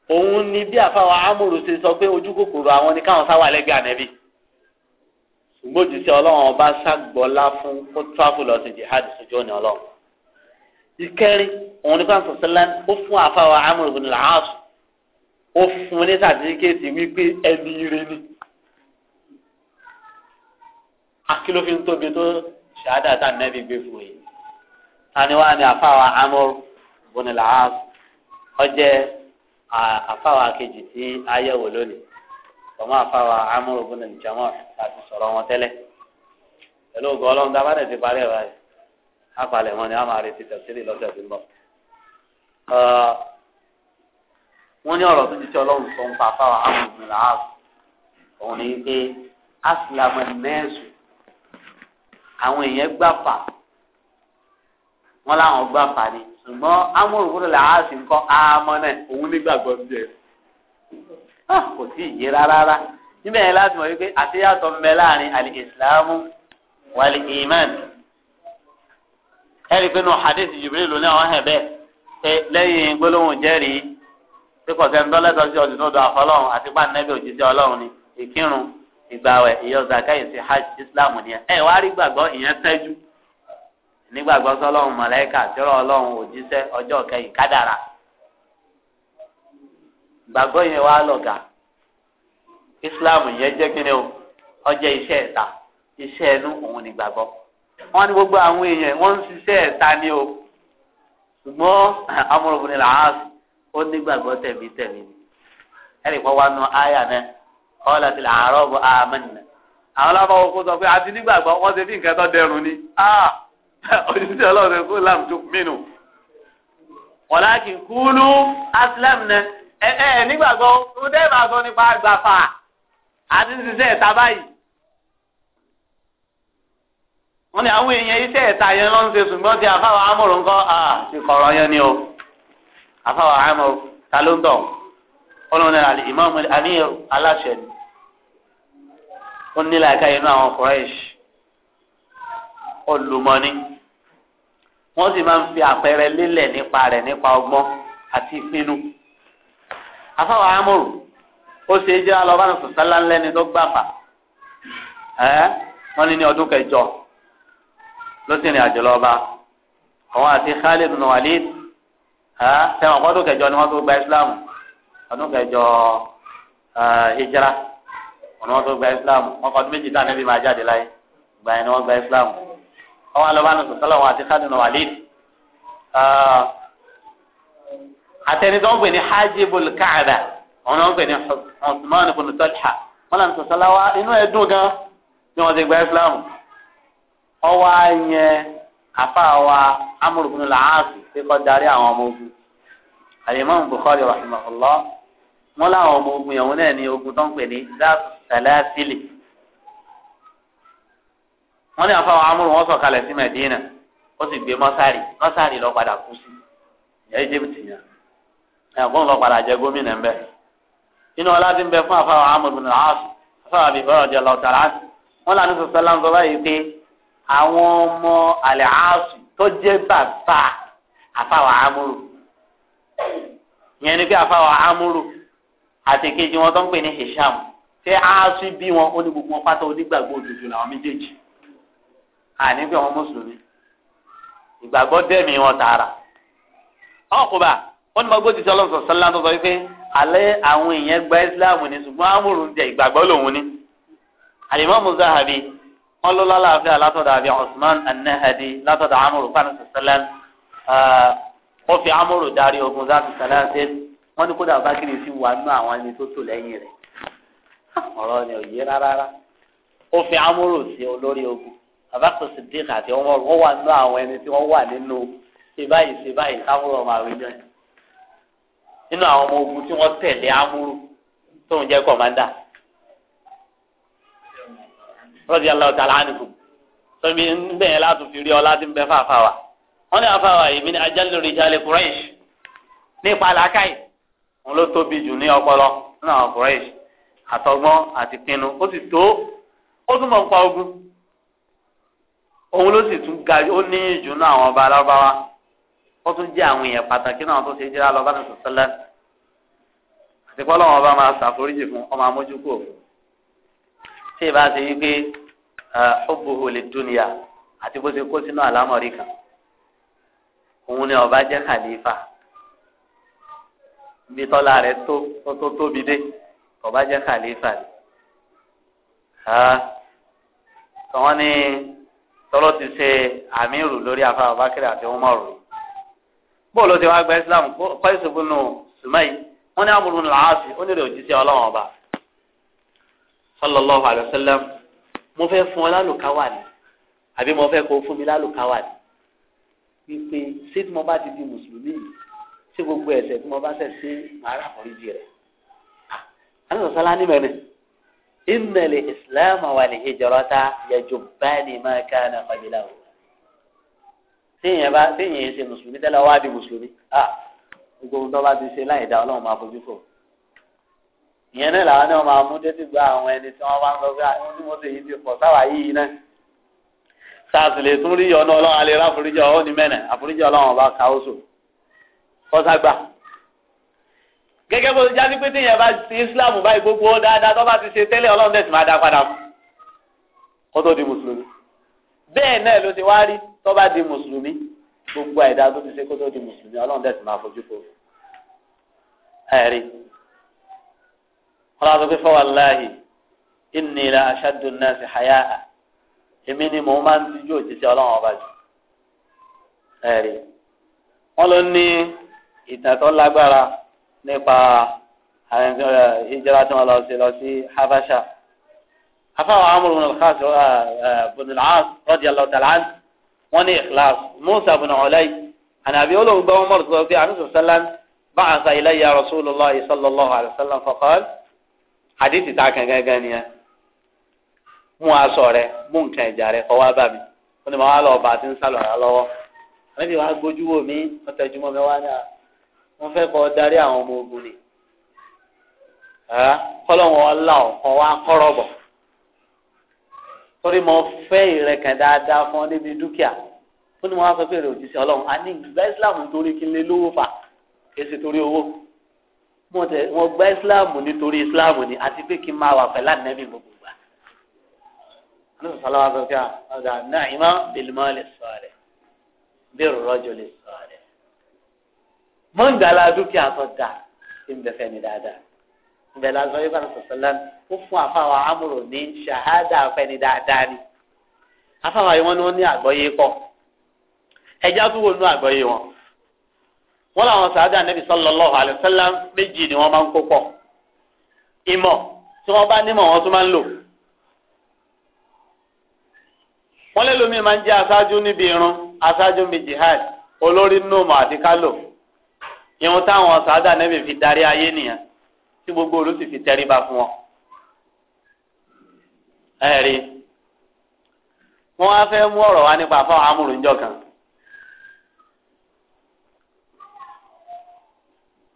òun ni bí àfàwọn amúrù ṣe sọ pé ojú kòkòrò àwọn ni káwọn sáwà lẹ́gbẹ̀ẹ́ ànẹ́bí ṣùgbọ́n òjíṣẹ́ ọlọ́run ọba ṣàgbọ́lá fún kó tráfù lọ sí jihad sójú ọ̀nà ọlọ́run ìkẹrin òun ni pàṣẹ sọlá ó fún àfàwọn amúrù bin al-As ó fún ní sàtífíkẹ́tì wípé ẹni ire ni akílófin tóbi tó ṣàdá tá gbé fún yìí tani wá ni àfàwọn amúrù bọ́nìlà áàfù ọjẹ́ àfáwà kejì tí ayẹ̀wò lónìí ọmọ àfáwà amúrò bọ́nìlì jamọ́ láti sọ̀rọ̀ wọn tẹ́lẹ̀ pẹ̀lú ògùn ọlọ́run dábàá dẹ̀ ti parí ẹ̀ báyìí apalẹ̀ wọn ni a máa retí tẹ̀sílì lọ́sẹ̀ tó ń bọ̀. wọ́n ní ọ̀rọ̀ tó ti tí ọlọ́run sọ ń pa àfáwà amúrò bọ́nìlà áàfù òun ni pé asilamu nẹ́ẹ̀sù àwọn èèyàn gbà fà wọn làwọn gbà fani ṣùgbọ́n amúrùbúrò là á sì ń kọ́ àmọ́ náà òun nígbàgbọ́ ń jẹ kò sí ìyè rárá níbẹ̀ yẹn láti mọ̀ wípé àtiyàtọ̀ ń bẹ láàrin àlè ìsìlámù wàlè ìmán ẹ̀rí pé nù hadith Jibril lónìí àwọn hẹ̀ bẹ́ẹ̀ ṣe lẹ́yìn gbólóhùn jẹ́rìí pé kọ̀ọ̀kẹ́ ń dọ́lẹ́tọ̀ sí ọdún lọ́dọ̀ àfọlọ́run àti pàǹdẹ́bì òjíṣẹ́ ọlọ́run ni ìkírun ìgbàwẹ̀ ìyọ zaka hajj Islam nìyẹn ẹ̀ wá rí gbàgbọ́ ìyẹn tẹ́jú nígbàgbọ́ sọlọ́run mọ̀lẹ́kà tẹ́rọ ọlọ́run òjíṣẹ́ ọjọ́ kẹyìn kádàrà gbàgbọ́ yẹn wá lọ̀gà Islam yẹn jẹ́ kí ni o ọjọ́ iṣẹ́ ẹ̀ta iṣẹ́ ẹnu òun ni gbàgbọ́ wọ́n ní gbogbo àwọn èèyàn wọ́n ń ṣiṣẹ́ ẹ̀ta ni o ṣùgbọ́n amúròbìnrin làás ó ní gbàgbọ́ tẹ̀mí tẹ̀mí ni ẹnì kan wá nu àyà náà ọ̀là ti làárọ̀ bọ̀ àmín àwọn alábọ̀wọ̀ òṣìṣẹ́ ọlọ́run kó làm tó mínú walakin kúlú aslamna ẹ ẹ nígbàgbọ́ tó dẹ́ bá sọ nípa àgbàfà àti ṣiṣẹ́ ẹ̀ta báyìí wọ́n ní àwọn èèyàn iṣẹ́ ẹ̀ta yẹn lọ́n ṣe ṣùgbọ́n ti àfáwọ̀ amòrò ńkọ́ ah, ti kọ̀rọ̀ yẹn ni o àfáwọ̀ amòrò ta ló ń tọ̀ ọlọ́run náà àlè ìmáàmù àníyàn aláṣẹ ni ó nílà ẹ̀ka inú àwọn kọ̀rẹ́ṣ olùmọ̀ni wọ́n sì máa ń fi àpẹẹrẹ lélẹ̀ nípa rẹ̀ nípa ọgbọ́n àti ìpinnu. afáwọn amòrò ó ṣe é jẹ́ alọ́bánu sọ̀sálà ńlẹ́ni tó gbàfà ẹ́ wọ́n ní ní ọdún kẹjọ ló sì rìn àjò lọ́ba òun àti Khalid bin Walid ẹ́ sẹ́wọ̀n kọ́ ọdún kẹjọ ni wọ́n tó gba Islam ọdún kẹjọ hijra ọ̀nà wọn tó gba Islam wọn kọ́ ọdún méjì tá a níbi máa jáde láyé gbàyẹn ni wọ́n gba Islam ọwọ́ alọ́bánu sọ̀tọ́lọ́ wọn àti sádùn wàlíd àtẹnidọ́ ń pè ní hajibul káàdà wọn náà ń pè ní Usman ibn Talha wọn náà ń sọ̀tọ́lá wa inú ẹ̀ dùn gan bí wọ́n ti gba Islam ọwọ́ ayẹ afa wa amúlù bínú làásù tí kò darí àwọn ọmọ ogun alimami Bukhari rahimahullah wọn làwọn ọmọ ogun yẹn wọn náà ní ogun tó ń pè ní zaatu salasili wọ́n ní àfáwọn amúrù wọn sọ̀ kalẹ̀ sí mẹ̀dínà ó sì gbé mọ́sárì mọ́sárì lọ padà kú sí Egypt yẹn ẹ̀gbọ́n lọ padà jẹ gómìnà ńbẹ inú ọlá ti ń bẹ fún àfáwọn amúrù bin al-As àfáwọn àbí bọ́ọ̀rọ̀ jẹ lọ́ọ̀tà láti wọ́n lànà sọ̀tọ̀ láǹzọ́ báyìí pé àwọn ọmọ àlẹ́ àásù tó jẹ́ bàbá àfáwọn amúrù yẹn ni pé àfáwọn amúrù àti kejì wọn tó ń pè ní Hisham ṣé àásù bí wọn ó ní gbogbo wọn pátá onígbàgbọ́ òdodo làwọn méjèèjì àní pé wọn mùsùlùmí ìgbàgbọ́ dẹ́mi wọn tààrà ọkùnbà wọn ni mo gbódì sọlọ sọ sọlá tó sọ wípé alẹ́ àwọn èèyàn gba ìsìláàmù ni ṣùgbọ́n amúrùn jẹ ìgbàgbọ́ lòun ni alimami zahabi wọn ló lọ́la àfẹ́ látọ̀dọ̀ àbí Usman anahadi látọ̀dọ̀ amúrù fún sọsọlá wọn fi amúrù darí ogun záàtú sọlá ṣe wọn ni kódà bákìrì sí wà nù àwọn ẹni tó tò lẹ́yìn rẹ̀ ọ̀rọ̀ ni ò yé rárá ó fi amúrù sí olórí ogun abakọ sidik àti ọmọ wọn wà nínú àwọn ẹni tí wọn wà nínú ṣe báyìí ṣe báyìí kámúrò ọmọ àwọn ènìyàn nínú àwọn ọmọ ogun tí wọn tẹ̀lé amúrú tó ń jẹ́ kọmándà rọdí aláwọta lánàkù tóbi nbẹ yẹn láti fi rí ọ láti bẹ fàáfàá wa wọn ní afáwa yìí mi ní ajá lórí ìjàlẹ kúrẹ́ẹ̀ṣì nípa làákàyè òun ló tóbi jù ní ọpọlọ nínú àwọn kúrẹ́ẹ̀ṣì àtọgbọ́n àti pinnu ó sì tó ó túnbọ̀ ń pa ogun òun ló sì tún ga ó ní ìjùnú àwọn ọba alábáwá ó tún jẹ́ àwọn èèyàn pàtàkì náà tó ṣe jẹ́ alọ́ba ní sọ́sẹ́lẹ̀ àti pé ọlọ́wọ́n ọba máa ṣàforíjì fún ọmọ amójúkú òfin tí ìbá ṣe wípé ó buhu lè dúnìyà àti bó ṣe kó sínú àlámọ̀rí kan òun ni ọba jẹ́ kàlífà ibi tọ́lá rẹ̀ tó tó tóbi dé ọba jẹ́ kàlífà rẹ̀ ní tọ́lọ́ ti ṣe àmírù lórí afa abakiri àti umaru bóò ló ti wá gba islam kọ́ìsì bínú sùmáì wọ́n ní amúlù ní làásì ó nílò òjíṣẹ́ ọlọ́wọ́n ọba sallallahu alayhi wa sallam mo fẹ́ fún ọ lálùkáwà ni àbí mo fẹ́ kó fún mi lálùkáwà ni wípé ṣé tí mo bá ti di mùsùlùmí ṣé gbogbo ẹ̀ṣẹ̀ tí mo bá ṣẹ̀ ṣe màá rà fọ́ríjì rẹ̀ ah, àlọ́ sọ́lá ní mẹ́rin ìnnàlè ìsìláàmù wà lè hijrata yẹjọ báyìí máa ká náà fagilá o. téèyàn bá téèyàn ṣe mùsùlùmí tẹ́lẹ̀ wá di mùsùlùmí ah gbogbo ohun tó bá ti ṣe láì dá ọlọ́run máa fojú fò. ìyẹn náà làwọn náà máa mú tètè gba àwọn ẹni tí wọ́n bá ń lọ bí àwọn tí wọ́n ṣe yìí ti pọ̀ sáwà yìí náà. sars lè tún rí ọ̀nà ọlọ́run alẹ́ ráforíjọ́ ó ní mẹ́nà àforíjọ́ ọlọ́run ọba káwọ́sọ̀ kọ́sàgbà gẹ́gẹ́ bó ti jáde pé téèyàn bá ti islam báyìí gbogbo dáadáa tó bá ti ṣe tẹ́lẹ̀ ọlọ́run tẹ̀sí máa dá padà fún kó tó di mùsùlùmí bẹ́ẹ̀ náà ló ti wá rí tó bá di mùsùlùmí gbogbo àìdá tó ti ṣe kó tó di mùsùlùmí ọlọ́run tẹ̀sí máa fojú fo ẹ̀rí ọlọ́run tó pé fawallahi inni la ashaddu an-nasi haya'a èmi ni mò ń máa ń tijú òjíṣẹ́ ọlọ́run ọba jù ẹ̀rí wọ́n ló ní ìtàn tó lágbára nípa àwọn ẹni ìjọba eh, tí wọ́n lọ sí lọ sí Habasha afáwọn amúlù bin al-khas eh, eh, bin al-as radiyallahu ta'ala anhu wọ́n ní ikhlas Musa bin Ulay ànàbí olóògbé wọn mọ̀rọ̀ sọ pé àníṣe sálán ba'atha ilayya rasulullah sallallahu alayhi wa sallam faqala àdìsí ta kan gángan nìyẹn mú aṣọ rẹ mú nǹkan ìjà rẹ fọwọ́ bá mi ó ní ma lọ bá a ti ń sálọ̀ rà lọ́wọ́ àníbi wàá gbójú wò mí ọ̀tẹ̀júmọ́ mi wá ní a. Ah, wọ́n fẹ́ kọ́ darí àwọn ọmọ ogun ni kọ́lọ́wọ́n ọlá ọ̀kan wá kọ́rọ̀ bọ̀ torí mo fẹ́ ìrẹ̀kẹ̀ dáadáa fún ọ níbi dúkìá ó ní mo wá sọ pé èrè òjíṣẹ́ ọlọ́run a ní ìgbà islam nítorí kí n lè lówó fà èsì torí owó mo gba islam nítorí islam ni àti pé kí n máa wà pẹ̀lú ànẹ́bí gbogbo gbà ní sọ̀sọ́ lọ́wọ́ sọ náà ìmọ̀ bèlùmọ́ lè sọ rẹ̀ bí rọ́jò lè sọ rẹ̀ mọ́ngàlá dúkìá tó dà tí ń bẹ fẹ́ mi dáadáa ìbẹ̀ lásán yóò bá lọ sọ̀tọ̀ lánàá ó fún àfàwọn amúrò ní ṣàhádà fẹ́ni dáadáa ni afáwọn àyè wọn ni wọn ní àgbọ́yé kọ́ ẹja tó wò nú àgbọ́yé wọn wọn làwọn sàádà nẹbi sallallahu alaihi wasallam méjì ni wọn máa ń kó pọ̀ ìmọ̀ tí wọn bá nímọ̀ wọn tún máa ń lò wọn lé lómi máa ń jẹ aṣáájú níbi irun aṣáájú níbi jihad olórí nùmọ àti kálò irun táwọn sàádà nẹ́bì fi darí ayé nìyẹn tí gbogbo olú sì fi tẹríba fún wọn. ẹ̀rí wọ́n wá fẹ́ mú ọ̀rọ̀ wá nípa fáwọn amúrúnjọ kan.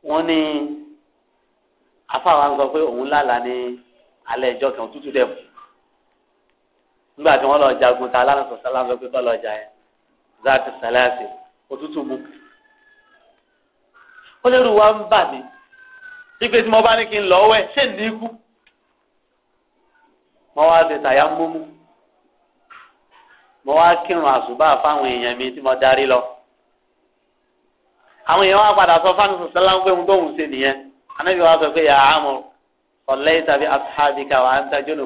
wọ́n ní afáwọn sọ pé òun lálàá ní alẹ́ ìjọ kan tútù dẹ̀ fún nígbà tí wọ́n lọ jagun ta alánà sọ̀sálà pé bọ́ọ̀lù ọjà yẹn zaati salasi òtútù mú ó lérò wa ń bà mí ipe tí mo bá ní kí n lọ wẹ̀ ṣé ní ikú mo wá di tàyà múmú mo wá kírun àṣùbà fáwọn èèyàn mi tí mo darí lọ àwọn èèyàn wa padà sọ fáwọn sọsọ láwọn pé ohun tóun ṣe nìyẹn anábì wa sọ pé yà á mọ ọlẹ́yìn asáàbíkà wà á ń tajú nù.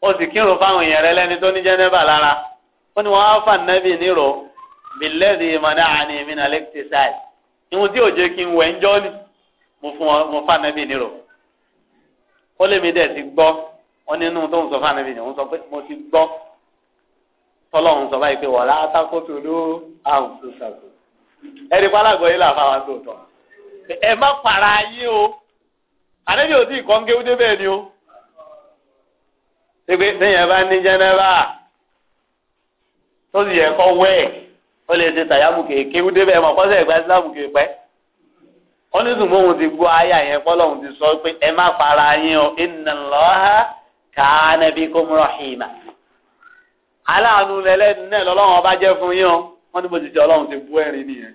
ó sì kírun fáwọn èèyàn rẹ lẹ́ni tó ní fà nírò bílẹ̀dì ìmọ̀nà àní ìmìnà lẹ́kítẹ́sáì ìhun tí ò jẹ́ kí n wẹ̀ ń jọ́ ni mo fún ọ mo fànẹ́bì nírò ó lé mi dẹ̀ ti gbọ́ wọn nínú tó ń sọ fànẹ́bì ni òun sọ pé mo ti gbọ́ tọ́lọ́run sọ báyìí pé wọ̀lá atákótó ló àrùn tó sàkó ẹ̀rí pálágọ̀ yìí làfa wa tó tọ̀ ẹ má para yín o àdébí ò tí ì kọ́ńké ó dé bẹ́ẹ̀ ni o ṣé pé téèyàn bá ní jẹ́nẹ́bà tó sì yẹ kọ́ wẹ́ẹ̀. ó lè ṣe tàyámù kéèké wúdé bẹ́ẹ̀ mọ̀ kọ́sẹ̀ ìgbà ìsìlámù kéèpẹ́ ó ní sùn bóun ti gbọ́ àyà yẹn kọ́lọ́hún ti sọ pé ẹ má para yín o inna na kana bikum rahima aláàánú lẹ́lẹ́ni náà lọ́lọ́run ọba jẹ́ fún yín o wọ́n ní bó ti jẹ́ ọlọ́run ti bú ẹ̀rín nìyẹn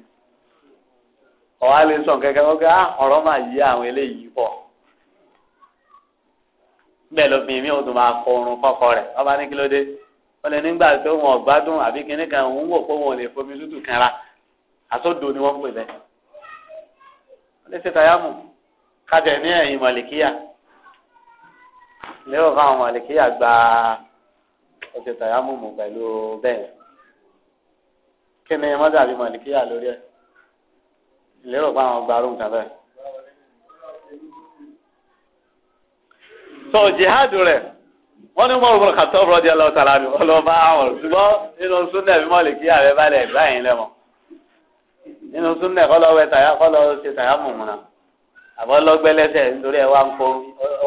ọ̀wá lè sọ kẹ́kẹ́ ah, ọ̀rọ̀ máa yí àwọn eléyìí pọ̀ bẹ́ẹ̀ mi ò tún máa kọ́kọ́ rẹ̀ ọba ní kí ló wọ́n lè nígbà tó wọn ọ̀gbádùn àbí kíní kan òun wò pé wọn ò lè fomi tútù kan ra àtọ́dò ni wọ́n ń pè bẹ́ẹ̀. wọ́n lè ṣe tàyámù kájẹ ní ẹ̀yìn mọ̀lìkíyà lérò fáwọn mọ̀lìkíyà gba ọ̀sẹ̀ tàyámù mú pẹ̀lú bẹ́ẹ̀. kí ni àbí mọ̀lìkíyà lórí ẹ̀ lérò fáwọn gbarú nǹkan bẹ́ẹ̀. sọ jihad rẹ̀ wọ́n ní mọ̀rún mọ̀rún kàtọ́ ọ̀rọ̀ di ọlọ́ọ̀ta láàbì ọlọ́ọ̀bá àwọn ṣùgbọ́n nínú súnlẹ̀ bí mọ̀lì kí ààrẹ bá lẹ̀ báyìí lẹ́mọ̀ nínú súnlẹ̀ kọ́ lọ́wọ́ ẹ̀tàyà kọ́ lọ́ ṣe tàyà mọ̀mọ́ náà àbọ̀ lọ́gbẹ́lẹ́sẹ̀ nítorí ẹ̀ wá ń kó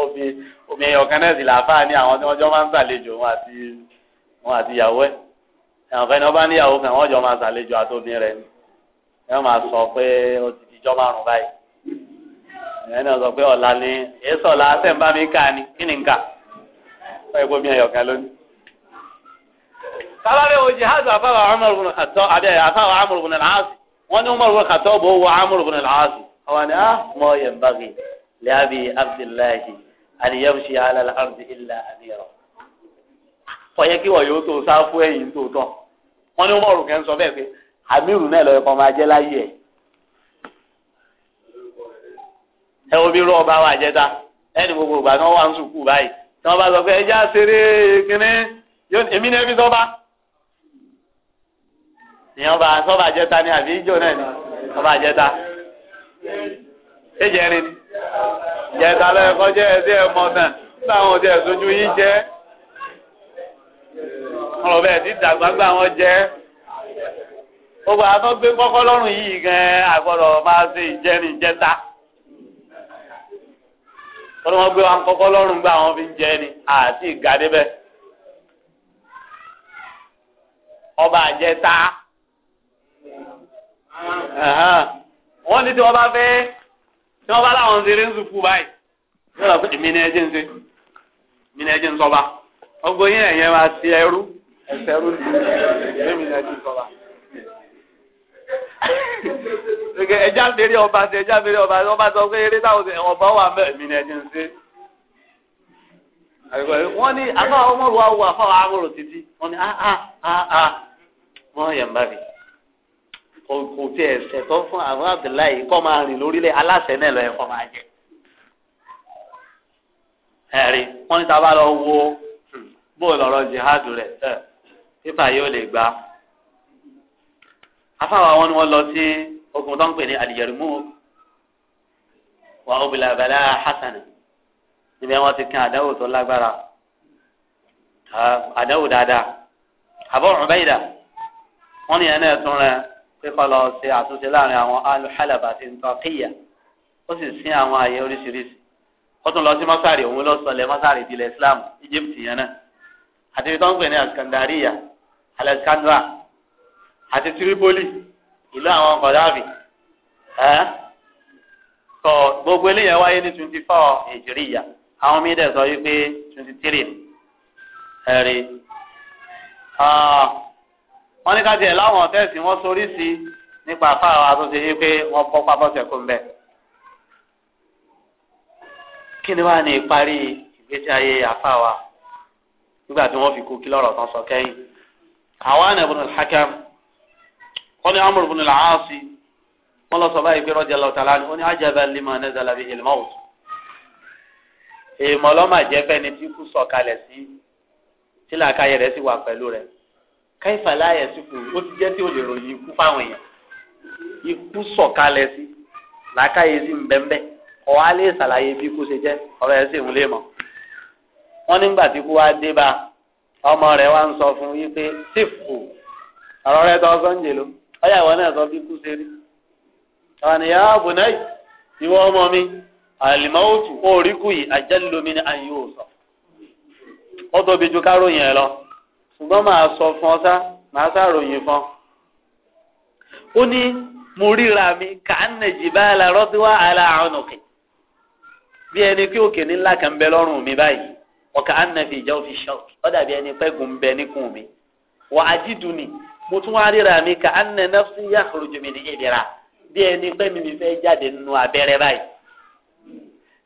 omi omi ẹ̀yọ̀ kan náà sì làáfàá ní àwọn tí wọ́n jọ máa ń ṣàlejò wọn àti wọn àti ìyàwó ẹ̀ ẹ̀ máa ni èso ọ̀la ẹ̀kọ́ mi ẹ̀yọ̀kan lónìí. sábàbí wo jihadu afáwà bụ bùnú kàtọ́ àbí afáwà amúrò bùnú làásì wọ́n ní umar bùnú kàtọ́ bò wọ làásì. àwọn ni ah, mọ yẹn abdullahi kí wọ́n yóò tó sáfù ẹ̀yìn tó wọ́n ní kẹ́ ń sọ bẹ́ẹ̀ pé amiru náà lọ́yẹ̀ máa jẹ́ láyé ẹ̀. ẹ wo bí rọ́ọ̀bá wa jẹ́ta ẹni gbogbo ìgbà náà wà ń báyìí tí bá sọ pé ẹja ṣeré kínní èmi ní ẹbí sọ́ba ìyẹn bá sọ́ba jẹta ni àbí ìjọ náà ni sọ́ba jẹta ẹ̀jẹ̀ rin jẹta lọ́yẹ̀ kọjá ẹ̀sẹ̀ ẹ̀mọ́ náà táwọn ọdẹ ẹ̀sọ́jú yín jẹ́ ọ̀rọ̀ bẹ́ẹ̀ ti wọn jẹ́ gbogbo àwọn tó gbé kọ́kọ́ lọ́rùn yìí gan-an máa ṣe ìjẹrin ìjẹta tọ́lọ́ wọn gbé wa kọ́kọ́ lọ́rùn gbá àwọn fi ń jẹ ni àti ìga débẹ̀ ọba àjẹta wọ́n ní tí wọ́n bá fẹ́ tí wọ́n bá láwọn ṣeré ń sùkú báyìí yóò lọ pé èmi ni ẹjẹ ń ṣe èmi ni ẹjẹ ń sọba ọgbọ́n yẹn ẹ̀yẹn máa ṣe ẹrú ẹ̀ṣẹ̀ ẹrú ni èmi ni ẹjẹ ń sọba ẹja lérí ọba sí ẹja lérí ọba sí ọba sọ pé eré táwọn ọba wà mẹ mí ni ẹni ń ṣe. wọ́n ní àfa ọmọ wa àfa àwòrò títí wọ́n ní áá ah, áá ah, ah, wọ́n yẹ̀ ń bá mi. kò tí ṣẹ̀tọ́ fún àwọn Abdullahi kọ́ máa rìn lórílẹ̀ aláṣẹ náà lọ́yẹ̀ kọ́ máa jẹ. ẹ̀rí wọ́n ní tá a bá lọ wo hmm, bóòlù ọ̀rọ̀ jihad rẹ̀ pípa yóò lè gbà afáwa wọn ni wọn lọ sí ogun tó ń pè ní aliyarimu wa obilabala hasana níbi wọn ti kan àdáwò tó lágbára àdáwò dáadáa Abu Ubaida wọn ni ẹni ẹtún rẹ pípa lọ sí àtúnṣe láàrin àwọn aluhalaba àti ntọ́kìyà ó sì sin àwọn àyè oríṣiríṣi ó tún lọ sí mọ́sáàrì òun ló sọlẹ̀ mọ́sáàrì ìdílé Islam Egypt yẹn náà àti ibi ń pè ní Alexandria Alexandra àti tiriboli ìlú àwọn kọ̀dáàbì ẹ́ sọ gbogbo eléyẹn wáyé ní twenty four èjìríyà àwọn míì dẹ̀ sọ yìí pé twenty three ẹ̀rí wọ́n ní ká tiẹ̀ láwọn ọ̀tẹ́ẹ̀sì wọ́n sorí sí nípa fáwọn àtúnṣe yìí pé wọ́n bọ́ pábọ́sẹ̀ kó ń bẹ̀. kí ni wàá ní ìparí ìgbésí ayé àfáwa nígbà tí wọ́n fi kú kí lọ́rọ̀ kan sọ kẹ́yìn àwa nàbùnú al-Hakam wọ́n ní amúrù fún làásì wọ́n lọ sọ báyìí pé rọ́jà lọ́ta lánàá wọ́n ní ajaba lima nẹ́sàlá bíi ilmọ́ọ̀t èèmọ̀ lọ́mà jẹ́ fẹ́ni tí kú sọ̀kalẹ̀ sí tí làákàyè rẹ̀ sì wà pẹ̀lú rẹ̀ káyífà láàyè síkù ó ti jẹ́ tí ò lè ròyìn ikú fáwọn èèyàn ikú sọ̀kalẹ̀ sí làákàyè sí nbẹ́nbẹ́ ọ̀há lè bí ikú ṣe jẹ́ ọ̀rọ̀ sì ń lé mọ̀ wọ́n nígbà tí kú wá dé bá ọmọ rẹ̀ wá ń sọ fún yí pé sífù ọ̀rọ̀ rẹ̀ tó sọ́njẹ́ ló ọyà ìwọ náà sọ bí kú ṣe rí àníyá àbùnáì ìwọ ọmọ mi àlìmọ́wòtù orí kù yìí àjẹ́lómi ni àyè ò sọ ó tóbi ju káròyìn ẹ lọ ṣùgbọ́n màá sọ fún ọ sá màá sàròyìn fún ọ. ó ní mo ríra mi kà á nà jìbá àlàrọ́tí wá àlàáhùn òkè bí ẹni kí òkè ńlá kan bẹ lọ́rùn mi báyìí ọ̀kà á nà fi ìjà òfin ṣọ́ọ̀kì ó dàbí ẹni pẹ́gùn bẹ níkùn mi wà á dídùn ni. mo tún wá ríra mi ka anna nafsi yakhruju jimini ìdíra bí ẹni pé mi fẹ́ jáde nínú abẹ́rẹ́ báyìí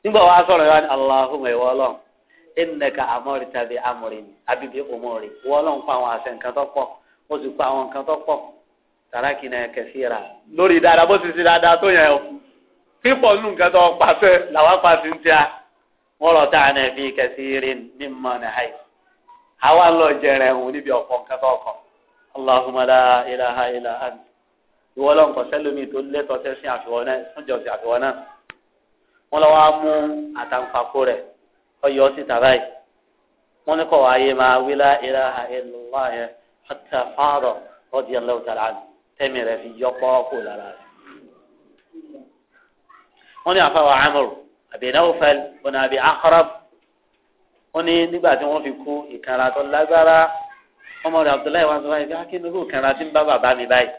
nígbà wàá sọ̀rọ̀ yóò wá ní Allahumma ìwọ ọlọ́run innaka amarta abibi umuri ìwọ ọlọ́run ase àwọn àṣẹ nǹkan tó pọ̀ na sì lori àwọn nǹkan tó pọ̀ lórí dáadáa bó dáadáa tó o fi lọ jẹrẹ níbi ọ̀pọ̀ nǹkan tó kọ̀ Allahumma la ilaha illa anta ìwọ lọ́n kọ́ sẹ́lómi tó lẹ́tọ̀ sẹ́sìn àfiwọ́n náà fúnjọ́ sí àfiwọ́n náà wọ́n lọ́ wá mú àtàǹpàkò rẹ̀ ọyọ́ síta báyìí wọ́n ní kọ́ wá yé máa wí la ilaha illallah yẹn hatta fáàrọ̀ radiyallahu ta'ala anhu tẹ́mi rẹ̀ fi yọ pọ́ọ́kù lára rẹ̀. wọ́n ní àfàwọ̀ Amr àbí Nawfal bọ́nà àbí Aqrab wọ́n ní nígbà tí wọ́n fi kú ìkanra tó lágbára ọmọ rẹ abdullahi wa sọfà ibi akéwìn kò kẹrin àti bá bàbá mi báyìí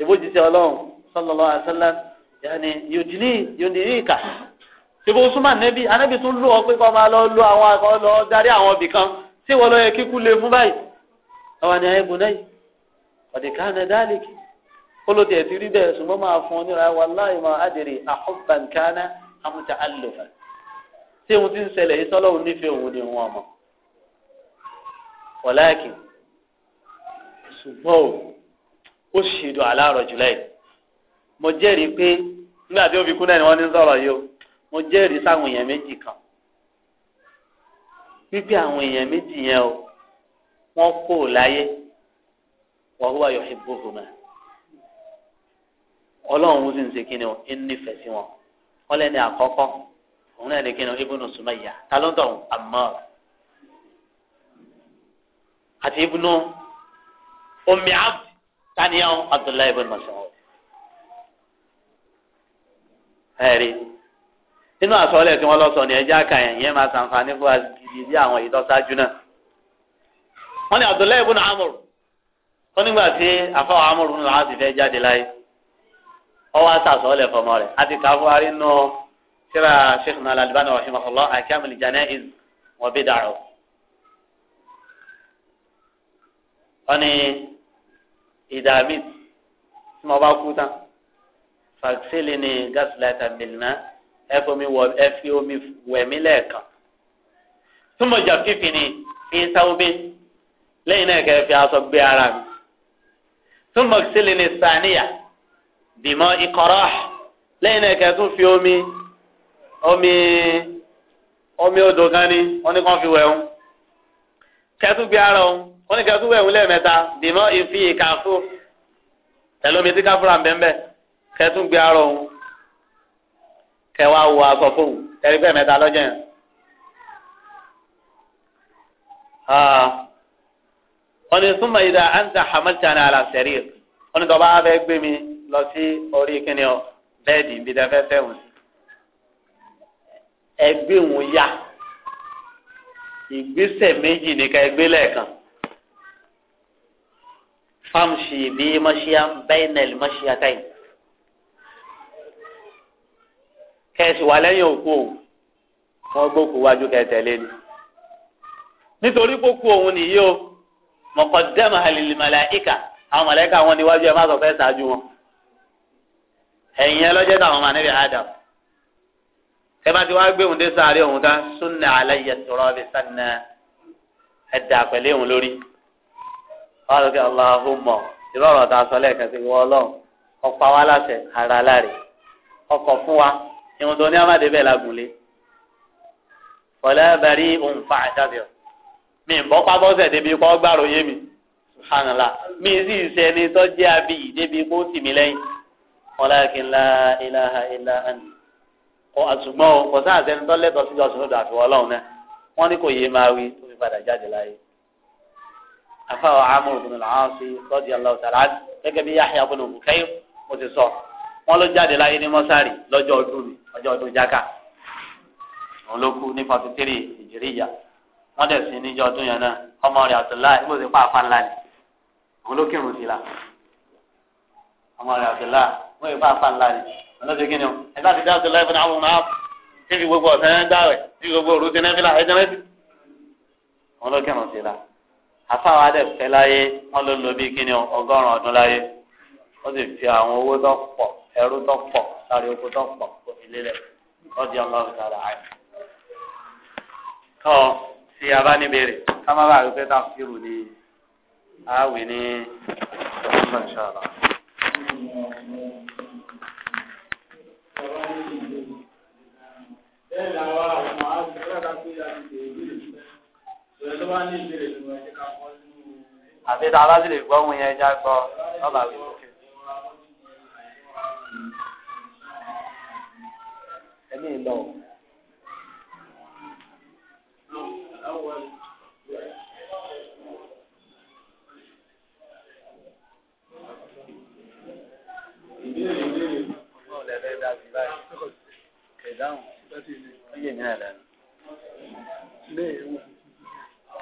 ìbòjì sí Ọlọ́run sallallahu alaihi wasallam yanni yòdìní yòdìní ìkà ìbò súnmọ́ ànẹbí ànẹbí tún lù ọ pé kọ máa lọ lọ àwọn akọ lọ darí àwọn ibìkan tí wọn lọ yẹ kíkú lè fún báyìí àwọn àníyàn ibùn náà ọ̀dẹ̀ká ní dáàlìkì ó ló tiẹ̀ ti rí bẹ́ẹ̀ ṣùgbọ́n máa fún ọ níra wallahi ma adri ahubban kana am ta'allufa tí òun ti ń ṣẹlẹ̀ yìí wọláàkì ṣùgbọ́n o ó ṣèdò aláàrọ̀ jùlọ yìí mo jẹ́rìí pé nígbà tí ó fi kú náà ni wọ́n ní sọ̀rọ̀ yìí o mo jẹ́rìí sáwọn èèyàn méjì kan wípé àwọn èèyàn méjì yẹn o wọ́n kó o láyé wọ́n wá yọ̀ ìbò fòmà ọlọ́run sì ń ṣe kíni o ń nífẹ̀ẹ́ sí wọn wọ́n àkọ́kọ́ òun náà ní kíni o ibùdó sùnmọ́ ìyá ta ló ń tọ̀ àmọ́ ọ̀rọ̀ àti ibùnú omi abd taniyan abdullahi ibn Mas'ud ẹ̀rí nínú àsọlẹ̀ tí wọ́n lọ sọ ní ẹjẹ́ àkàyàn yẹn máa ṣàǹfààní fún àgbègbè bí àwọn ìdọ́sájú náà wọ́n ní abdullahi ibn amur ó nígbà tí àfọwọ́ amur ń lọ á sì fẹ́ jáde láyé ọwọ́ àṣàsọlẹ̀ fọmọ rẹ̀ àti káfọ́rí nù síra sheikh nalal albani rahimahullah akamil janaiz wa bid'ah wọ́n ní ìdààmú tí mo bá kú tán fàkísílì ní gásìláìtà mìlínà ẹ fi omi wẹ̀ mí lẹ́ẹ̀kan túmọ̀ jà fífi ni fi sáwọ́ bí lẹ́yìn náà kẹ́ fi aṣọ gbé ara mi túmọ̀ sílì ní sàníyà bímọ ìkọ̀rọ̀ lẹ́yìn náà kẹ́ tún fi omi omi omi odò kan ni wọ́n ní kàn fi wẹ̀ ń kẹ́ tún gbé ara òun wọ́n ní kẹ́kọ̀ọ́ wẹ̀wù lẹ́ẹ̀mẹ́ta bímọ ìfi ìkàfó ẹlòmí tí káfúrà ń bẹ́ẹ̀ kẹ́tún gbé arọ òun kẹwàá wọ aṣọ fóun ẹ̀rí bẹ́ẹ̀ mẹ́ta lọ́jọ́ yẹn. Ah. wọ́n ní súnmọ́ ìdá àǹtà hamaltani alasẹ́rì wọ́n ní tọ́ bá fẹ́ gbé mi lọ sí orí kíni ọ bẹ́ẹ̀dì ibi tẹ́ fẹ́ fẹ́ wọ́n sí. ẹgbẹ́ òun yá ìgbésẹ̀ méjì ní ká ẹgbẹ́ lẹ́ẹ̀kan famshi bi mashiya bainal mashiyatayn kẹsì wà lẹ́yìn òkú o wọ́n gbókù wájú kẹtẹ̀lé ni nítorí kókó òun nìyí o mọ̀kọ́dẹ́mà àlìlì màláìkà àwọn màláìkà wọn níwájú ẹ̀ má sọ fẹ́ ṣáájú wọn ẹ̀yìn ẹ lọ́jọ́ táwọn máa níbi àdàm ẹ bá ti wá gbé òun dé sáré òun tán súnà aláyẹ sọ̀rọ̀ bí sànà ẹ̀dà pẹ̀lẹ́ òun lórí wọ́n á lọ kí Allahumma ìrọ̀rọ̀ tá a sọ lẹ́ẹ̀kan sí wọ́n ọlọ́run ọ̀pá wa láṣẹ ara láre ọkọ̀ fún wa ìwọ̀n tó ní amáde bẹ́ẹ̀ lágùnlé ọ̀lẹ́ bẹ̀rí òun fa àjáde ọ̀ mi ń bọ́ pábọ́sẹ̀ débi kọ́ gbàrò yé mi subhanallah mi sì ṣe ẹni tó jẹ́ abiyì débi kó tì mí lẹ́yìn ọ̀làkìn la ilaha illa anta kọ àtùgbọ́n kọ sáà sẹ́ni tó lẹ́tọ̀ọ́ síjọ́sìn lọ́dọ̀ àfiwọ́ ọlọ́run náà wọ́n ní kò yé máa wí tó fi padà jáde láyé afáwọ̀ amúrò bùnú làwọn sí lọ́dí aláwọ̀tàlá gẹ́gẹ́ bí yáhìá bùnú bùkẹ́yì mo ti sọ wọn ló jáde láyé ní mọ́sárì lọ́jọ́ ọdún mi ọjọ́ ọdún jáká òun ló kú ní forty three ìjìríyà wọn dẹ̀ sí níjọ́ ọdún yẹn náà ọmọ rẹ̀ àtúnlá ìgbò sí pàápàá ńlá ni òun ló kírun sí la ọmọ rẹ̀ àtúnlá wọn yóò pàápàá ńlá ni wọn ló ti kí o ẹ bá ti dá àtúnlá ìfúnná àwọn ọmọ tí fi gbogbo ọ̀sán dá rẹ̀ tí gbogbo òru ti náà fi là ẹ̀ jẹ́rẹ́ sí òun ló kírun sí la afáwa dẹ̀ fẹ́ láyé wọ́n ló lo bíi kíni ọgọ́rùn-ún ọdún láyé ó sì fi àwọn owó tó pọ̀ ẹrú tó pọ̀ sáré oko tó pọ̀ kó fi lélẹ̀ lọ́dí ọlọ́run dára àyè. tó tí a bá ká má bàa rí pé táfíìrù ni àáwì ní ọdún ìṣọ̀rọ̀. Thank you. ìṣẹ̀lẹ̀ àti tá a bá sì lè gbọ́ ohun yẹn já gbọ́ lọ́ba wí. ẹni ìlọ. ìbéèrè ìbéèrè. ọgbọ́n lẹ́fẹ̀ẹ́ dá báyìí. kẹ̀dáhùn. ó yé mi náà bẹ́ẹ̀ ni.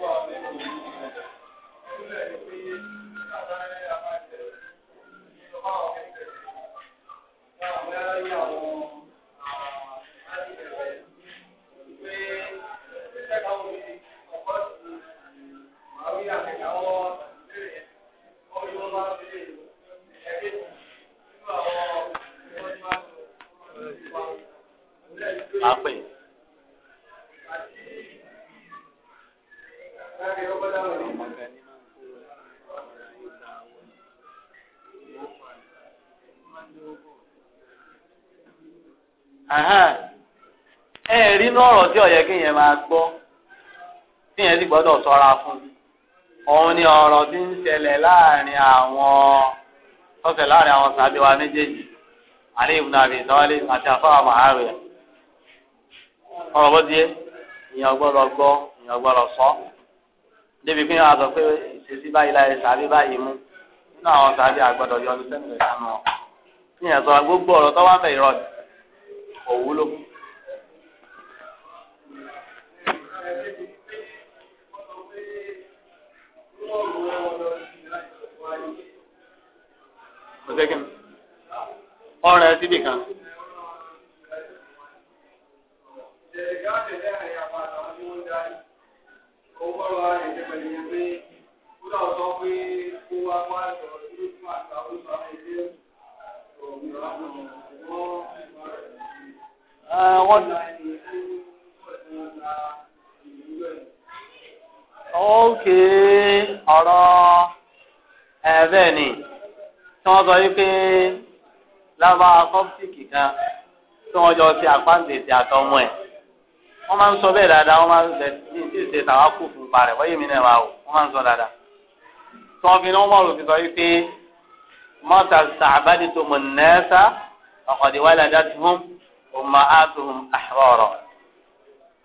Thank you. tí ọ̀yẹ́ kí yẹn máa gbọ́ tí yẹn sì gbọ́dọ̀ sọ́ra fún òun ni ọ̀rọ̀ tí ń ṣẹlẹ̀ láàrin àwọn ọ̀sẹ̀ láàrin àwọn sàbí wa méjèèjì àní ìbùnà àbí ìtọ́wálé àti àfọwà màárù ẹ̀ ọ̀rọ̀ bó díẹ̀ ìyẹn gbọ́dọ̀ gbọ́ ìyẹn gbọ́dọ̀ sọ débi pé wọn àgbà pé ìṣesí báyìí láyé sàbí báyìí mú nínú àwọn sàbí àgbọ̀dọ̀ yọ ọdún sẹ́nu rẹ̀ sánú ọ̀ ìyẹn sọ gbogbo ọ̀rọ̀ tó wá bẹ̀ ìrọ̀ òwúlò fún ọ̀sẹ̀kìn ọ̀rẹ́ síbì kan. wọ́n ókè ọ̀rọ̀ ẹ̀ẹ́dẹ́ ni tí wọ́n sọ yìí pé lábá kọ́pítìkì kan tí wọ́n jọ ṣe àpáǹdèsì àtọmọ ẹ̀ wọ́n máa ń sọ bẹ́ẹ̀ dáadáa wọ́n máa ń bẹ̀ ní ìdí ìṣe tàwákù fún ipa rẹ̀ wọ́n yé mi náà máa wò wọ́n máa ń sọ dáadáa. tí wọ́n fi ní wọ́n rò fi sọ yìí pé mọ́tà sàbádì tó mọ̀ nẹ́ẹ́sà ọ̀kọ̀dé wàlẹ̀ dátúhùn ọmọ àtúhùn àrọ̀rọ̀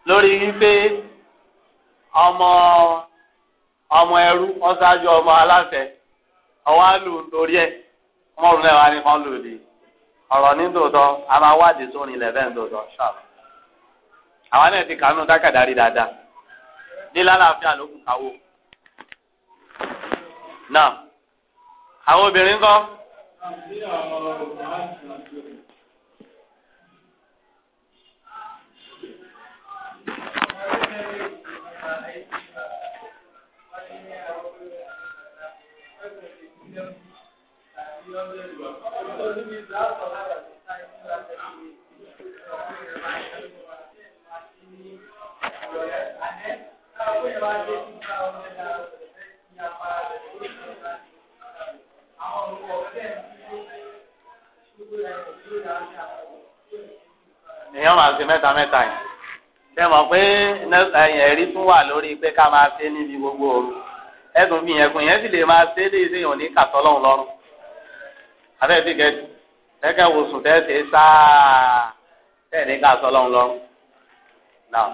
lórí wípé ọmọ ọmọ ẹrú ọ̀ṣájú ọmọ aláṣẹ ọwọ́ àlù lórí ẹ̀ ọmọrùn ní kan lù ní ọ̀rọ̀ ní a máa wádìí sórin ilẹ̀ bẹ́ẹ̀ ní tòótọ́ ṣáà náà ti kàánú dákàdárí dáadáa náà àwọn èèyàn máa ṣe mẹ́ta mẹ́ta yìí ṣe mọ̀ pé ẹ̀rí tún wà lórí pé ká máa ṣe níbi gbogbo ooru ẹ̀dùn mi yẹn yẹn sì lè máa ṣe é léyìí sí ìyọ̀ní kàtọ́ lọ́run lọ́rùn abẹ́ ti gẹ̀ẹ́dù gẹ́gẹ́ wo sùn tẹ́ ṣe sáà tẹ́ẹ̀ní kàtọ́ lọ́run lọ́rùn náà.